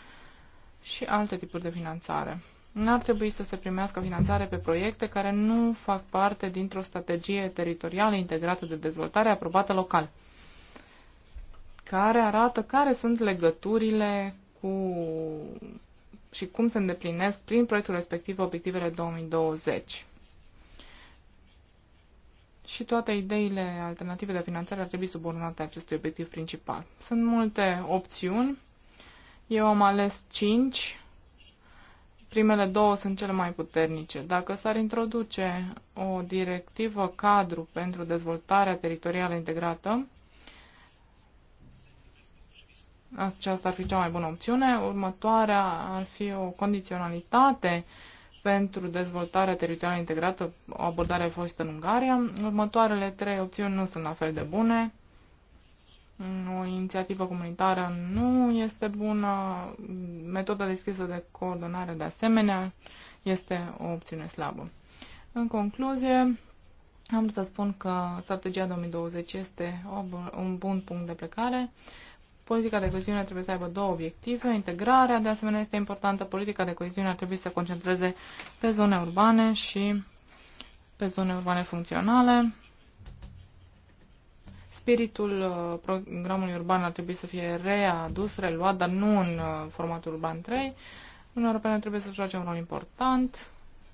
și alte tipuri de finanțare n-ar trebui să se primească finanțare pe proiecte care nu fac parte dintr-o strategie teritorială integrată de dezvoltare aprobată local, care arată care sunt legăturile cu și cum se îndeplinesc prin proiectul respectiv obiectivele 2020. Și toate ideile alternative de finanțare ar trebui subordonate acestui obiectiv principal. Sunt multe opțiuni. Eu am ales 5 Primele două sunt cele mai puternice. Dacă s-ar introduce o directivă cadru pentru dezvoltarea teritorială integrată, aceasta ar fi cea mai bună opțiune. Următoarea ar fi o condiționalitate pentru dezvoltarea teritorială integrată, o abordare fostă în Ungaria. Următoarele trei opțiuni nu sunt la fel de bune o inițiativă comunitară nu este bună, metoda deschisă de coordonare de asemenea este o opțiune slabă. În concluzie, am să spun că strategia 2020 este un bun punct de plecare. Politica de coeziune trebuie să aibă două obiective. Integrarea, de asemenea, este importantă. Politica de coeziune ar trebui să se concentreze pe zone urbane și pe zone urbane funcționale. Spiritul uh, programului urban ar trebui să fie readus, reluat, dar nu în uh, formatul urban 3. Uniunea Europeană trebuie să joace un rol important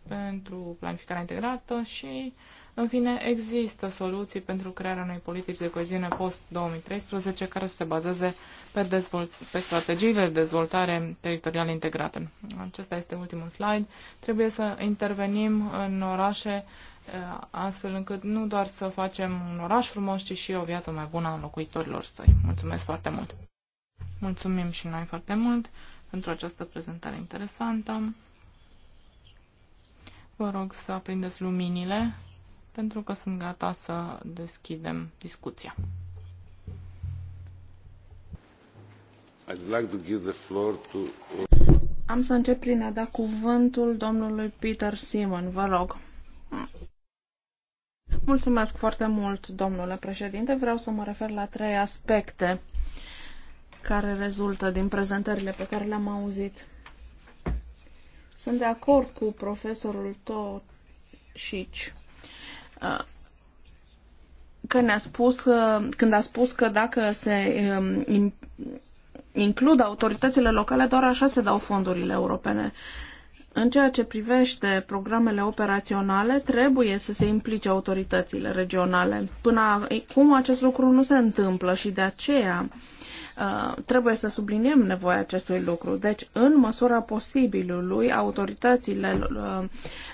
pentru planificarea integrată și, în fine, există soluții pentru crearea unei politici de coeziune post-2013 care să se bazeze pe, dezvolt- pe strategiile de dezvoltare teritorială integrată. Acesta este ultimul slide. Trebuie să intervenim în orașe Uh, astfel încât nu doar să facem un oraș frumos, ci și o viață mai bună a locuitorilor săi. Mulțumesc foarte mult! Mulțumim și noi foarte mult pentru această prezentare interesantă. Vă rog să aprindeți luminile, pentru că sunt gata să deschidem discuția. I'd like to give the floor to... Am să încep prin a da cuvântul domnului Peter Simon, vă rog. Mulțumesc foarte mult, domnule președinte. Vreau să mă refer la trei aspecte care rezultă din prezentările pe care le-am auzit. Sunt de acord cu profesorul Toșici uh, că ne-a spus, uh, când a spus că dacă se um, includ autoritățile locale, doar așa se dau fondurile europene. În ceea ce privește programele operaționale, trebuie să se implice autoritățile regionale. Până acum acest lucru nu se întâmplă și de aceea uh, trebuie să subliniem nevoia acestui lucru. Deci, în măsura posibilului, autoritățile uh,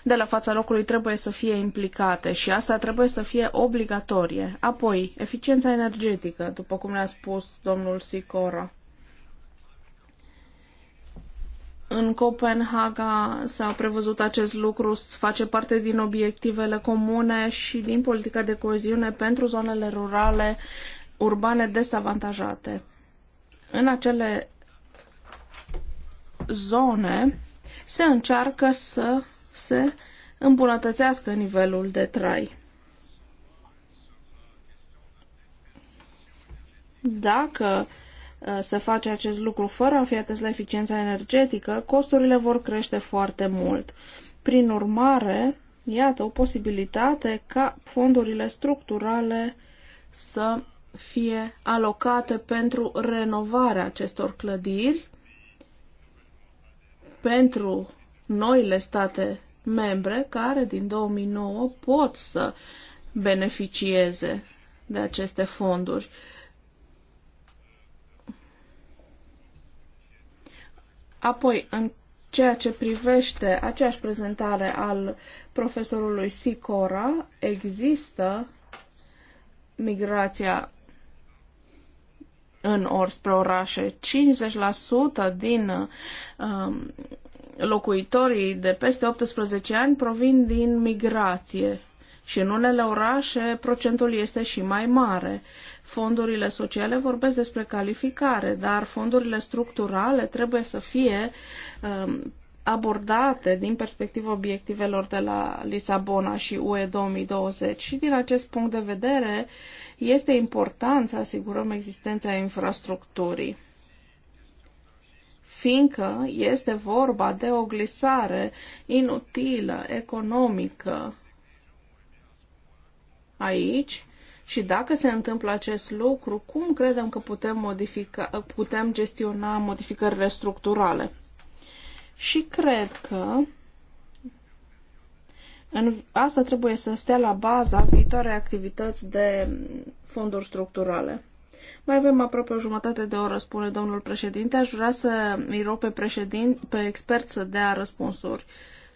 de la fața locului trebuie să fie implicate și asta trebuie să fie obligatorie. Apoi, eficiența energetică, după cum ne-a spus domnul Sicora. În Copenhaga s-a prevăzut acest lucru, face parte din obiectivele comune și din politica de coeziune pentru zonele rurale, urbane desavantajate. În acele zone se încearcă să se îmbunătățească nivelul de trai. Dacă Uh, să face acest lucru fără a fi atât la eficiența energetică, costurile vor crește foarte mult. Prin urmare, iată o posibilitate ca fondurile structurale să fie alocate pentru renovarea acestor clădiri pentru noile state membre care din 2009 pot să beneficieze de aceste fonduri. Apoi, în ceea ce privește aceeași prezentare al profesorului Sicora, există migrația în ori spre orașe. 50% din um, locuitorii de peste 18 ani provin din migrație și în unele orașe procentul este și mai mare. Fondurile sociale vorbesc despre calificare, dar fondurile structurale trebuie să fie um, abordate din perspectiva obiectivelor de la Lisabona și UE 2020 și din acest punct de vedere este important să asigurăm existența infrastructurii fiindcă este vorba de o glisare inutilă, economică, aici și dacă se întâmplă acest lucru, cum credem că putem, modifica, putem gestiona modificările structurale? Și cred că în, asta trebuie să stea la baza viitoarei activități de fonduri structurale. Mai avem aproape o jumătate de oră, spune domnul președinte. Aș vrea să îi rog pe, pe expert să dea răspunsuri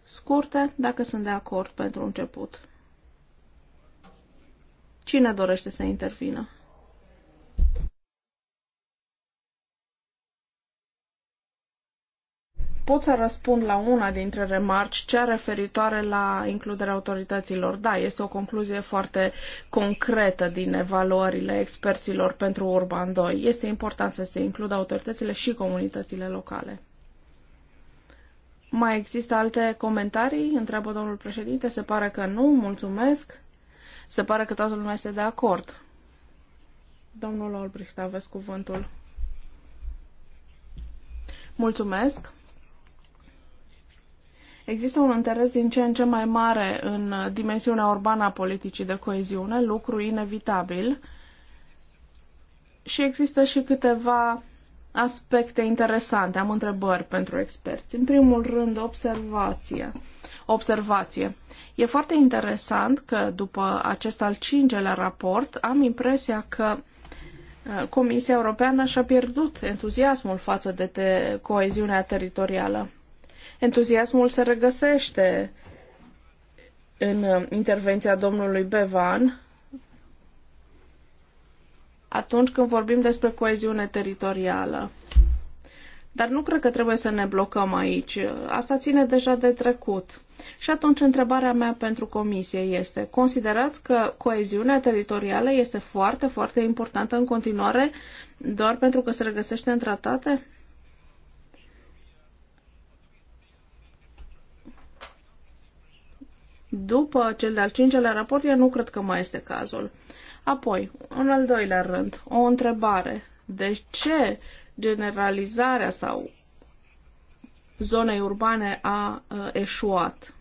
scurte, dacă sunt de acord pentru început. Cine dorește să intervină? Pot să răspund la una dintre remarci, cea referitoare la includerea autorităților. Da, este o concluzie foarte concretă din evaluările experților pentru Urban 2. Este important să se includă autoritățile și comunitățile locale. Mai există alte comentarii? Întreabă domnul președinte. Se pare că nu. Mulțumesc. Se pare că toată lumea este de acord. Domnul Olbricht, aveți cuvântul. Mulțumesc. Există un interes din ce în ce mai mare în dimensiunea urbană a politicii de coeziune, lucru inevitabil. Și există și câteva aspecte interesante. Am întrebări pentru experți. În primul rând, observația observație. E foarte interesant că după acest al cincelea raport am impresia că uh, Comisia Europeană și-a pierdut entuziasmul față de te- coeziunea teritorială. Entuziasmul se regăsește în uh, intervenția domnului Bevan atunci când vorbim despre coeziune teritorială. Dar nu cred că trebuie să ne blocăm aici. Asta ține deja de trecut. Și atunci întrebarea mea pentru comisie este, considerați că coeziunea teritorială este foarte, foarte importantă în continuare doar pentru că se regăsește în tratate? După cel de-al cincelea raport, eu nu cred că mai este cazul. Apoi, în al doilea rând, o întrebare. De ce generalizarea sau zonei urbane a eșuat.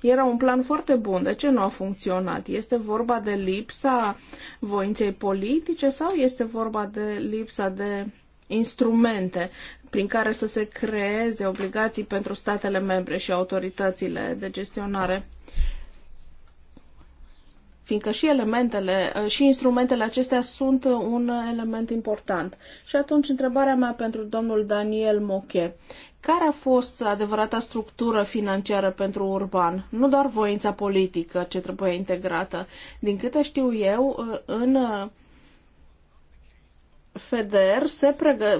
Era un plan foarte bun. De ce nu a funcționat? Este vorba de lipsa voinței politice sau este vorba de lipsa de instrumente prin care să se creeze obligații pentru statele membre și autoritățile de gestionare? fiindcă și elementele, uh, și instrumentele acestea sunt un element important. Și atunci, întrebarea mea pentru domnul Daniel Moche. Care a fost adevărata structură financiară pentru urban? Nu doar voința politică ce trebuie integrată. Din câte știu eu, uh, în uh, FEDER se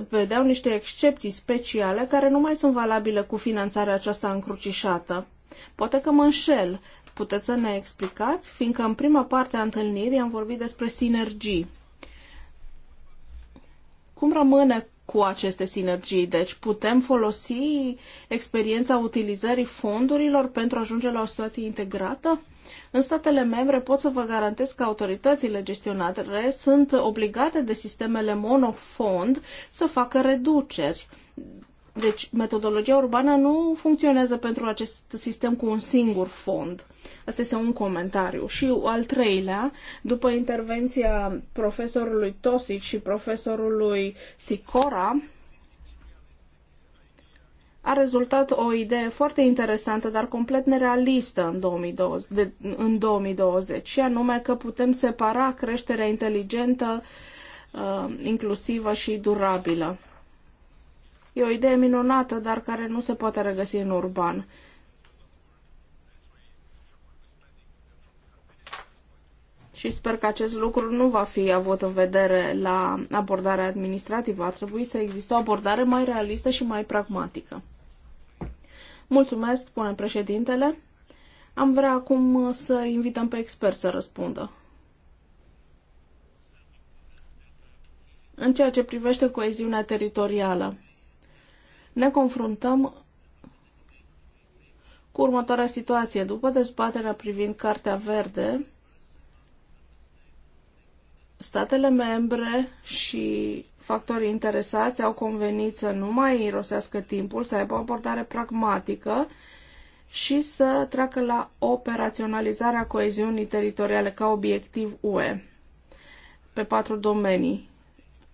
vedeau niște excepții speciale care nu mai sunt valabile cu finanțarea aceasta încrucișată. Poate că mă înșel, puteți să ne explicați? Fiindcă în prima parte a întâlnirii am vorbit despre sinergii. Cum rămâne cu aceste sinergii? Deci putem folosi experiența utilizării fondurilor pentru a ajunge la o situație integrată? În statele membre pot să vă garantez că autoritățile gestionate sunt obligate de sistemele monofond să facă reduceri deci, metodologia urbană nu funcționează pentru acest sistem cu un singur fond. Asta este un comentariu. Și al treilea, după intervenția profesorului Tosic și profesorului Sicora, a rezultat o idee foarte interesantă, dar complet nerealistă în 2020, de, în 2020 și anume că putem separa creșterea inteligentă, uh, inclusivă și durabilă. E o idee minunată, dar care nu se poate regăsi în urban. Și sper că acest lucru nu va fi avut în vedere la abordarea administrativă. Ar trebui să existe o abordare mai realistă și mai pragmatică. Mulțumesc, spune președintele. Am vrea acum să invităm pe expert să răspundă. În ceea ce privește coeziunea teritorială, ne confruntăm cu următoarea situație. După dezbaterea privind Cartea Verde, statele membre și factorii interesați au convenit să nu mai irosească timpul, să aibă o abordare pragmatică și să treacă la operaționalizarea coeziunii teritoriale ca obiectiv UE pe patru domenii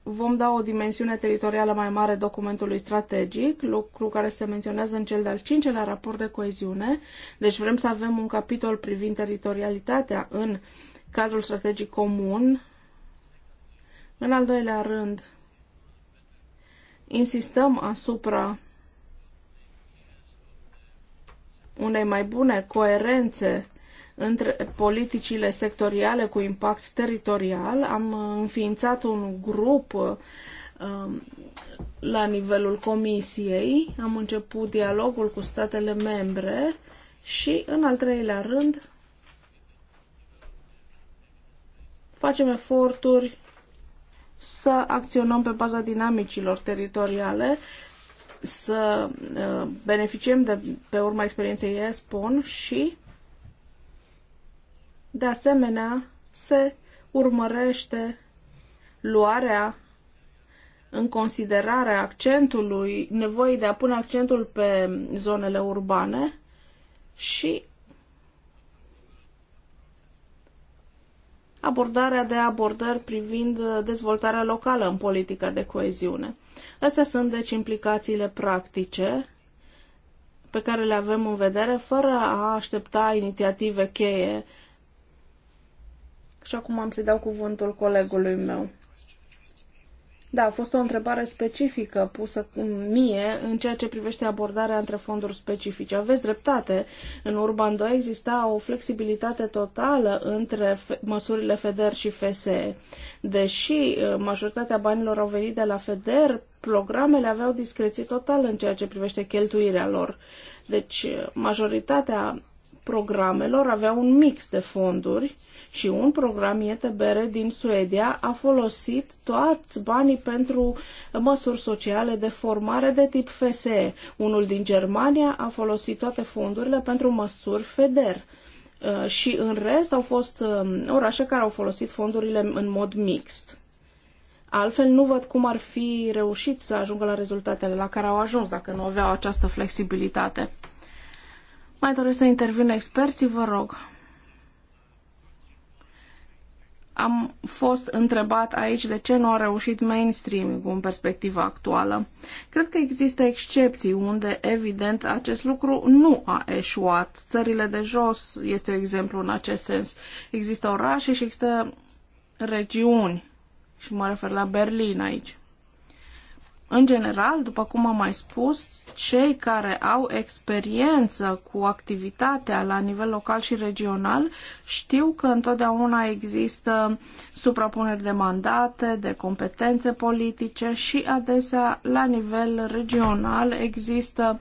vom da o dimensiune teritorială mai mare documentului strategic, lucru care se menționează în cel de-al cincelea raport de coeziune. Deci vrem să avem un capitol privind teritorialitatea în cadrul strategic comun. În al doilea rând, insistăm asupra unei mai bune coerențe între politicile sectoriale cu impact teritorial. Am înființat un grup uh, la nivelul comisiei, am început dialogul cu statele membre și, în al treilea rând, facem eforturi să acționăm pe baza dinamicilor teritoriale, să uh, beneficiem de pe urma experienței ESPON și de asemenea, se urmărește luarea în considerarea accentului, nevoii de a pune accentul pe zonele urbane și abordarea de abordări privind dezvoltarea locală în politica de coeziune. Astea sunt deci implicațiile practice pe care le avem în vedere fără a aștepta inițiative cheie uh, și acum am să-i dau cuvântul colegului meu. Da, a fost o întrebare specifică pusă mie în ceea ce privește abordarea între fonduri specifice. Aveți dreptate. În Urban 2 exista o flexibilitate totală între măsurile FEDER și FSE. Deși uh, majoritatea banilor au venit de la FEDER, programele aveau discreție totală în ceea ce privește cheltuirea lor. Deci uh, majoritatea programelor aveau un mix de fonduri uh, și un program IETBR din Suedia a folosit toți banii pentru măsuri sociale de formare de tip FSE. Unul din Germania a folosit toate fondurile pentru măsuri FEDER uh, și în rest au fost um, orașe care au folosit fondurile în mod mixt. Altfel nu văd cum ar fi reușit să ajungă la rezultatele la care au ajuns dacă nu aveau această flexibilitate. Mai doresc să intervin experții, vă rog. Am fost întrebat aici de ce nu a reușit mainstream în perspectiva actuală. Cred că există excepții unde, evident, acest lucru nu a eșuat. Țările de jos este un exemplu în acest sens. Există orașe și există regiuni. Și mă refer la Berlin aici. În general, după cum am mai spus, cei care au experiență cu activitatea la nivel local și regional știu că întotdeauna există suprapuneri de mandate, de competențe politice și adesea la nivel regional există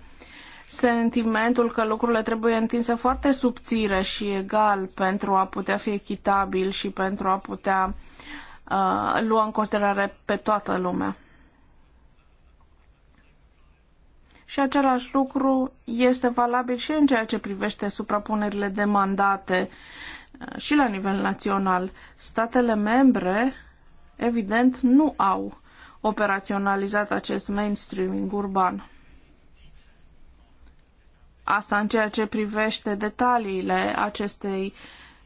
sentimentul că lucrurile trebuie întinse foarte subțire și egal pentru a putea fi echitabil și pentru a putea uh, lua în considerare pe toată lumea. Și același lucru este valabil și în ceea ce privește suprapunerile de mandate uh, și la nivel național. Statele membre, evident, nu au operaționalizat acest mainstreaming urban. Asta în ceea ce privește detaliile acestei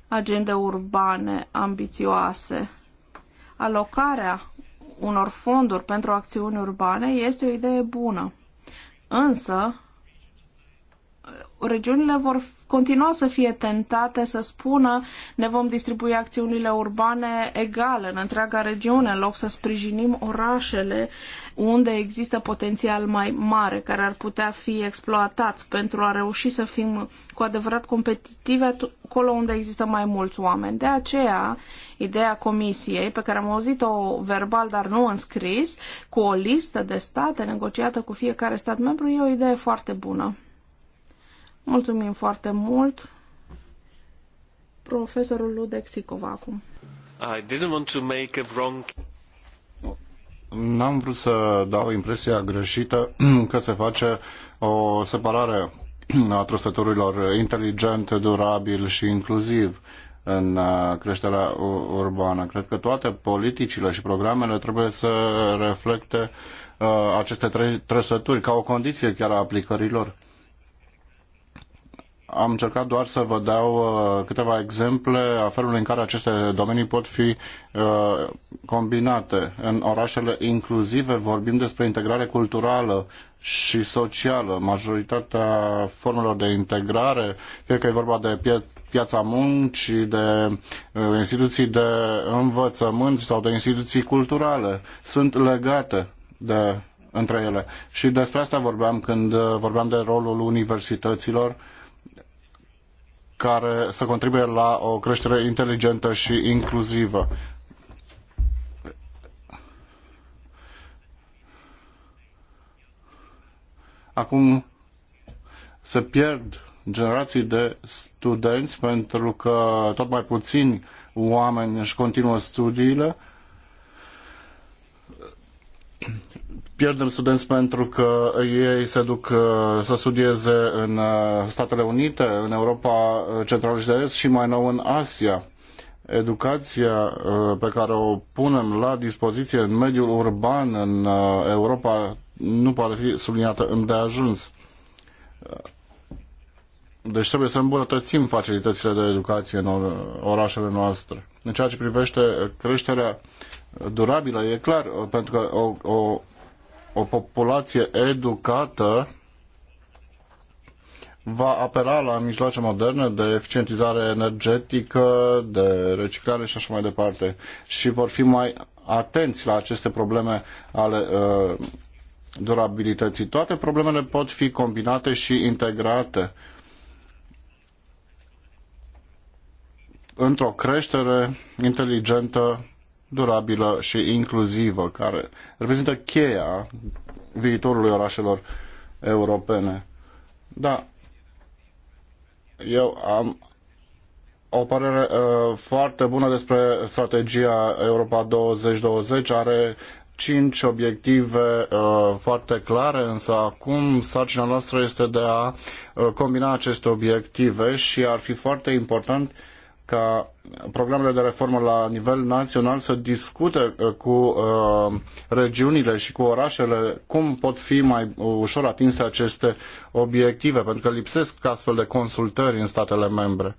agende urbane ambițioase. Alocarea unor fonduri pentru acțiuni urbane este o idee bună. Însă, regiunile vor continua să fie tentate să spună ne vom distribui acțiunile urbane egale în întreaga regiune, în loc să sprijinim orașele unde există potențial mai mare, care ar putea fi exploatat pentru a reuși să fim cu adevărat competitive acolo unde există mai mulți oameni. De aceea ideea comisiei, pe care am auzit-o verbal, dar nu în scris, cu o listă de state negociată cu fiecare stat membru, e o idee foarte bună. Mulțumim foarte mult. Profesorul Ludek Sicova acum. I didn't want to make a wrong... N-am vrut să dau impresia greșită că se face o separare a trăsăturilor inteligent, durabil și inclusiv în uh, creșterea urbană. Cred că toate politicile și programele trebuie să reflecte uh, aceste trei trăsături ca o condiție chiar a aplicărilor am încercat doar să vă dau uh, câteva exemple a felului în care aceste domenii pot fi uh, combinate. În orașele inclusive vorbim despre integrare culturală și socială. Majoritatea formelor de integrare, fie că e vorba de pie- piața muncii, de uh, instituții de învățământ sau de instituții culturale, sunt legate de între ele. Și despre asta vorbeam când vorbeam de rolul universităților uh, care să contribuie la o creștere inteligentă și inclusivă. Acum se pierd generații de studenți pentru că tot mai puțini oameni își continuă studiile pierdem studenți pentru că ei se duc uh, să studieze în uh, Statele Unite, în Europa uh, Centrală și de Est și mai nou în Asia. Educația pe care o punem la dispoziție în mediul urban, în Europa, nu poate fi subliniată îndeajuns. Deci trebuie să îmbunătățim facilitățile de educație în orașele noastre. În ceea ce privește creșterea durabilă, e clar, pentru că o, o, o populație educată va apela la mijloace moderne de eficientizare energetică, de reciclare și așa mai departe. Și vor fi mai atenți la aceste probleme ale uh, durabilității. Toate problemele pot fi combinate și integrate într-o creștere inteligentă durabilă și inclusivă, care reprezintă cheia viitorului orașelor europene. Da, eu am o părere uh, foarte bună despre strategia Europa 2020. Are cinci obiective uh, foarte clare, însă acum sarcina noastră este de a uh, combina aceste obiective și ar fi foarte important ca programele de reformă la nivel național să discute uh, cu uh, regiunile și cu orașele cum pot fi mai ușor atinse aceste obiective, pentru că lipsesc astfel de consultări în statele membre.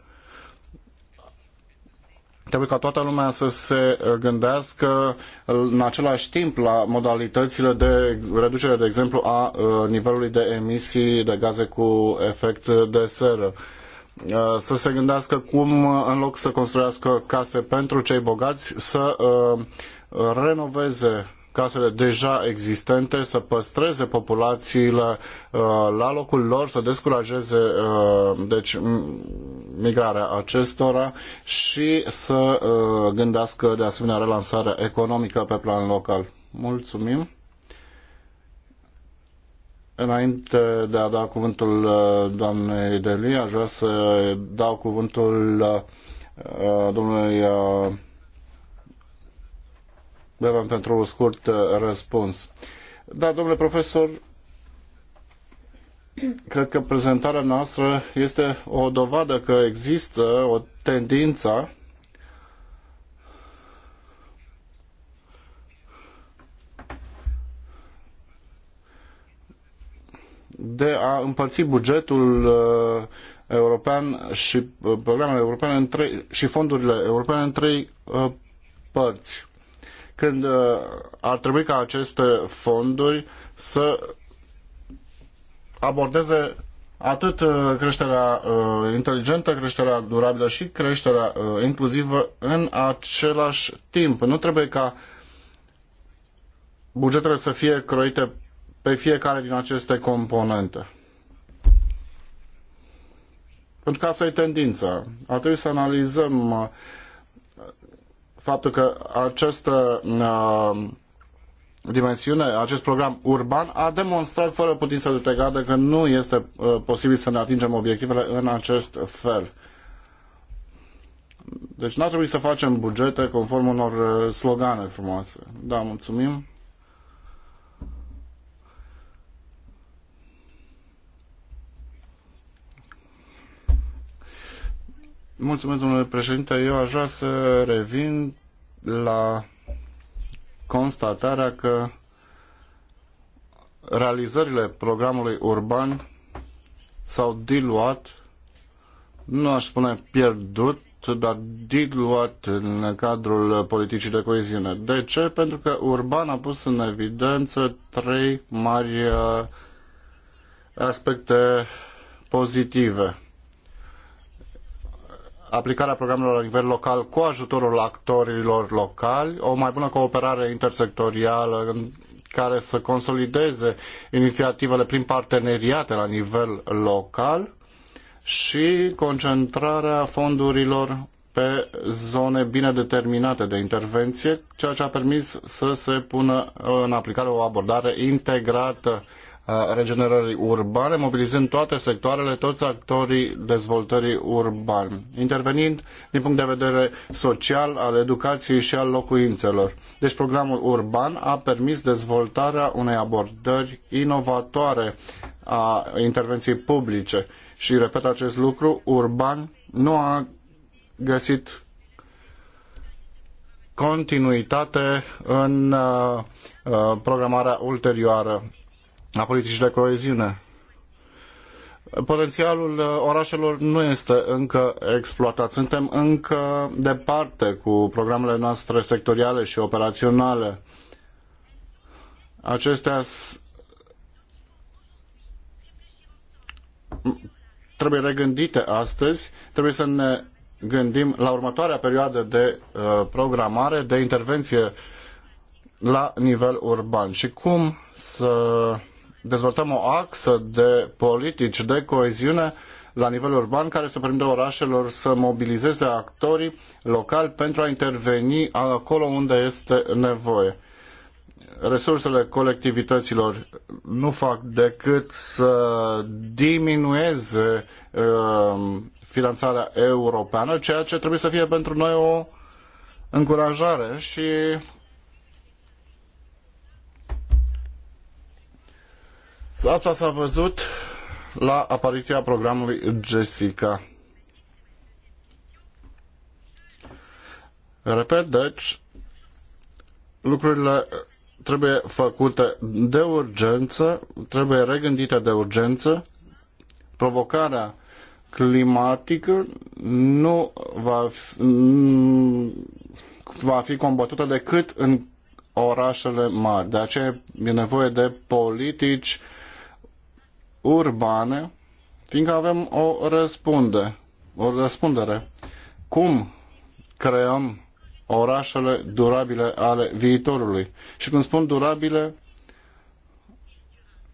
Trebuie ca toată lumea să se uh, gândească uh, în același timp la modalitățile de reducere, de exemplu, a nivelului de emisii de gaze cu efect de seră. Uh, Uh, să se gândească cum, uh, în loc să construiască case pentru cei bogați, să uh, renoveze casele deja existente, să păstreze populațiile la locul lor, să descurajeze deci, migrarea acestora și să gândească de asemenea relansarea economică pe plan local. Mulțumim! Înainte de a da cuvântul uh, doamnei Deli, aș vrea să dau cuvântul uh, uh, domnului Bevan pentru un scurt răspuns. Da, domnule profesor, cred că prezentarea noastră este o dovadă că există o tendință de a împărți bugetul uh, european și uh, programele europene în trei, și fondurile europene în trei uh, părți. Când ar trebui ca aceste fonduri să abordeze atât creșterea inteligentă, creșterea durabilă și creșterea inclusivă în același timp. Nu trebuie ca bugetele să fie croite pe fiecare din aceste componente. Pentru că asta e tendința. Ar trebui să analizăm uh, faptul că această uh, dimensiune, acest program urban a demonstrat fără putință de tegadă că nu este uh, posibil să ne atingem obiectivele în acest fel. Deci n-ar trebui să facem bugete conform unor slogane frumoase. Da, mulțumim. Mulțumesc, domnule președinte. Eu aș vrea să revin la constatarea că realizările programului urban s-au diluat, nu aș spune pierdut, dar diluat în cadrul politicii de coeziune. De ce? Pentru că Urban a pus în evidență trei mari uh, aspecte pozitive aplicarea programelor la nivel local cu ajutorul actorilor locali, o mai bună cooperare intersectorială care să consolideze inițiativele prin parteneriate la nivel local și concentrarea fondurilor pe zone bine determinate de intervenție, ceea ce a permis să se pună în aplicare o abordare integrată regenerării urbane, mobilizând toate sectoarele, toți actorii dezvoltării urbane, intervenind din punct de vedere social, al educației și al locuințelor. Deci programul urban a permis dezvoltarea unei abordări inovatoare a intervenției publice. Și repet acest lucru, urban nu a găsit continuitate în uh, uh, programarea ulterioară a politicii de coeziune. Potențialul uh, orașelor nu este încă exploatat. Suntem încă departe cu programele noastre sectoriale și operaționale. Acestea trebuie regândite astăzi, trebuie să ne gândim la următoarea perioadă de uh, programare, de intervenție la nivel urban și cum să dezvoltăm o axă de politici de coeziune la nivel urban care să permită orașelor să mobilizeze actorii locali pentru a interveni acolo unde este nevoie. Resursele colectivităților nu fac decât să diminueze uh, finanțarea europeană, ceea ce trebuie să fie pentru noi o încurajare și Asta s-a văzut la apariția programului Jessica. Repet, deci, lucrurile trebuie făcute de urgență, trebuie regândite de urgență. Provocarea climatică nu va fi, va fi combătută decât în orașele mari. De aceea e nevoie de politici urbane, fiindcă avem o răspunde, o răspundere. Cum creăm orașele durabile ale viitorului? Și când spun durabile,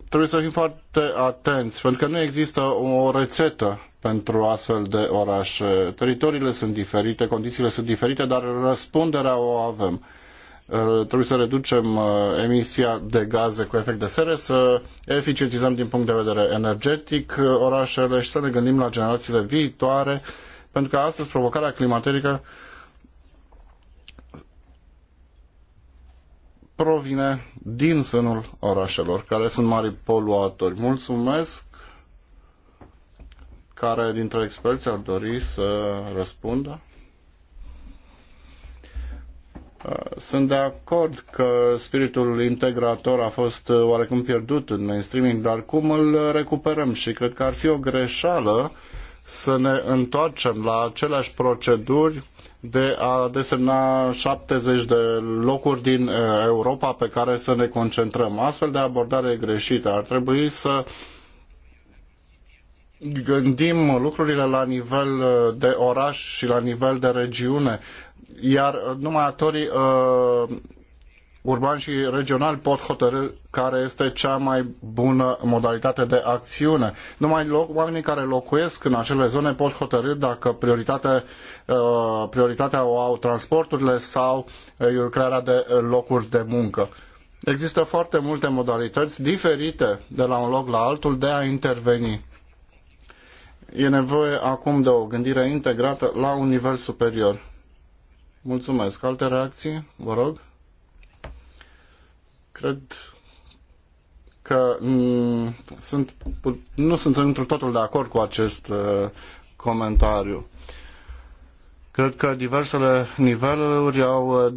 trebuie să fim foarte atenți, pentru că nu există o rețetă pentru astfel de orașe. Teritoriile sunt diferite, condițiile sunt diferite, dar răspunderea o avem. Uh, trebuie să reducem uh, emisia de gaze cu efect de seră, să eficientizăm din punct de vedere energetic uh, orașele și să ne gândim la generațiile viitoare, pentru că astăzi provocarea climaterică provine din sânul orașelor, care sunt mari poluatori. Mulțumesc! Care dintre experți ar dori să răspundă? Uh, sunt de acord că spiritul integrator a fost uh, oarecum pierdut în mainstreaming, dar cum îl recuperăm? Și cred că ar fi o greșeală să ne întoarcem la aceleași proceduri de a desemna 70 de locuri din uh, Europa pe care să ne concentrăm. Astfel de abordare e greșită. Ar trebui să gândim lucrurile la nivel de oraș și la nivel de regiune iar uh, numai actorii uh, urbani și regionali pot hotărâ care este cea mai bună modalitate de acțiune. Numai loc, oamenii care locuiesc în acele zone pot hotărâ dacă prioritate, uh, prioritatea o au transporturile sau uh, crearea de locuri de muncă. Există foarte multe modalități diferite de la un loc la altul de a interveni. E nevoie acum de o gândire integrată la un nivel superior. Mulțumesc. Alte reacții? Vă rog. Cred că sunt, nu sunt într un totul de acord cu acest uh, comentariu. Cred că diversele niveluri au uh,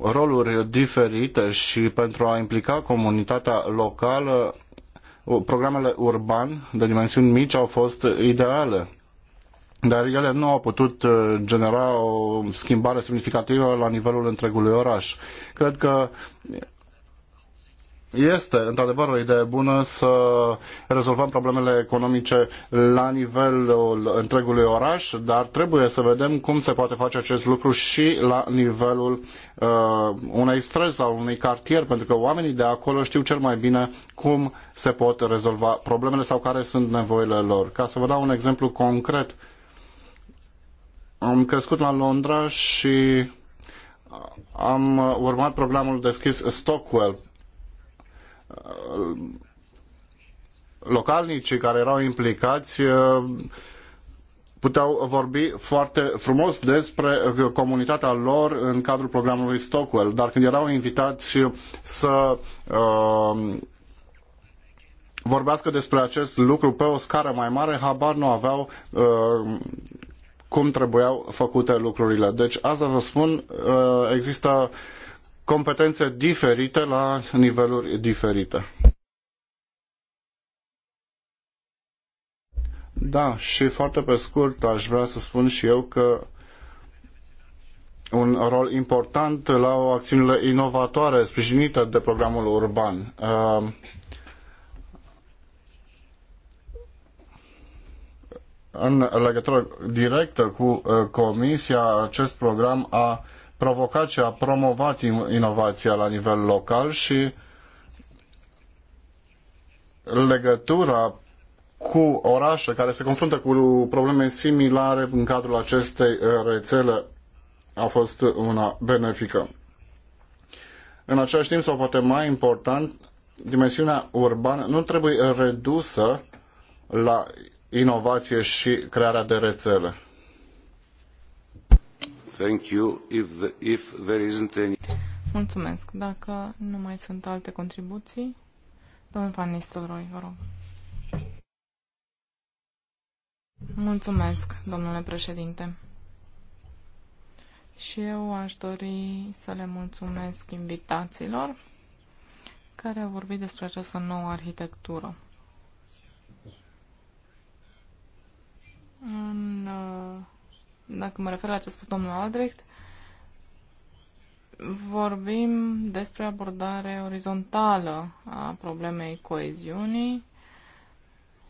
roluri diferite și pentru a implica comunitatea locală, programele urban de dimensiuni mici au fost ideale dar ele nu au putut uh, genera o schimbare semnificativă la nivelul întregului oraș. Cred că este într-adevăr o idee bună să rezolvăm problemele economice la nivelul întregului oraș, dar trebuie să vedem cum se poate face acest lucru și la nivelul uh, unei străzi sau unui cartier, pentru că oamenii de acolo știu cel mai bine cum se pot rezolva problemele sau care sunt nevoile lor. Ca să vă dau un exemplu concret, uh, am crescut la Londra și am urmat programul deschis Stockwell. Localnicii care erau implicați uh, puteau vorbi foarte frumos despre uh, comunitatea lor în cadrul programului Stockwell, dar când erau invitați să uh, vorbească despre acest lucru pe o scară mai mare, habar nu aveau cum trebuiau făcute lucrurile. Deci, asta vă spun, uh, există competențe diferite la niveluri diferite. Da, și foarte pe scurt aș vrea să spun și eu că un rol important la acțiunile inovatoare sprijinite de programul urban. Uh, în legătură directă cu uh, Comisia, acest program a provocat și a promovat inovația la nivel local și legătura cu orașe care se confruntă cu probleme similare în cadrul acestei uh, rețele a fost una benefică. În același timp, sau poate mai important, dimensiunea urbană nu trebuie redusă la inovație și crearea de rețele. Thank you. If, the, if there isn't any... Mulțumesc. Dacă nu mai sunt alte contribuții, domnul Van Nistelrooy, vă rog. Mulțumesc, domnule președinte. Și eu aș dori să le mulțumesc invitațiilor care au vorbit despre această nouă arhitectură. În, uh, dacă mă refer la ce a spus domnul Aldrecht, vorbim despre abordare orizontală a problemei coeziunii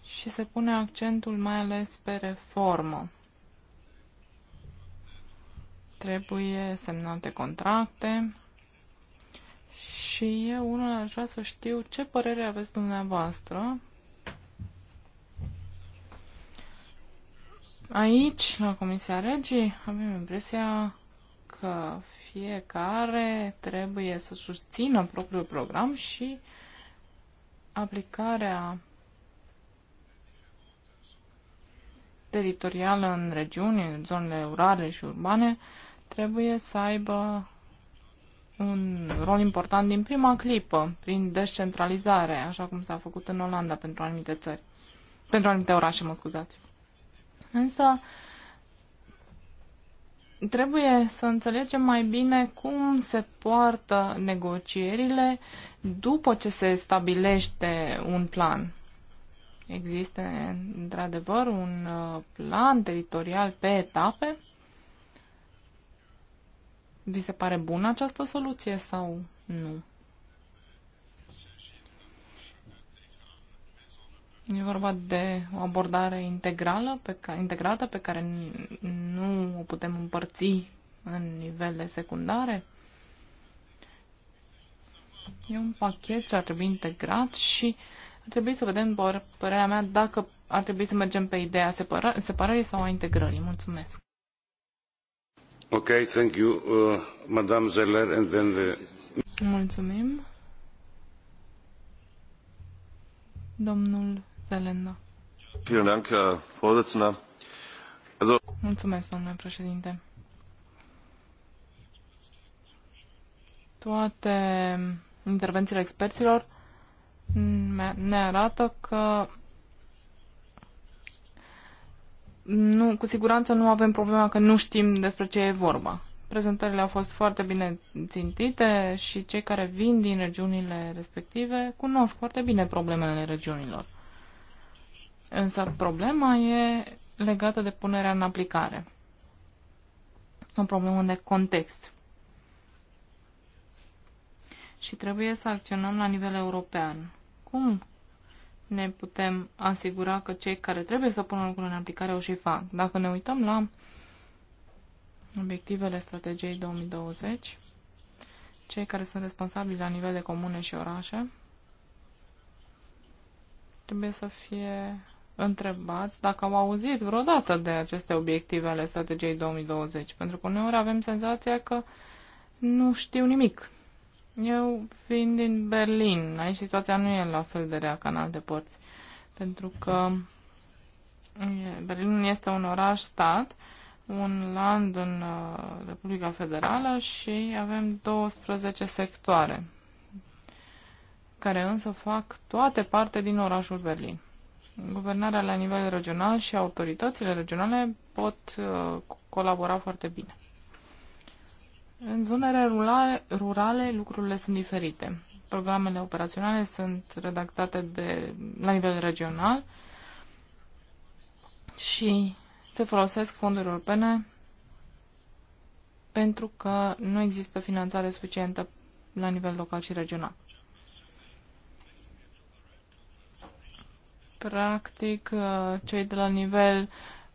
și se pune accentul mai ales pe reformă. Trebuie semnate contracte și eu unul aș vrea să știu ce părere aveți dumneavoastră Aici, la Comisia Regii, avem impresia că fiecare trebuie să susțină propriul program și aplicarea teritorială în regiuni, în zonele rurale și urbane, trebuie să aibă un rol important din prima clipă, prin descentralizare, așa cum s-a făcut în Olanda pentru anumite țări, pentru anumite orașe, mă scuzați. Însă trebuie să înțelegem mai bine cum se poartă negocierile după ce se stabilește un plan. Există, într-adevăr, un uh, plan teritorial pe etape? Vi se pare bună această soluție sau nu? E vorba de o abordare integrală pe ca, integrată pe care nu o putem împărți în nivele secundare. E un pachet ce ar trebui integrat și ar trebui să vedem, păr părerea mea, dacă ar trebui să mergem pe ideea separă separării sau a integrării. Mulțumesc. Ok, thank you, uh, Madame Zeller, and then the... Mulțumim. Domnul Mulțumesc, domnule președinte. Toate intervențiile experților ne arată că nu, cu siguranță nu avem problema că nu știm despre ce e vorba. Prezentările au fost foarte bine țintite și cei care vin din regiunile respective cunosc foarte bine problemele regiunilor. Însă problema e legată de punerea în aplicare. O problemă de context. Și trebuie să acționăm la nivel european. Cum ne putem asigura că cei care trebuie să pună lucrurile în aplicare o și fac? Dacă ne uităm la obiectivele strategiei 2020, cei care sunt responsabili la nivel de comune și orașe trebuie să fie întrebați dacă au auzit vreodată de aceste obiective ale strategiei 2020, pentru că uneori avem senzația că nu știu nimic. Eu fiind din Berlin, aici situația nu e la fel de rea ca în alte părți, pentru că Berlin este un oraș-stat, un land în uh, Republica Federală și avem 12 sectoare, care însă fac toate parte din orașul Berlin. Guvernarea la nivel regional și autoritățile regionale pot uh, colabora foarte bine. În zonele rurale, rurale lucrurile sunt diferite. Programele operaționale sunt redactate de, la nivel regional și se folosesc fonduri europene pentru că nu există finanțare suficientă la nivel local și regional. Practic, uh, cei de la nivel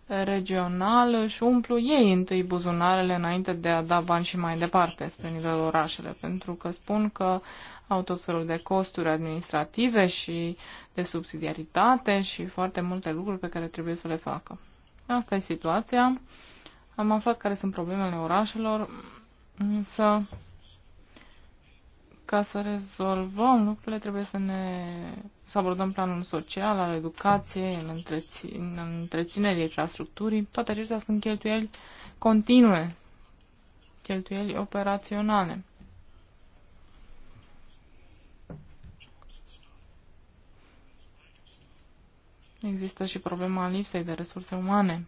regional își umplu ei întâi buzunarele înainte de a da bani și mai departe spre nivelul orașele, pentru că spun că au tot felul de costuri administrative și de subsidiaritate și foarte multe lucruri pe care trebuie să le facă. Asta e situația. Am aflat care sunt problemele orașelor, însă ca să rezolvăm lucrurile, trebuie să ne să abordăm planul social, al educației, în întreți, în întreținerii infrastructurii. Toate acestea sunt cheltuieli continue, cheltuieli operaționale. Există și problema lipsei de resurse umane.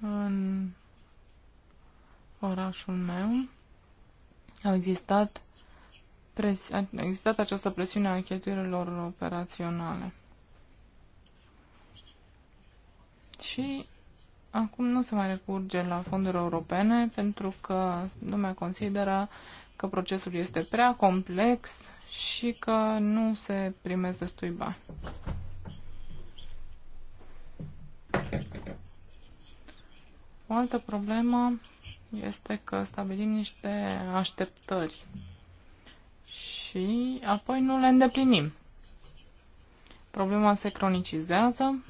În orașul meu, au existat, presi- a existat această presiune a cheltuielilor operaționale. Și acum nu se mai recurge la fonduri europene pentru că lumea consideră că procesul este prea complex și că nu se primesc destui bani. O altă problemă este că stabilim niște așteptări și apoi nu le îndeplinim. Problema se cronicizează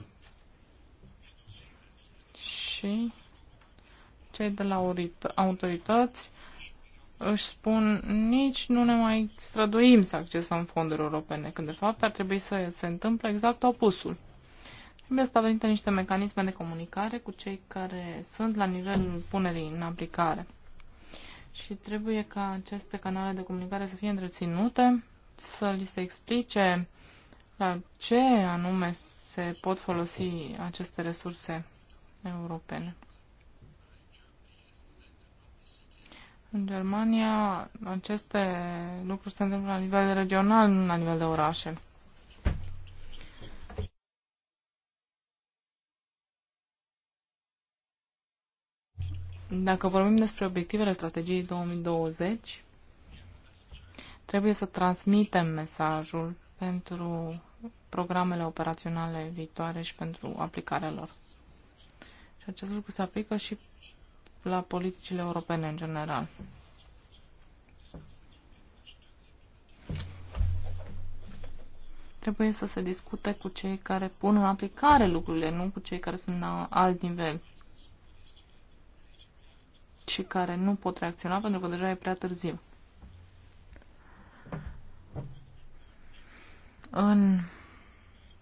și cei de la autorități își spun nici nu ne mai străduim să accesăm fonduri europene, când de fapt ar trebui să se întâmple exact opusul. Trebuie stabilite niște mecanisme de comunicare cu cei care sunt la nivelul punerii în aplicare. Și trebuie ca aceste canale de comunicare să fie întreținute, să li se explice la ce anume se pot folosi aceste resurse europene. În Germania aceste lucruri se întâmplă la nivel regional, nu la nivel de orașe. Dacă vorbim despre obiectivele strategiei 2020, trebuie să transmitem mesajul pentru programele operaționale viitoare și pentru aplicarea lor. Și acest lucru se aplică și la politicile europene în general. Trebuie să se discute cu cei care pun în aplicare lucrurile, nu cu cei care sunt la alt nivel și care nu pot reacționa pentru că deja e prea târziu. În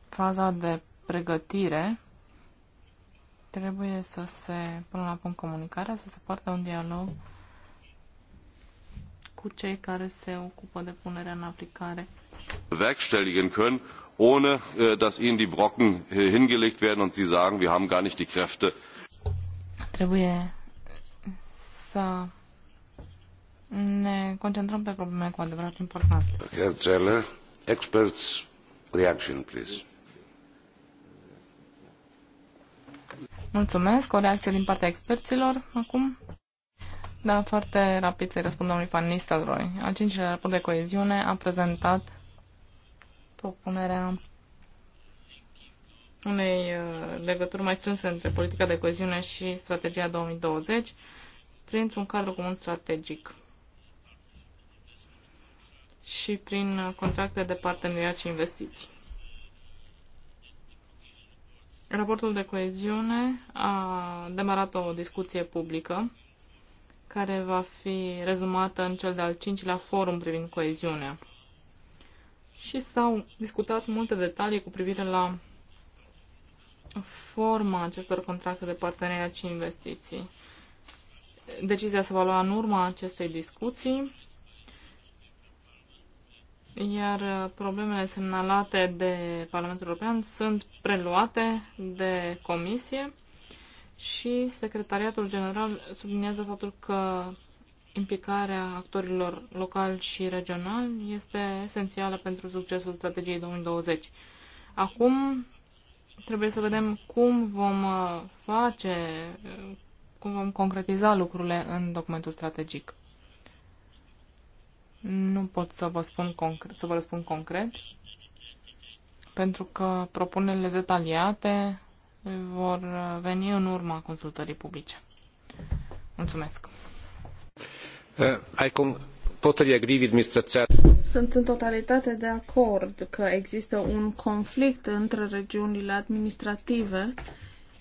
faza de pregătire trebuie să se până la punct comunicarea, să se poartă un dialog cu cei care se ocupă de punerea în aplicare. Bewerkstelligen können, ohne äh, dass ihnen die Brocken äh, hingelegt werden und sie sagen, wir haben gar nicht die Kräfte. Trebuie să ne concentrăm pe probleme cu adevărat importante. Herr Zeller, experts reaction, please. Mulțumesc. O reacție din partea experților acum? Da, foarte rapid să-i răspund domnului Van Nistelrooy. Al cincilea raport de coeziune a prezentat propunerea unei uh, legături mai strânse între politica de coeziune și strategia 2020 printr-un cadru comun strategic și prin contracte de parteneriat și investiții. Raportul de coeziune a demarat o discuție publică care va fi rezumată în cel de-al cincilea forum privind coeziunea. Și s-au discutat multe detalii cu privire la forma acestor contracte de parteneriat și investiții. Decizia se va lua în urma acestei discuții, iar problemele semnalate de Parlamentul European sunt preluate de Comisie și Secretariatul General subliniază faptul că implicarea actorilor locali și regionali este esențială pentru succesul strategiei 2020. Acum trebuie să vedem cum vom uh, face uh, cum vom concretiza lucrurile în documentul strategic. Nu pot să vă, spun concret, să vă răspund concret, pentru că propunerile detaliate vor veni în urma consultării publice. Mulțumesc. Uh, sunt în totalitate de acord că există un conflict între regiunile administrative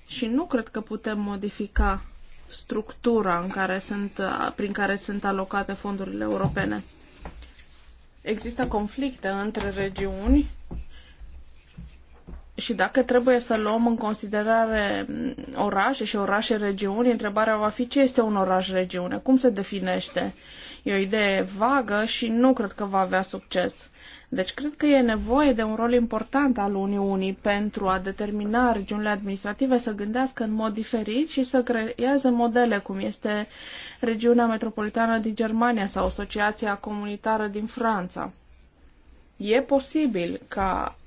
și nu cred că putem modifica structura în care sunt, prin care sunt alocate fondurile europene. Există conflicte între regiuni și dacă trebuie să luăm în considerare orașe și orașe regiuni, întrebarea va fi ce este un oraș-regiune, cum se definește. E o idee vagă și nu cred că va avea succes. Deci cred că e nevoie de un rol important al Uniunii pentru a determina regiunile administrative să gândească în mod diferit și să creeze modele, cum este regiunea metropolitană din Germania sau Asociația Comunitară din Franța. E posibil ca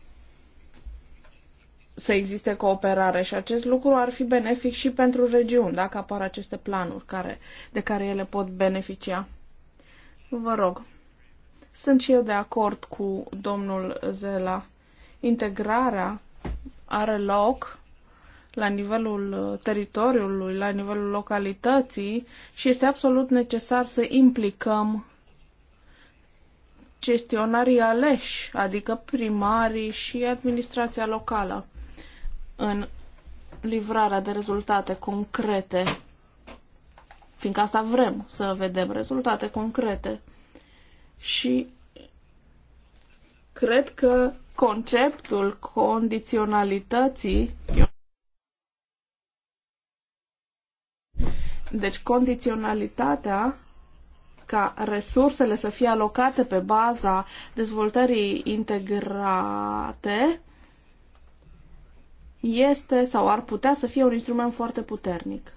să existe cooperare și acest lucru ar fi benefic și pentru regiuni, dacă apar aceste planuri care, de care ele pot beneficia. Vă rog. Sunt și eu de acord cu domnul Zela. Integrarea are loc la nivelul teritoriului, la nivelul localității și este absolut necesar să implicăm gestionarii aleși, adică primarii și administrația locală în livrarea de rezultate concrete, fiindcă asta vrem, să vedem rezultate concrete și cred că conceptul condiționalității Deci condiționalitatea ca resursele să fie alocate pe baza dezvoltării integrate este sau ar putea să fie un instrument foarte puternic.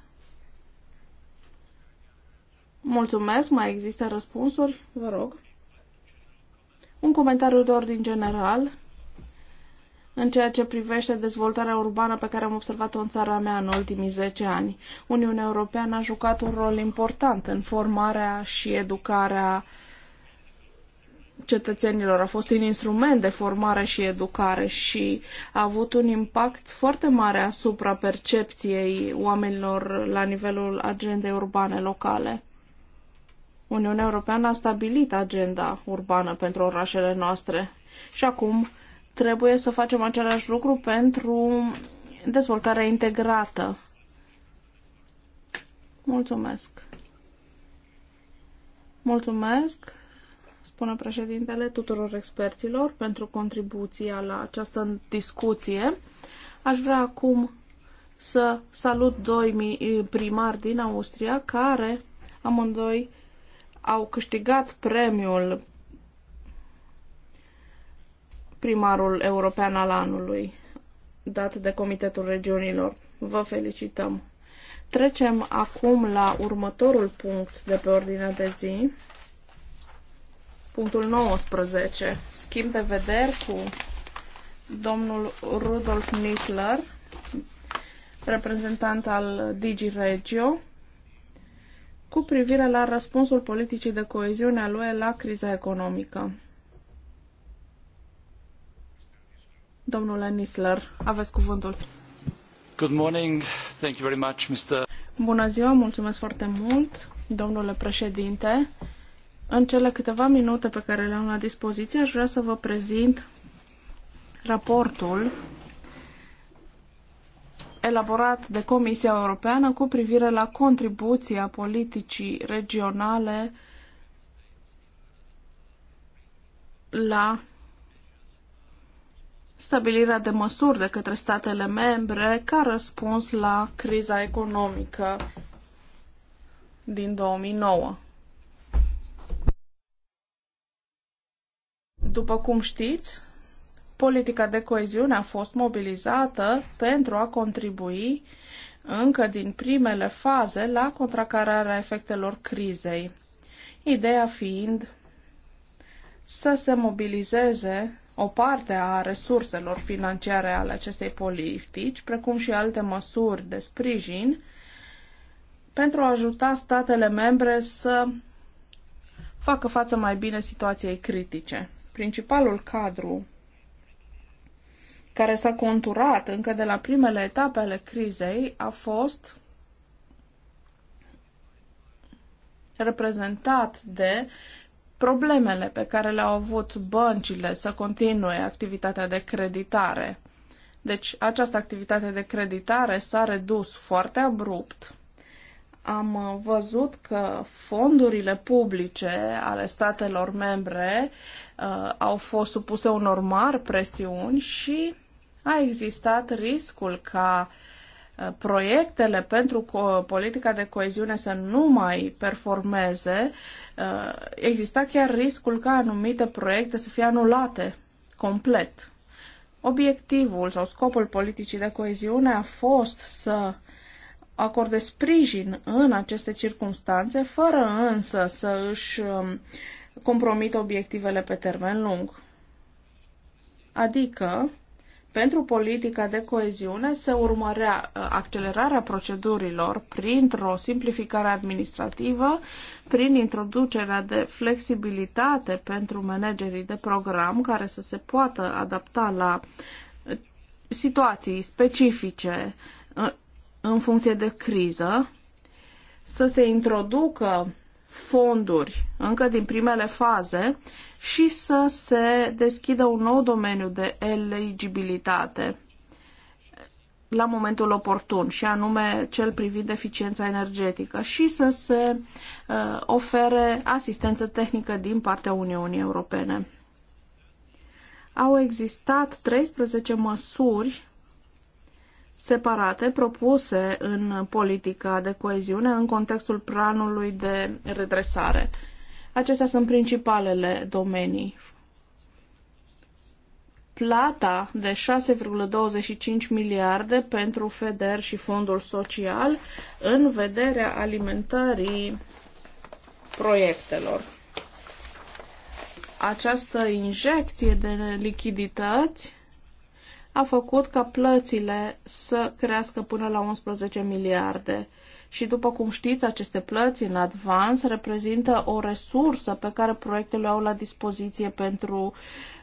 Mulțumesc, mai există răspunsuri? Vă rog. Un comentariu de ordin general în ceea ce privește dezvoltarea urbană pe care am observat-o în țara mea în ultimii 10 ani. Uniunea Europeană a jucat un rol important în formarea și educarea cetățenilor. A fost un instrument de formare și educare și a avut un impact foarte mare asupra percepției oamenilor la nivelul agendei urbane locale. Uniunea Europeană a stabilit agenda urbană pentru orașele noastre și acum trebuie să facem același lucru pentru dezvoltarea integrată. Mulțumesc. Mulțumesc, spune președintele tuturor experților, pentru contribuția la această discuție. Aș vrea acum să salut doi primari din Austria care amândoi au câștigat premiul primarul european al anului, dat de Comitetul Regiunilor. Vă felicităm! Trecem acum la următorul punct de pe ordinea de zi, punctul 19, schimb de vederi cu domnul Rudolf Nisler, reprezentant al Regio cu privire la răspunsul politicii de coeziune al UE la criza economică. Domnule Nisler, aveți cuvântul. Good morning. Thank you very much, Mr. Bună ziua, mulțumesc foarte mult, domnule președinte. În cele câteva minute pe care le am la dispoziție, aș vrea să vă prezint raportul elaborat de Comisia Europeană cu privire la contribuția politicii regionale la stabilirea de măsuri de către statele membre ca răspuns la criza economică din 2009. După cum știți, politica de coeziune a fost mobilizată pentru a contribui încă din primele faze la contracararea efectelor crizei. Ideea fiind să se mobilizeze o parte a resurselor financiare ale acestei politici, precum și alte măsuri de sprijin, pentru a ajuta statele membre să facă față mai bine situației critice. Principalul cadru care s-a conturat încă de la primele etape ale crizei a fost reprezentat de problemele pe care le-au avut băncile să continue activitatea de creditare. Deci această activitate de creditare s-a redus foarte abrupt. Am văzut că fondurile publice ale statelor membre uh, au fost supuse unor mari presiuni și a existat riscul ca uh, proiectele pentru politica de coeziune să nu mai performeze, uh, exista chiar riscul ca anumite proiecte să fie anulate complet. Obiectivul sau scopul politicii de coeziune a fost să acorde sprijin în aceste circunstanțe, fără însă să își um, compromită obiectivele pe termen lung. Adică, pentru politica de coeziune se urmărea uh, accelerarea procedurilor printr-o simplificare administrativă, prin introducerea de flexibilitate pentru managerii de program care să se poată adapta la uh, situații specifice uh, în funcție de criză, să se introducă fonduri încă din primele faze și să se deschidă un nou domeniu de eligibilitate la momentul oportun, și anume cel privind eficiența energetică, și să se uh, ofere asistență tehnică din partea Uniunii Europene. Au existat 13 măsuri separate propuse în politica de coeziune în contextul planului de redresare. Acestea sunt principalele domenii. Plata de 6,25 miliarde pentru FEDER și Fondul Social în vederea alimentării proiectelor. Această injecție de lichidități a făcut ca plățile să crească până la 11 miliarde. Și după cum știți, aceste plăți în advans reprezintă o resursă pe care proiectele au la dispoziție pentru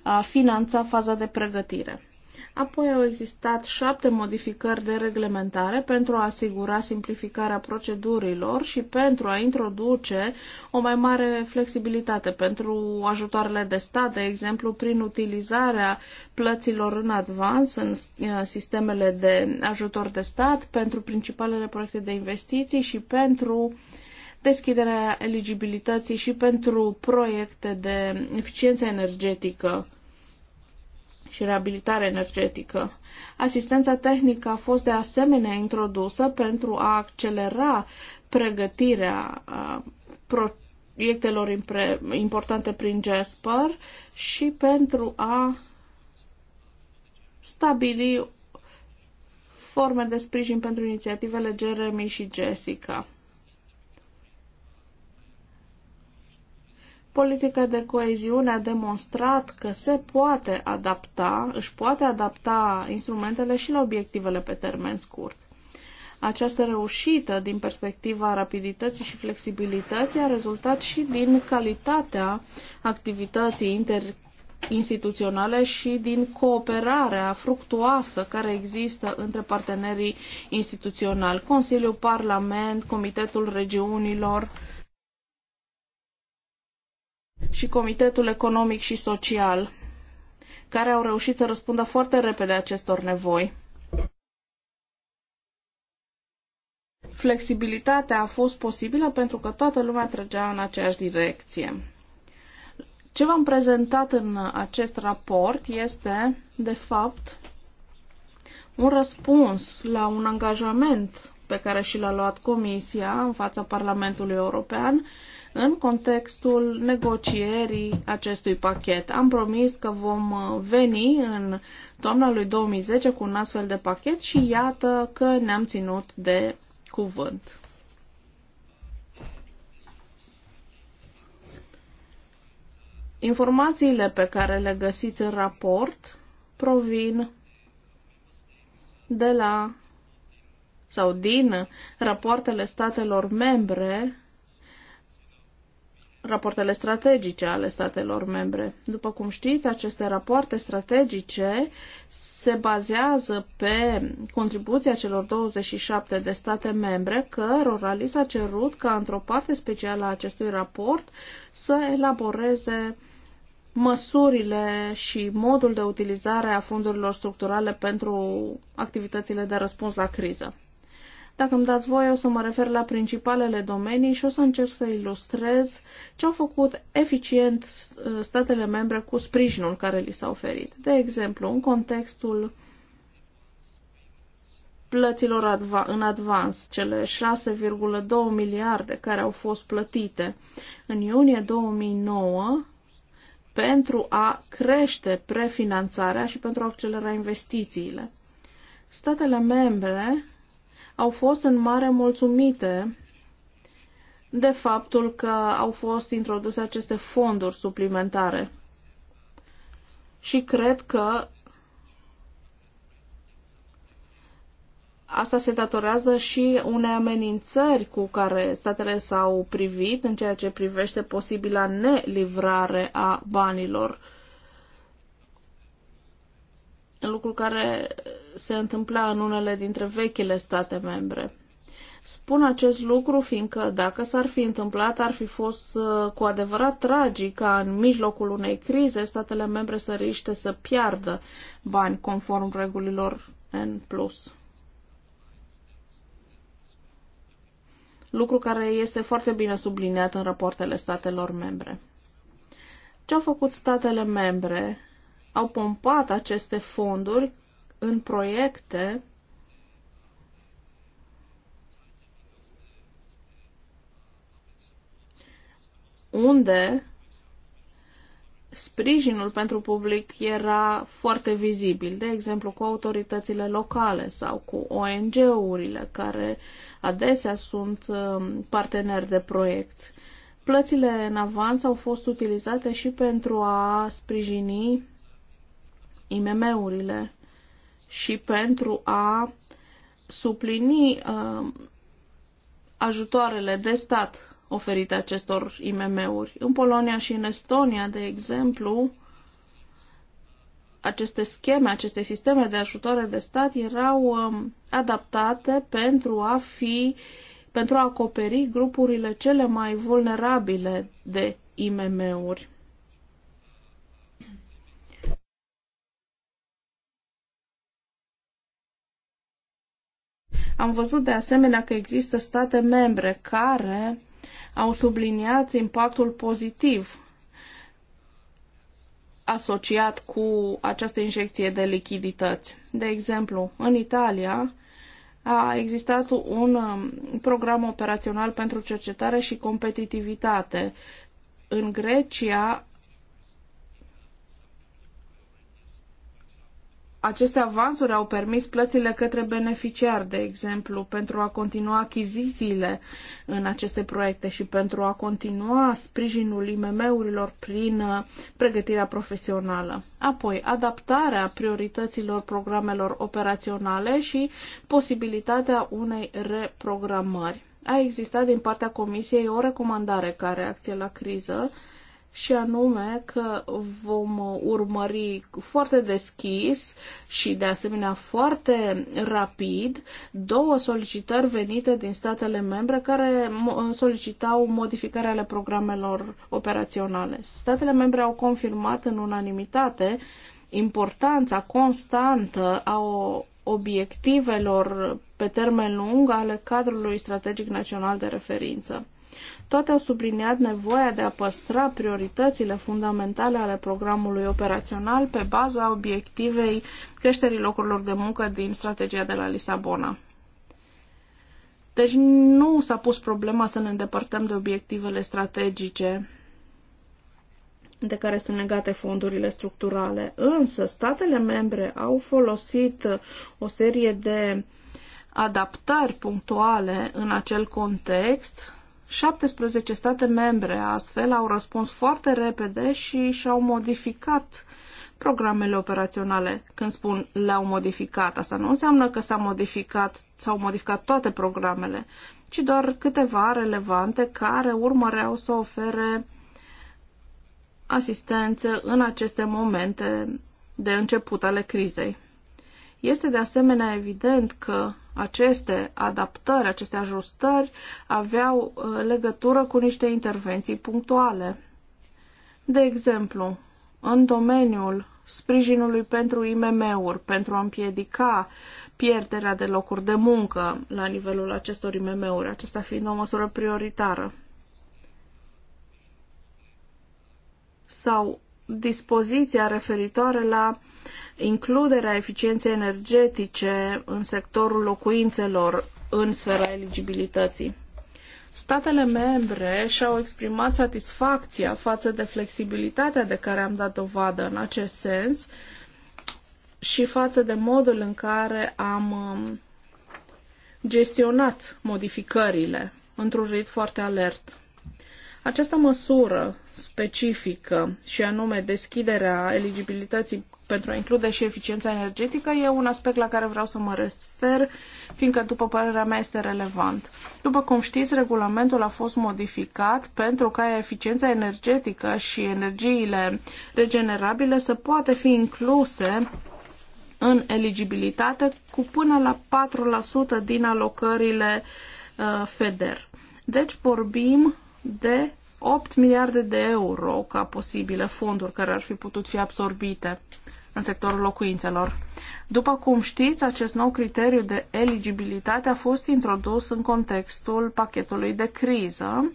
a finanța faza de pregătire. Apoi au existat șapte modificări de reglementare pentru a asigura simplificarea procedurilor și pentru a introduce o mai mare flexibilitate pentru ajutoarele de stat, de exemplu, prin utilizarea plăților în advans în uh, sistemele de ajutor de stat, pentru principalele proiecte de investiții și pentru deschiderea eligibilității și pentru proiecte de eficiență energetică și reabilitare energetică. Asistența tehnică a fost de asemenea introdusă pentru a accelera pregătirea proiectelor importante prin Jasper și pentru a stabili forme de sprijin pentru inițiativele Jeremy și Jessica. Politica de coeziune a demonstrat că se poate adapta, își poate adapta instrumentele și la obiectivele pe termen scurt. Această reușită din perspectiva rapidității și flexibilității a rezultat și din calitatea activității inter instituționale și din cooperarea fructuoasă care există între partenerii instituționali, Consiliul, Parlament, Comitetul Regiunilor, uh, și Comitetul Economic și Social, care au reușit să răspundă foarte repede acestor nevoi. Flexibilitatea a fost posibilă pentru că toată lumea trăgea în aceeași direcție. Ce v-am prezentat în acest raport este, de fapt, un răspuns la un angajament pe care și l-a luat Comisia în fața Parlamentului European în contextul negocierii acestui pachet. Am promis că vom uh, veni în toamna lui 2010 cu un astfel de pachet și iată că ne-am ținut de cuvânt. Informațiile pe care le găsiți în raport provin de la sau din rapoartele statelor membre rapoartele strategice ale statelor membre. După cum știți, aceste rapoarte strategice se bazează pe contribuția celor 27 de state membre, cărora li s-a cerut ca într-o parte specială a acestui raport să elaboreze măsurile și modul de utilizare a fondurilor structurale pentru activitățile de răspuns la criză. Dacă îmi dați voie, o să mă refer la principalele domenii și o să încerc să ilustrez ce au făcut eficient uh, statele membre cu sprijinul care li s-a oferit. De exemplu, în contextul plăților adva- în advans, cele 6,2 miliarde care au fost plătite în iunie 2009 pentru a crește prefinanțarea și pentru a accelera investițiile. Statele membre au fost în mare mulțumite de faptul că au fost introduse aceste fonduri suplimentare. Și cred că Asta se datorează și unei amenințări cu care statele s-au privit în ceea ce privește posibila nelivrare a banilor. Lucru care se întâmpla în unele dintre vechile state membre. Spun acest lucru fiindcă dacă s-ar fi întâmplat, ar fi fost uh, cu adevărat tragic ca în mijlocul unei crize statele membre să riște să piardă bani conform regulilor N+. Lucru care este foarte bine subliniat în rapoartele statelor membre. Ce au făcut statele membre? Au pompat aceste fonduri în proiecte unde sprijinul pentru public era foarte vizibil, de exemplu cu autoritățile locale sau cu ONG-urile, care adesea sunt um, parteneri de proiect. Plățile în avans au fost utilizate și pentru a sprijini IMM-urile și pentru a suplini uh, ajutoarele de stat oferite acestor IMM-uri. În Polonia și în Estonia, de exemplu, aceste scheme, aceste sisteme de ajutoare de stat erau um, adaptate pentru a fi pentru a acoperi grupurile cele mai vulnerabile de IMM-uri. Am văzut de asemenea că există state membre care au subliniat impactul pozitiv asociat cu această injecție de lichidități. De exemplu, în Italia a existat un um, program operațional pentru cercetare și competitivitate. În Grecia Aceste avansuri au permis plățile către beneficiari, de exemplu, pentru a continua achizițiile în aceste proiecte și pentru a continua sprijinul IMM-urilor prin uh, pregătirea profesională. Apoi, adaptarea priorităților programelor operaționale și posibilitatea unei reprogramări. A existat din partea Comisiei o recomandare ca reacție la criză și anume că vom urmări foarte deschis și de asemenea foarte rapid două solicitări venite din statele membre care solicitau modificarea ale programelor operaționale. Statele membre au confirmat în unanimitate importanța constantă a obiectivelor pe termen lung ale cadrului strategic național de referință. Toate au subliniat nevoia de a păstra prioritățile fundamentale ale programului operațional pe baza obiectivei creșterii locurilor de muncă din strategia de la Lisabona. Deci nu s-a pus problema să ne îndepărtăm de obiectivele strategice de care sunt legate fondurile structurale. Însă, statele membre au folosit o serie de adaptări punctuale în acel context 17 state membre astfel au răspuns foarte repede și și-au modificat programele operaționale. Când spun le-au modificat, asta nu înseamnă că s-au modificat, s-au modificat toate programele, ci doar câteva relevante care urmăreau să ofere asistență în aceste momente de început ale crizei. Este de asemenea evident că aceste adaptări, aceste ajustări aveau uh, legătură cu niște intervenții punctuale. De exemplu, în domeniul sprijinului pentru IMM-uri, pentru a împiedica pierderea de locuri de muncă la nivelul acestor IMM-uri, acesta fiind o măsură prioritară. Sau dispoziția referitoare la Includerea eficienței energetice în sectorul locuințelor în sfera eligibilității. Statele membre și-au exprimat satisfacția față de flexibilitatea de care am dat dovadă în acest sens și față de modul în care am um, gestionat modificările într-un ritm foarte alert. Această măsură specifică și anume deschiderea eligibilității pentru a include și eficiența energetică e un aspect la care vreau să mă refer, fiindcă, după părerea mea, este relevant. După cum știți, regulamentul a fost modificat pentru ca eficiența energetică și energiile regenerabile să poată fi incluse în eligibilitate cu până la 4% din alocările uh, FEDER. Deci vorbim de 8 miliarde de euro ca posibile fonduri care ar fi putut fi absorbite în sectorul locuințelor. După cum știți, acest nou criteriu de eligibilitate a fost introdus în contextul pachetului de criză,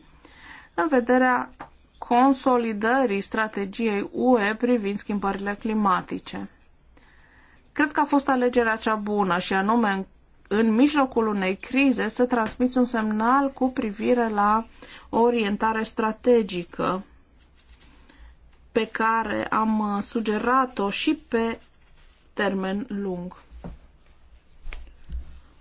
în vederea consolidării strategiei UE privind schimbările climatice. Cred că a fost alegerea cea bună și anume în mijlocul unei crize să transmiți un semnal cu privire la o orientare strategică pe care am uh, sugerat-o și pe termen lung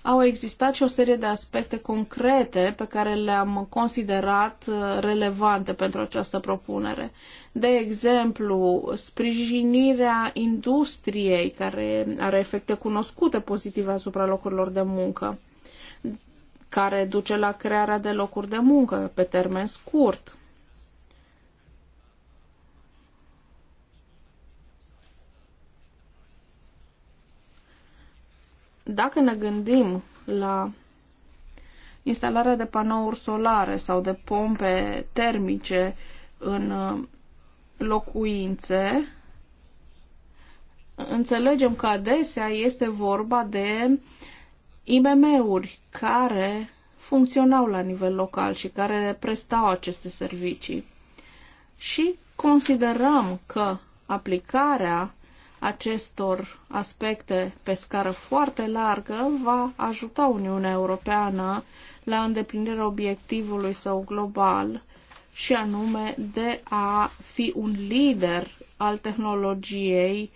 au existat și o serie de aspecte concrete pe care le-am considerat uh, relevante pentru această propunere. De exemplu, sprijinirea industriei care are efecte cunoscute pozitive asupra locurilor de muncă, care duce la crearea de locuri de muncă pe termen scurt Dacă ne gândim la instalarea de panouri solare sau de pompe termice în uh, locuințe, înțelegem că adesea este vorba de IMM-uri care funcționau la nivel local și care prestau aceste servicii. Și considerăm că aplicarea acestor aspecte pe scară foarte largă va ajuta Uniunea Europeană la îndeplinirea obiectivului său global și anume de a fi un lider al tehnologiei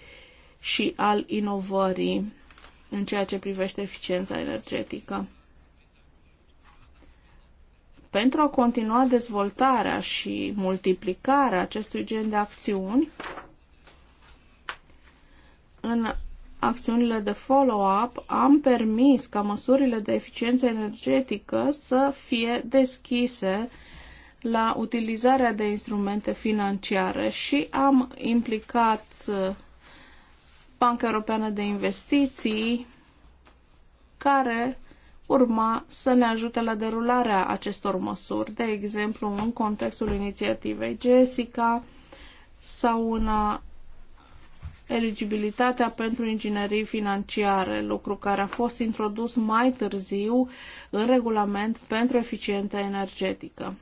și al inovării în ceea ce privește eficiența energetică. Pentru a continua dezvoltarea și multiplicarea acestui gen de acțiuni, în acțiunile de follow-up am permis ca măsurile de eficiență energetică să fie deschise la utilizarea de instrumente financiare și am implicat uh, Banca Europeană de Investiții care urma să ne ajute la derularea acestor măsuri, de exemplu în contextul inițiativei Jessica sau una eligibilitatea pentru inginerii financiare, lucru care a fost introdus mai târziu în regulament pentru eficiența energetică.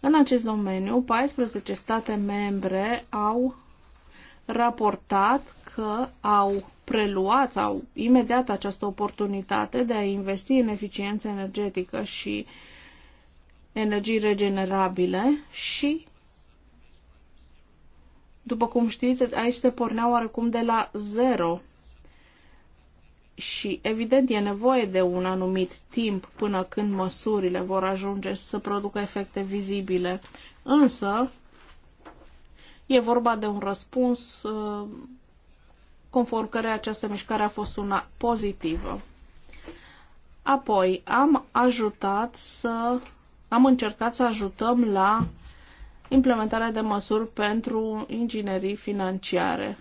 În acest domeniu, 14 state membre au raportat că au preluat sau imediat această oportunitate de a investi în eficiență energetică și energii regenerabile și după cum știți, aici se pornea oarecum de la zero și evident e nevoie de un anumit timp până când măsurile vor ajunge să producă efecte vizibile. Însă, e vorba de un răspuns uh, conform care această mișcare a fost una pozitivă. Apoi, am ajutat să. am încercat să ajutăm la implementarea de măsuri pentru inginerii financiare.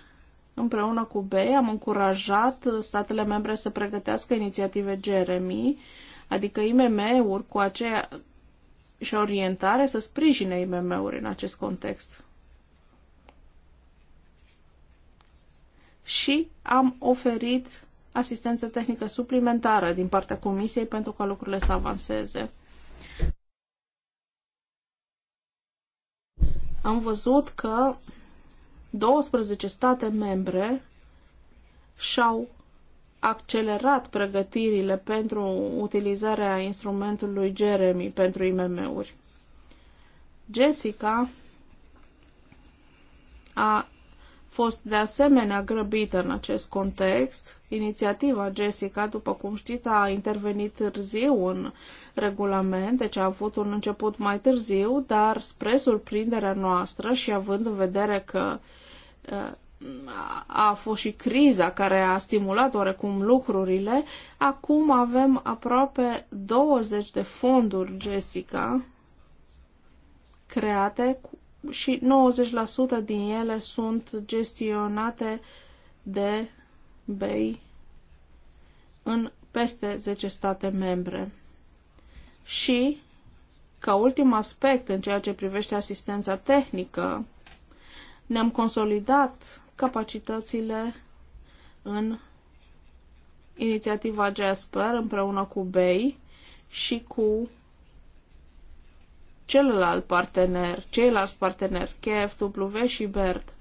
Împreună cu BEI am încurajat statele membre să pregătească inițiative Jeremy, adică IMM-uri cu aceea și orientare să sprijine IMM-uri în acest context. Și am oferit asistență tehnică suplimentară din partea Comisiei pentru ca lucrurile să avanseze. am văzut că 12 state membre și-au accelerat pregătirile pentru utilizarea instrumentului Jeremy pentru IMM-uri. Jessica a fost de asemenea grăbită în acest context. Inițiativa Jessica, după cum știți, a intervenit târziu în regulament, deci a avut un început mai târziu, dar spre surprinderea noastră și având în vedere că uh, a fost și criza care a stimulat oarecum lucrurile, acum avem aproape 20 de fonduri Jessica create cu și 90% din ele sunt gestionate de BEI în peste 10 state membre. Și, ca ultim aspect în ceea ce privește asistența tehnică, ne-am consolidat capacitățile în inițiativa Jasper împreună cu BEI și cu celălalt partener, ceilalți parteneri, KFW și BERT.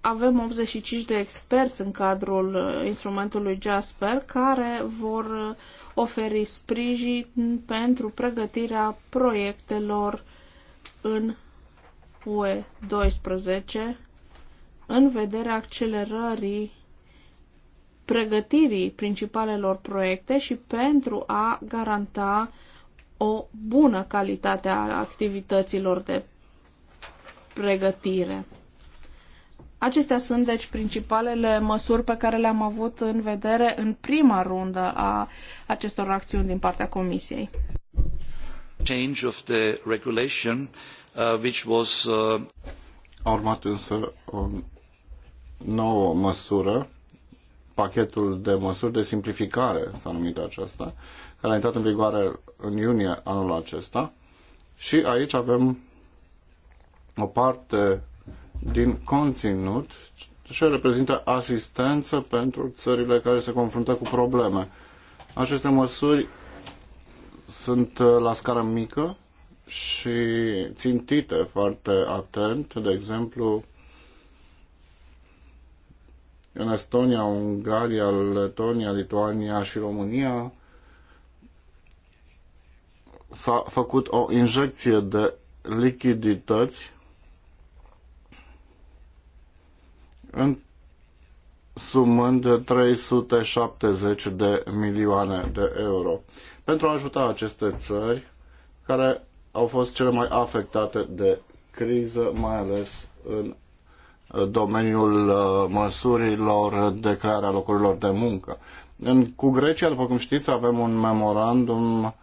Avem 85 de experți în cadrul uh, instrumentului Jasper care vor uh, oferi sprijin pentru pregătirea proiectelor în UE 12 în vederea accelerării pregătirii principalelor proiecte și pentru a garanta o bună calitate a activităților de pregătire. Acestea sunt, deci, principalele măsuri pe care le-am avut în vedere în prima rundă a acestor acțiuni din partea Comisiei. Change of the regulation, uh, which was, uh... A urmat însă o nouă măsură pachetul de măsuri de simplificare, s-a numit aceasta, care a intrat în vigoare în iunie anul acesta. Și aici avem o parte din conținut ce reprezintă asistență pentru țările care se confruntă cu probleme. Aceste măsuri sunt uh, la scară mică și țintite foarte atent, de exemplu, în Estonia, Ungaria, Letonia, Lituania și România s-a făcut o injecție de lichidități în de 370 de milioane de euro pentru a ajuta aceste țări care au fost cele mai afectate de criză, mai ales în domeniul uh, măsurilor de creare a locurilor de muncă. În, cu Grecia, după cum știți, avem un memorandum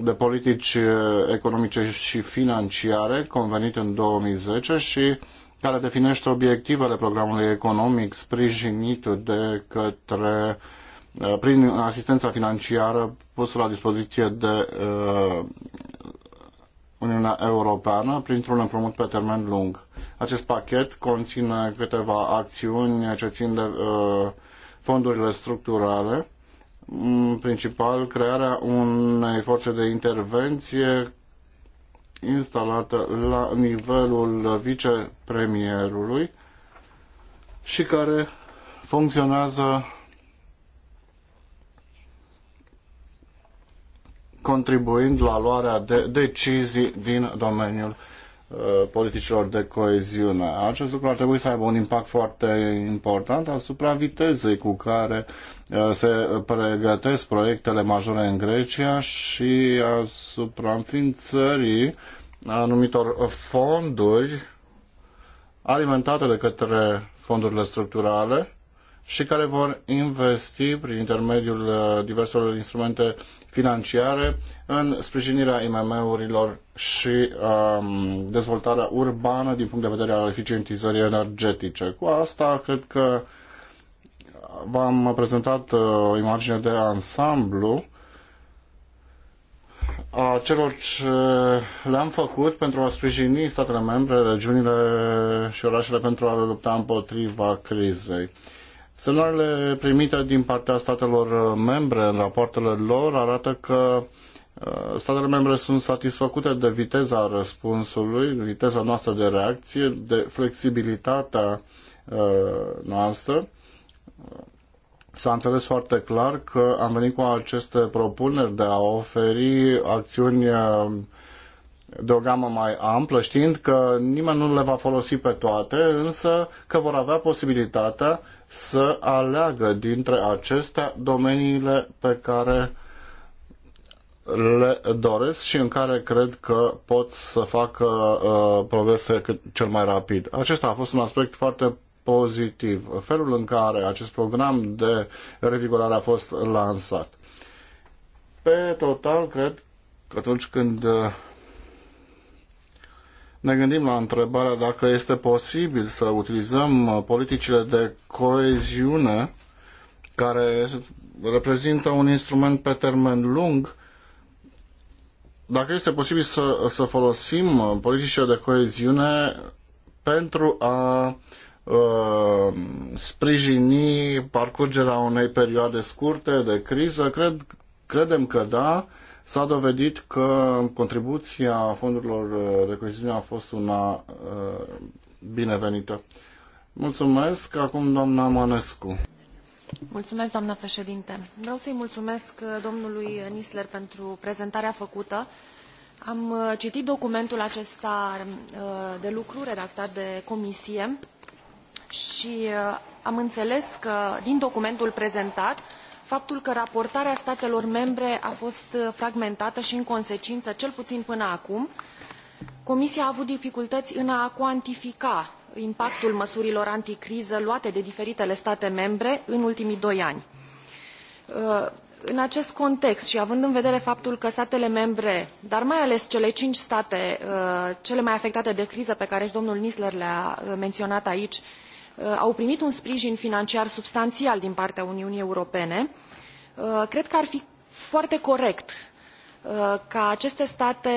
de politici uh, economice și financiare convenit în 2010 și care definește obiectivele programului economic sprijinit de către uh, prin asistența financiară pusă la dispoziție de Uniunea Europeană printr-un împrumut pe termen lung. Acest pachet conține câteva acțiuni ce țin de uh, fondurile structurale, în principal crearea unei forțe de intervenție instalată la nivelul vicepremierului și care funcționează contribuind la luarea de decizii din domeniul Uh, politicilor de coeziune. Acest lucru ar trebui să aibă un impact foarte important asupra vitezei cu care uh, se pregătesc proiectele majore în Grecia și asupra înființării anumitor fonduri alimentate de către fondurile structurale și care vor investi prin intermediul uh, diverselor instrumente financiare în sprijinirea IMM-urilor și um, dezvoltarea urbană din punct de vedere al eficientizării energetice. Cu asta cred că v-am prezentat uh, o imagine de ansamblu a celor ce le-am făcut pentru a sprijini statele membre, regiunile și orașele pentru a le lupta împotriva crizei. Semnalele primite din partea statelor membre în rapoartele lor arată că uh, statele membre sunt satisfăcute de viteza răspunsului, viteza noastră de reacție, de flexibilitatea uh, noastră. S-a înțeles foarte clar că am venit cu aceste propuneri de a oferi acțiuni uh, de o gamă mai amplă, știind că nimeni nu le va folosi pe toate, însă că vor avea posibilitatea să aleagă dintre acestea domeniile pe care le doresc și în care cred că pot să facă uh, progrese cel mai rapid. Acesta a fost un aspect foarte pozitiv, felul în care acest program de revigorare a fost lansat. Pe total, cred că atunci când uh, ne gândim la întrebarea dacă este posibil să utilizăm uh, politicile de coeziune care reprezintă un instrument pe termen lung, dacă este posibil să, să folosim uh, politicile de coeziune pentru a uh, sprijini parcurgerea unei perioade scurte de criză, cred, credem că da, S-a dovedit că contribuția fondurilor uh, de coeziune a fost una uh, binevenită. Mulțumesc. Acum doamna Manescu. Mulțumesc, doamna președinte. Vreau să-i mulțumesc uh, domnului Nisler pentru prezentarea făcută. Am citit documentul acesta de lucru redactat de comisie și am înțeles că din documentul prezentat faptul că raportarea statelor membre a fost uh, fragmentată și în consecință, cel puțin până acum, Comisia a avut dificultăți în a cuantifica impactul măsurilor anticriză luate de diferitele state membre în ultimii doi ani. Uh, în acest context și având în vedere faptul că statele membre, dar mai ales cele cinci state uh, cele mai afectate de criză pe care și domnul Nisler le-a menționat aici, Uh, au primit un sprijin financiar substanțial din partea Uniunii Europene, uh, cred că ar fi foarte corect uh, ca aceste state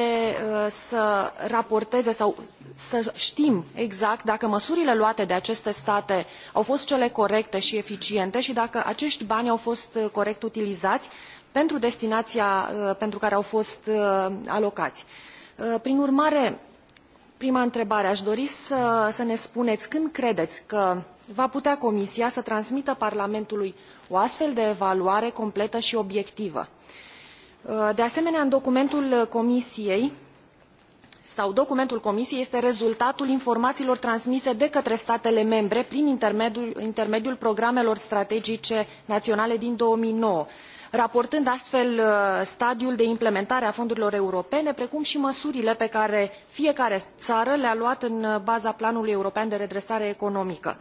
să raporteze sau să știm exact dacă măsurile luate de aceste state au fost cele corecte și eficiente și dacă acești bani au fost corect utilizați pentru destinația pentru care au fost alocați. Prin urmare, prima întrebare aș dori să, să ne spuneți când credeți că va putea Comisia să transmită Parlamentului o astfel de evaluare completă și obiectivă. Uh, de asemenea, în documentul Comisiei sau documentul Comisiei este rezultatul informațiilor transmise de către statele membre prin intermediul, intermediul programelor strategice naționale din 2009 raportând astfel uh, stadiul de implementare a fondurilor europene, precum și măsurile pe care fiecare țară le-a luat în uh, baza Planului European de Redresare Economică.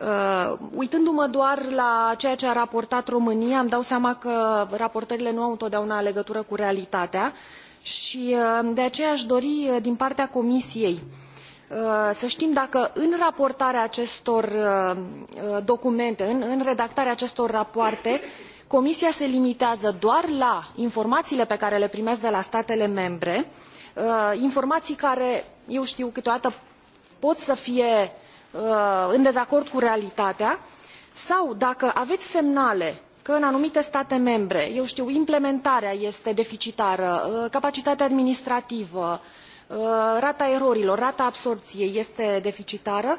Uh, uitându-mă doar la ceea ce a raportat România, îmi dau seama că raportările nu au întotdeauna legătură cu realitatea și de aceea aș dori din partea Comisiei să știm dacă în raportarea acestor documente, în redactarea acestor rapoarte, Comisia se limitează doar la informațiile pe care le primesc de la statele membre, uh, informații care, eu știu, câteodată pot să fie uh, în dezacord cu realitatea sau dacă aveți semnale că în anumite state membre, eu știu, implementarea este deficitară, uh, capacitatea administrativă, rata erorilor, rata absorției este deficitară,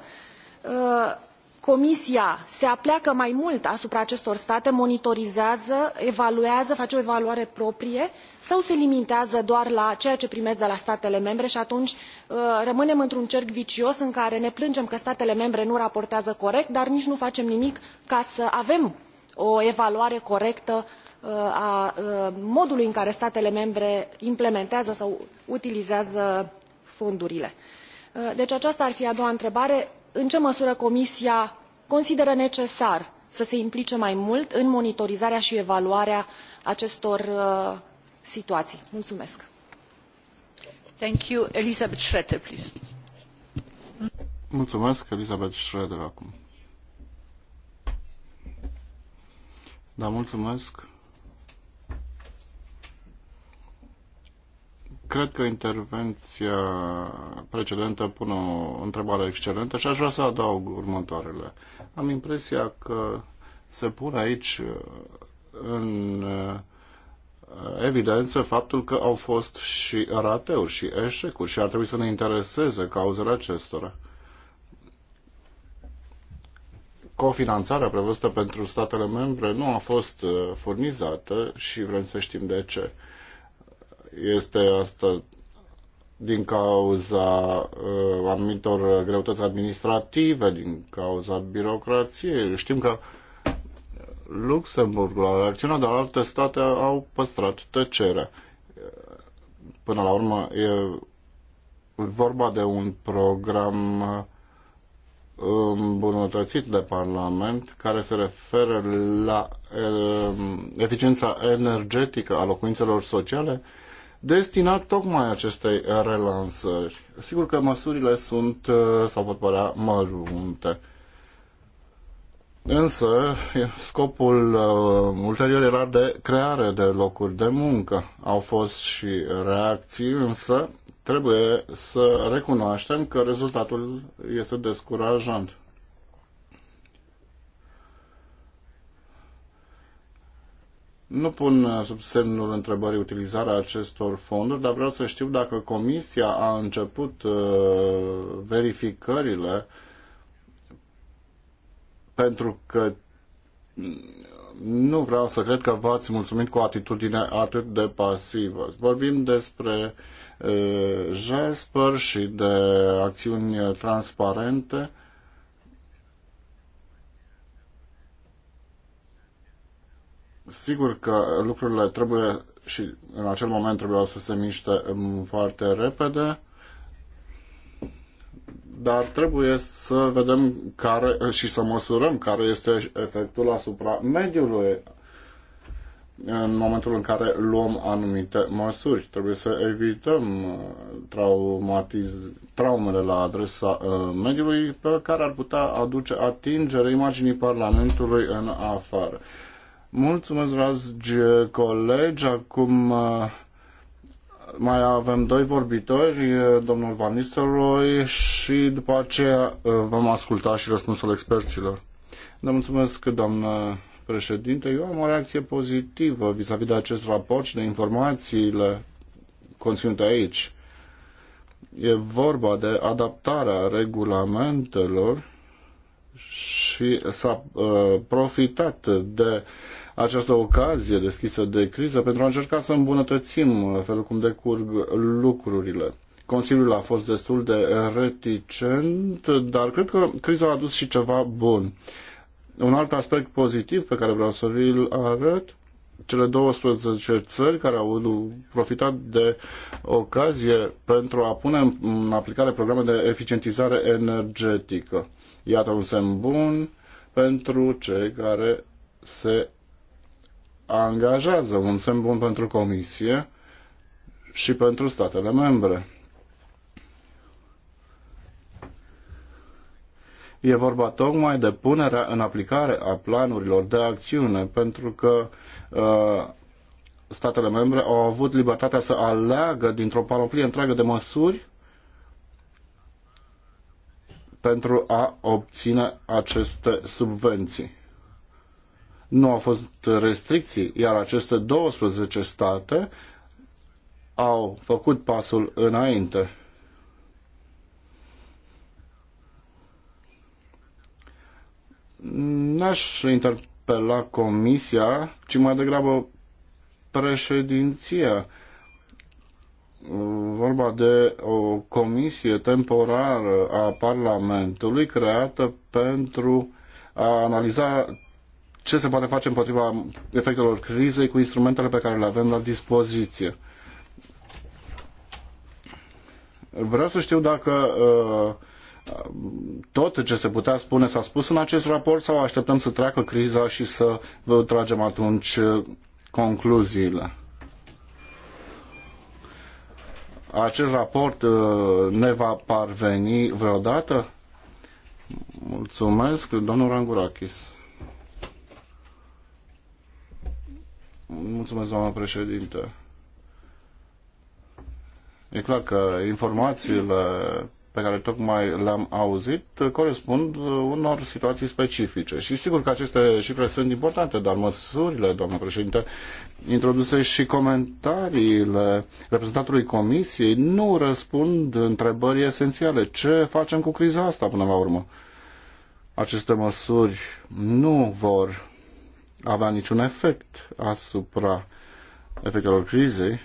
comisia se apleacă mai mult asupra acestor state monitorizează evaluează face o evaluare proprie sau se limitează doar la ceea ce primesc de la statele membre și atunci uh, rămânem într un cerc vicios în care ne plângem că statele membre nu raportează corect dar nici nu facem nimic ca să avem o evaluare corectă uh, a uh, modului în care statele membre implementează sau utilizează fondurile. deci aceasta ar fi a doua întrebare în ce măsură Comisia consideră necesar să se implice mai mult în monitorizarea și evaluarea acestor uh, situații. Mulțumesc. Thank you. Elizabeth Schroeder, please. Mulțumesc, Elizabeth Schroeder, acum. Da, mulțumesc. Cred că intervenția precedentă pune o întrebare excelentă și aș vrea să adaug următoarele. Am impresia că se pune aici în evidență faptul că au fost și rateuri și eșecuri și ar trebui să ne intereseze cauzele acestora. Cofinanțarea prevăzută pentru statele membre nu a fost uh, furnizată și vrem să știm de ce este asta din cauza uh, anumitor greutăți administrative, din cauza birocrației. Știm că Luxemburgul a reacționat, dar alte state au păstrat tăcerea. Până la urmă, e vorba de un program îmbunătățit de Parlament care se referă la uh, eficiența energetică a locuințelor sociale destinat tocmai acestei relansări. Sigur că măsurile sunt uh, sau pot părea mărunte. Însă, scopul uh, ulterior era de creare de locuri de muncă. Au fost și reacții, însă trebuie să recunoaștem că rezultatul este descurajant. Nu pun uh, sub semnul întrebării utilizarea acestor fonduri, dar vreau să știu dacă Comisia a început uh, verificările pentru că nu vreau să cred că v-ați mulțumit cu o atitudine atât de pasivă. Vorbim despre Jasper uh, și de acțiuni transparente Sigur că lucrurile trebuie și în acel moment trebuiau să se miște foarte repede, dar trebuie să vedem care, și să măsurăm care este efectul asupra mediului în momentul în care luăm anumite măsuri. Trebuie să evităm uh, traumatiz, traumele la adresa uh, mediului pe care ar putea aduce atingere imaginii Parlamentului în afară. Mulțumesc, dragi colegi. Acum uh, mai avem doi vorbitori, uh, domnul Van Nistelrooy și după aceea uh, vom asculta și răspunsul experților. Ne mulțumesc, doamnă președinte. Eu am o reacție pozitivă vis-a-vis -vis de acest raport și de informațiile conținute aici. E vorba de adaptarea regulamentelor și s-a uh, profitat de această ocazie deschisă de criză pentru a încerca să îmbunătățim felul cum decurg lucrurile. Consiliul a fost destul de reticent, dar cred că criza a adus și ceva bun. Un alt aspect pozitiv pe care vreau să vi-l arăt, cele 12 țări care au profitat de ocazie pentru a pune în aplicare programe de eficientizare energetică. Iată un semn bun pentru cei care se angajează un semn bun pentru Comisie și pentru statele membre. E vorba tocmai de punerea în aplicare a planurilor de acțiune, pentru că uh, statele membre au avut libertatea să aleagă dintr-o panoplie întreagă de măsuri pentru a obține aceste subvenții nu au fost restricții, iar aceste 12 state au făcut pasul înainte. N-aș interpela comisia, ci mai degrabă președinția. Vorba de o comisie temporară a Parlamentului creată pentru a analiza ce se poate face împotriva efectelor crizei cu instrumentele pe care le avem la dispoziție. Vreau să știu dacă uh, tot ce se putea spune s-a spus în acest raport sau așteptăm să treacă criza și să vă tragem atunci uh, concluziile. Acest raport uh, ne va parveni vreodată? Mulțumesc, domnul Rangurakis. Mulțumesc, doamna președinte. E clar că informațiile pe care tocmai le-am auzit corespund unor situații specifice. Și sigur că aceste cifre sunt importante, dar măsurile, doamnă președinte, introduse și comentariile reprezentantului Comisiei nu răspund întrebării esențiale. Ce facem cu criza asta până la urmă? Aceste măsuri nu vor avea niciun efect asupra efectelor crizei.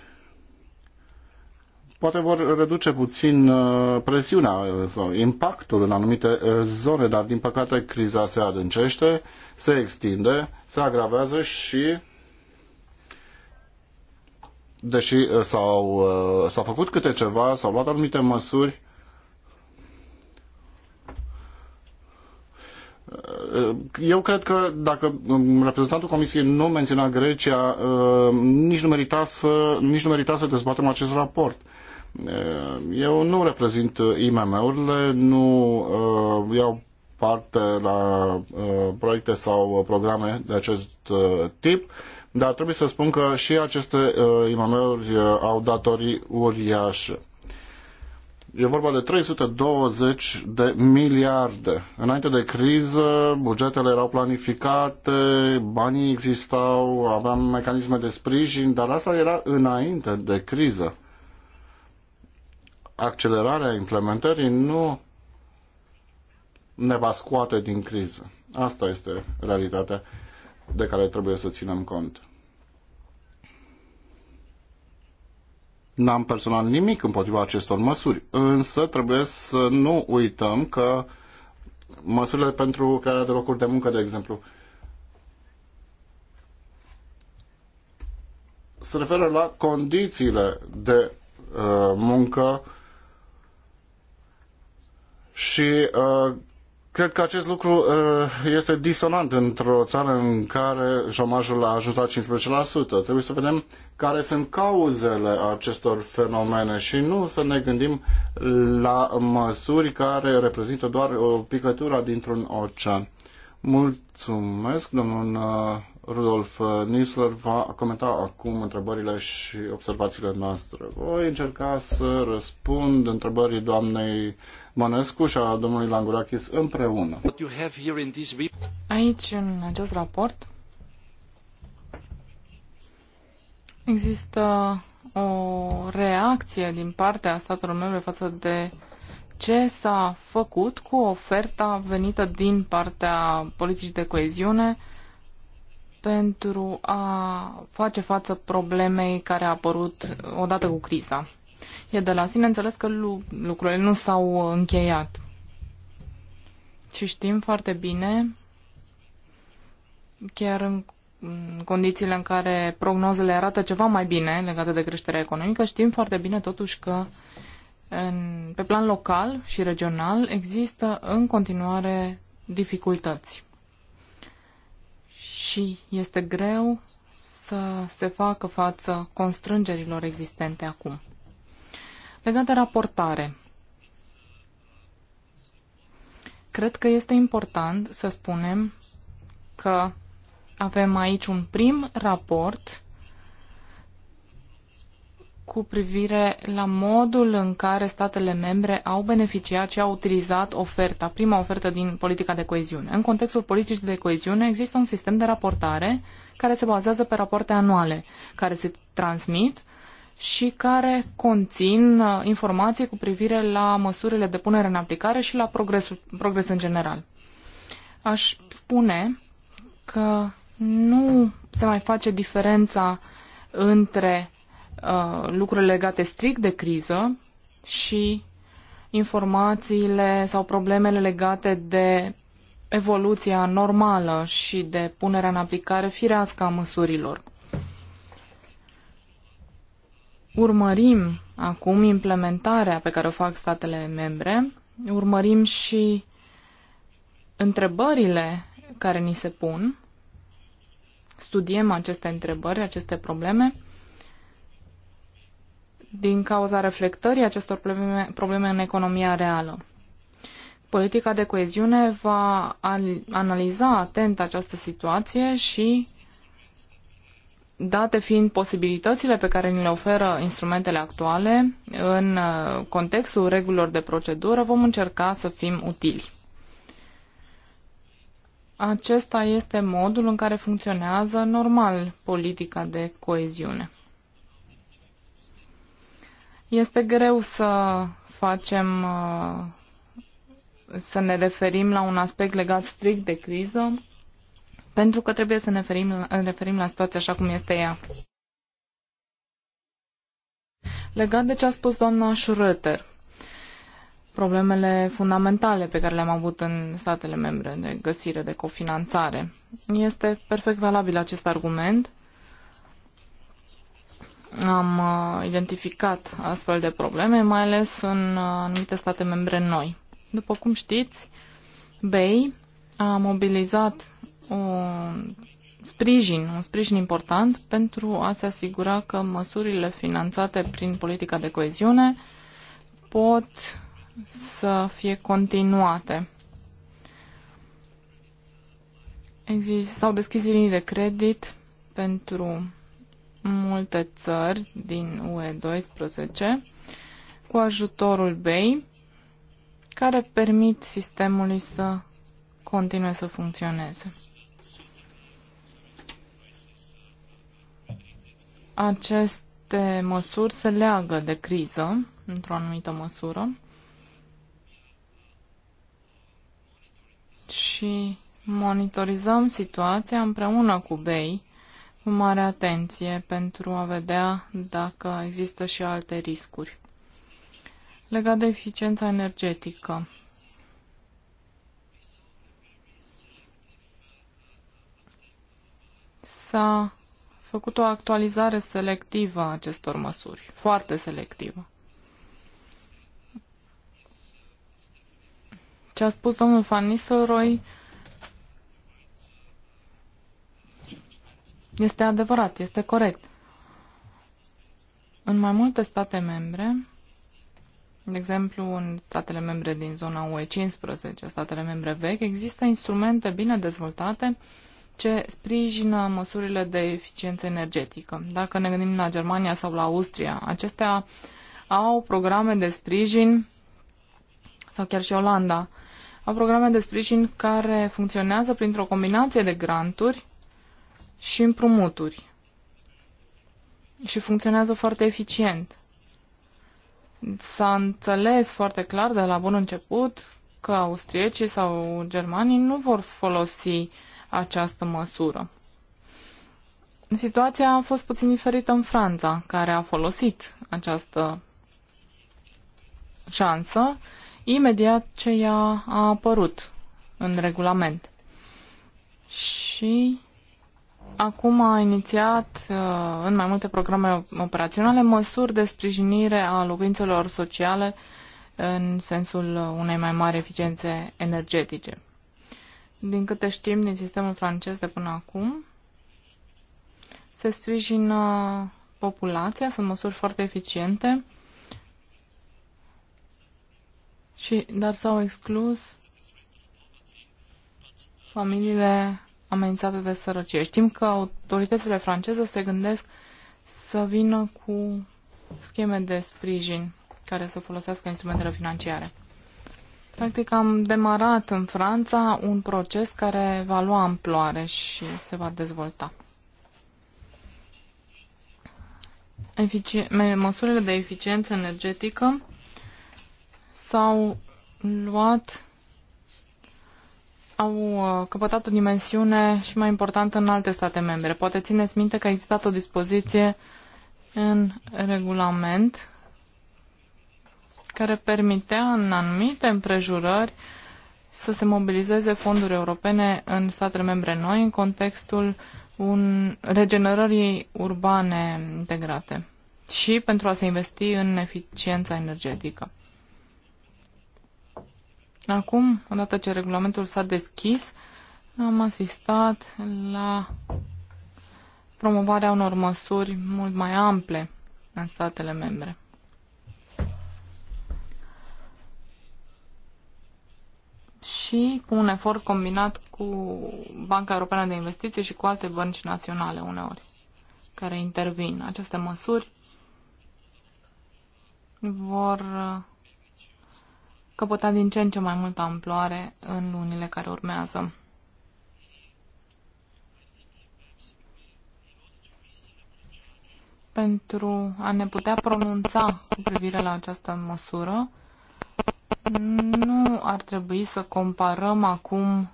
Poate vor reduce puțin uh, presiunea uh, sau impactul în anumite uh, zone, dar din păcate criza se adâncește, se extinde, se agravează și deși s-au, s au făcut câte ceva, s-au luat anumite măsuri, Eu cred că dacă um, reprezentantul Comisiei nu menționa Grecia, um, nici nu merita să, nici nu merita să dezbatem acest raport. Uh, eu nu reprezint uh, IMM-urile, nu uh, iau parte la proiecte sau programe de acest tip, dar trebuie să spun că și aceste IMM-uri au datorii uriașe. E vorba de 320 de miliarde. Înainte de criză, bugetele erau planificate, banii existau, aveam mecanisme de sprijin, dar asta era înainte de criză. Accelerarea implementării nu ne va scoate din criză. Asta este realitatea de care trebuie să ținem cont. N-am personal nimic împotriva acestor măsuri, însă trebuie să nu uităm că măsurile pentru crearea de locuri de muncă, de exemplu, se referă la condițiile de uh, muncă și uh, Cred că acest lucru uh, este disonant într-o țară în care șomajul a ajuns la 15%. Trebuie să vedem care sunt cauzele acestor fenomene și nu să ne gândim la măsuri care reprezintă doar o picătură dintr-un ocean. Mulțumesc, domnul uh, Rudolf Nisler va comenta acum întrebările și observațiile noastre. Voi încerca să răspund întrebării doamnei Mănescu și a domnului Langurakis împreună. Aici, în acest raport, există o reacție din partea statelor membre față de ce s-a făcut cu oferta venită din partea politicii de coeziune pentru a face față problemei care a apărut odată cu criza. E de la sine înțeles că lucrurile nu s-au încheiat. Și știm foarte bine, chiar în condițiile în care prognozele arată ceva mai bine legate de creșterea economică, știm foarte bine totuși că în, pe plan local și regional există în continuare dificultăți. Și este greu să se facă față constrângerilor existente acum. Legat de raportare, cred că este important să spunem că avem aici un prim raport cu privire la modul în care statele membre au beneficiat și au utilizat oferta, prima ofertă din politica de coeziune. În contextul politicii de coeziune există un sistem de raportare care se bazează pe rapoarte anuale, care se transmit și care conțin uh, informații cu privire la măsurile de punere în aplicare și la progresul, progres în general. Aș spune că nu se mai face diferența între uh, lucrurile legate strict de criză și informațiile sau problemele legate de evoluția normală și de punerea în aplicare firească a măsurilor urmărim acum implementarea pe care o fac statele membre, urmărim și întrebările care ni se pun, studiem aceste întrebări, aceste probleme, din cauza reflectării acestor probleme, probleme în economia reală. Politica de coeziune va analiza atent această situație și date fiind posibilitățile pe care ni le oferă instrumentele actuale, în uh, contextul regulilor de procedură vom încerca să fim utili. Acesta este modul în care funcționează normal politica de coeziune. Este greu să facem, uh, să ne referim la un aspect legat strict de criză, pentru că trebuie să ne referim, referim la situația așa cum este ea. Legat de ce a spus doamna Schröter, problemele fundamentale pe care le-am avut în statele membre de găsire, de cofinanțare. Este perfect valabil acest argument. Am uh, identificat astfel de probleme, mai ales în uh, anumite state membre noi. După cum știți, BEI a mobilizat un sprijin, un sprijin important pentru a se asigura că măsurile finanțate prin politica de coeziune pot să fie continuate. s-au deschis linii de credit pentru multe țări din UE12 cu ajutorul BEI care permit sistemului să continue să funcționeze. aceste măsuri se leagă de criză, într-o anumită măsură, și monitorizăm situația împreună cu BEI cu mare atenție pentru a vedea dacă există și alte riscuri. Legat de eficiența energetică, s-a făcut o actualizare selectivă a acestor măsuri, foarte selectivă. Ce a spus domnul Van Nistelrooy este adevărat, este corect. În mai multe state membre, de exemplu în statele membre din zona UE 15, statele membre vechi, există instrumente bine dezvoltate uh, ce sprijină măsurile de eficiență energetică. Dacă ne gândim la Germania sau la Austria, acestea au programe de sprijin, sau chiar și Olanda, au programe de sprijin care funcționează printr-o combinație de granturi și împrumuturi. Și funcționează foarte eficient. S-a înțeles foarte clar de la bun început că austriecii sau germanii nu vor folosi această măsură. Situația a fost puțin diferită în Franța, care a folosit această șansă imediat ce ea a apărut în regulament. Și acum a inițiat uh, în mai multe programe operaționale măsuri de sprijinire a locuințelor sociale în sensul unei mai mari eficiențe energetice. Din câte știm din sistemul francez de până acum, se sprijină populația, sunt măsuri foarte eficiente, și, dar s-au exclus familiile amenințate de sărăcie. Știm că autoritățile franceze se gândesc să vină cu scheme de sprijin care să folosească instrumentele financiare. Practic am demarat în Franța un proces care va lua amploare și se va dezvolta. Efici măsurile de eficiență energetică s-au luat au uh, căpătat o dimensiune și mai importantă în alte state membre. Poate țineți minte că a existat o dispoziție în regulament care permitea în anumite împrejurări să se mobilizeze fonduri europene în statele membre noi în contextul un, regenerării urbane integrate și pentru a se investi în eficiența energetică. Acum, odată ce regulamentul s-a deschis, am asistat la promovarea unor măsuri mult mai ample în statele membre. și cu un efort combinat cu Banca Europeană de Investiții și cu alte bănci naționale uneori care intervin. Aceste măsuri vor căpăta din ce în ce mai multă amploare în lunile care urmează. Pentru a ne putea pronunța cu privire la această măsură, nu ar trebui să comparăm acum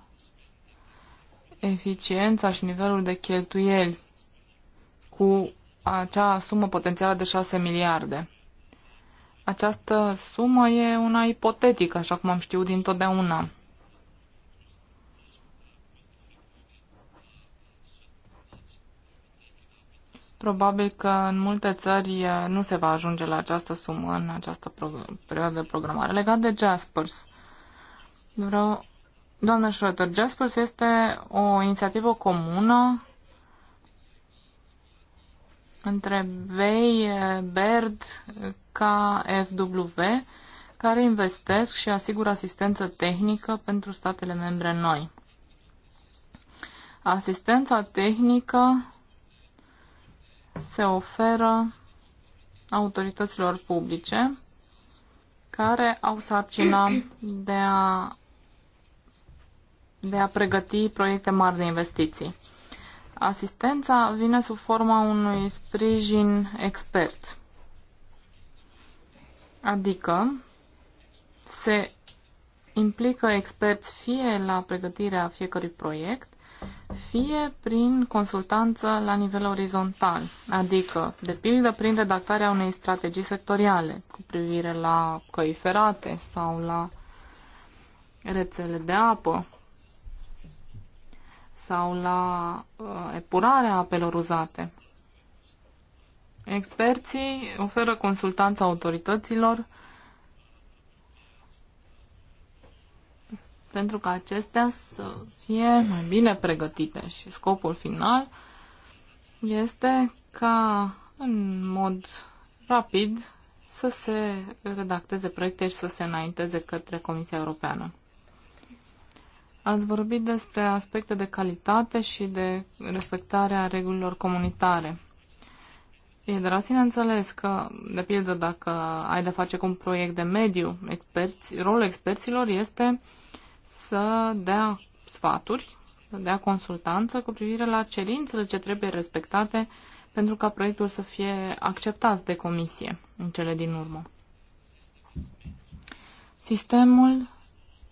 eficiența și nivelul de cheltuieli cu acea sumă potențială de 6 miliarde. Această sumă e una ipotetică, așa cum am știut dintotdeauna. Probabil că în multe țări nu se va ajunge la această sumă în această perioadă de programare. Legat de Jaspers, vreau... Doamna Schroeter, Jaspers este o inițiativă comună între BEI, BERD, KFW, care investesc și asigură asistență tehnică pentru statele membre noi. Asistența tehnică se oferă autorităților publice care au sarcina de a, de a pregăti proiecte mari de investiții. Asistența vine sub forma unui sprijin expert, adică se implică experți fie la pregătirea fiecărui proiect, fie prin consultanță la nivel orizontal, adică, de pildă, prin redactarea unei strategii sectoriale cu privire la căi ferate sau la rețele de apă sau la uh, epurarea apelor uzate. Experții oferă consultanță autorităților pentru ca acestea să fie mai bine pregătite și scopul final este ca în mod rapid să se redacteze proiecte și să se înainteze către Comisia Europeană. Ați vorbit despre aspecte de calitate și de respectarea regulilor comunitare. E de la sine înțeles că, de pildă, dacă ai de face cu un proiect de mediu, experți, rolul experților este uh, să dea sfaturi, să dea consultanță cu privire la cerințele ce trebuie respectate pentru ca proiectul să fie acceptat de comisie în cele din urmă. Sistemul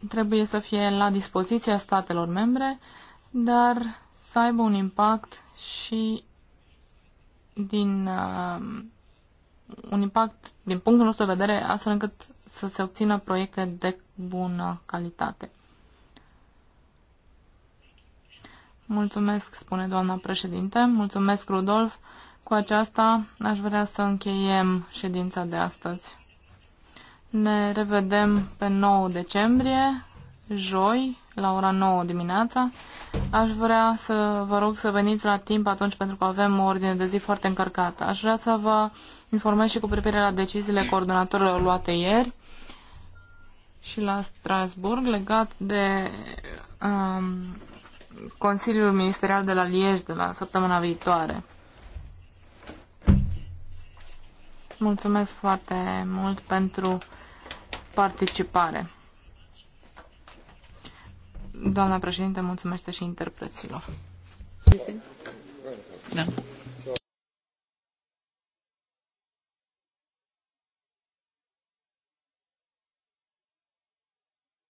trebuie să fie la dispoziția statelor membre, dar să aibă un impact și din uh, un impact din punctul nostru de vedere astfel încât să se obțină proiecte de bună calitate. Mulțumesc, spune doamna președinte. Mulțumesc, Rudolf. Cu aceasta aș vrea să încheiem ședința de astăzi. Ne revedem pe 9 decembrie, joi, la ora 9 dimineața. Aș vrea să vă rog să veniți la timp atunci pentru că avem o ordine de zi foarte încărcată. Aș vrea să vă informez și cu privire la deciziile coordonatorilor luate ieri și la Strasburg legat de um, Consiliul Ministerial de la Liege de la săptămâna viitoare. Mulțumesc foarte mult pentru participare. Doamna președinte, mulțumesc și interpreților. Da.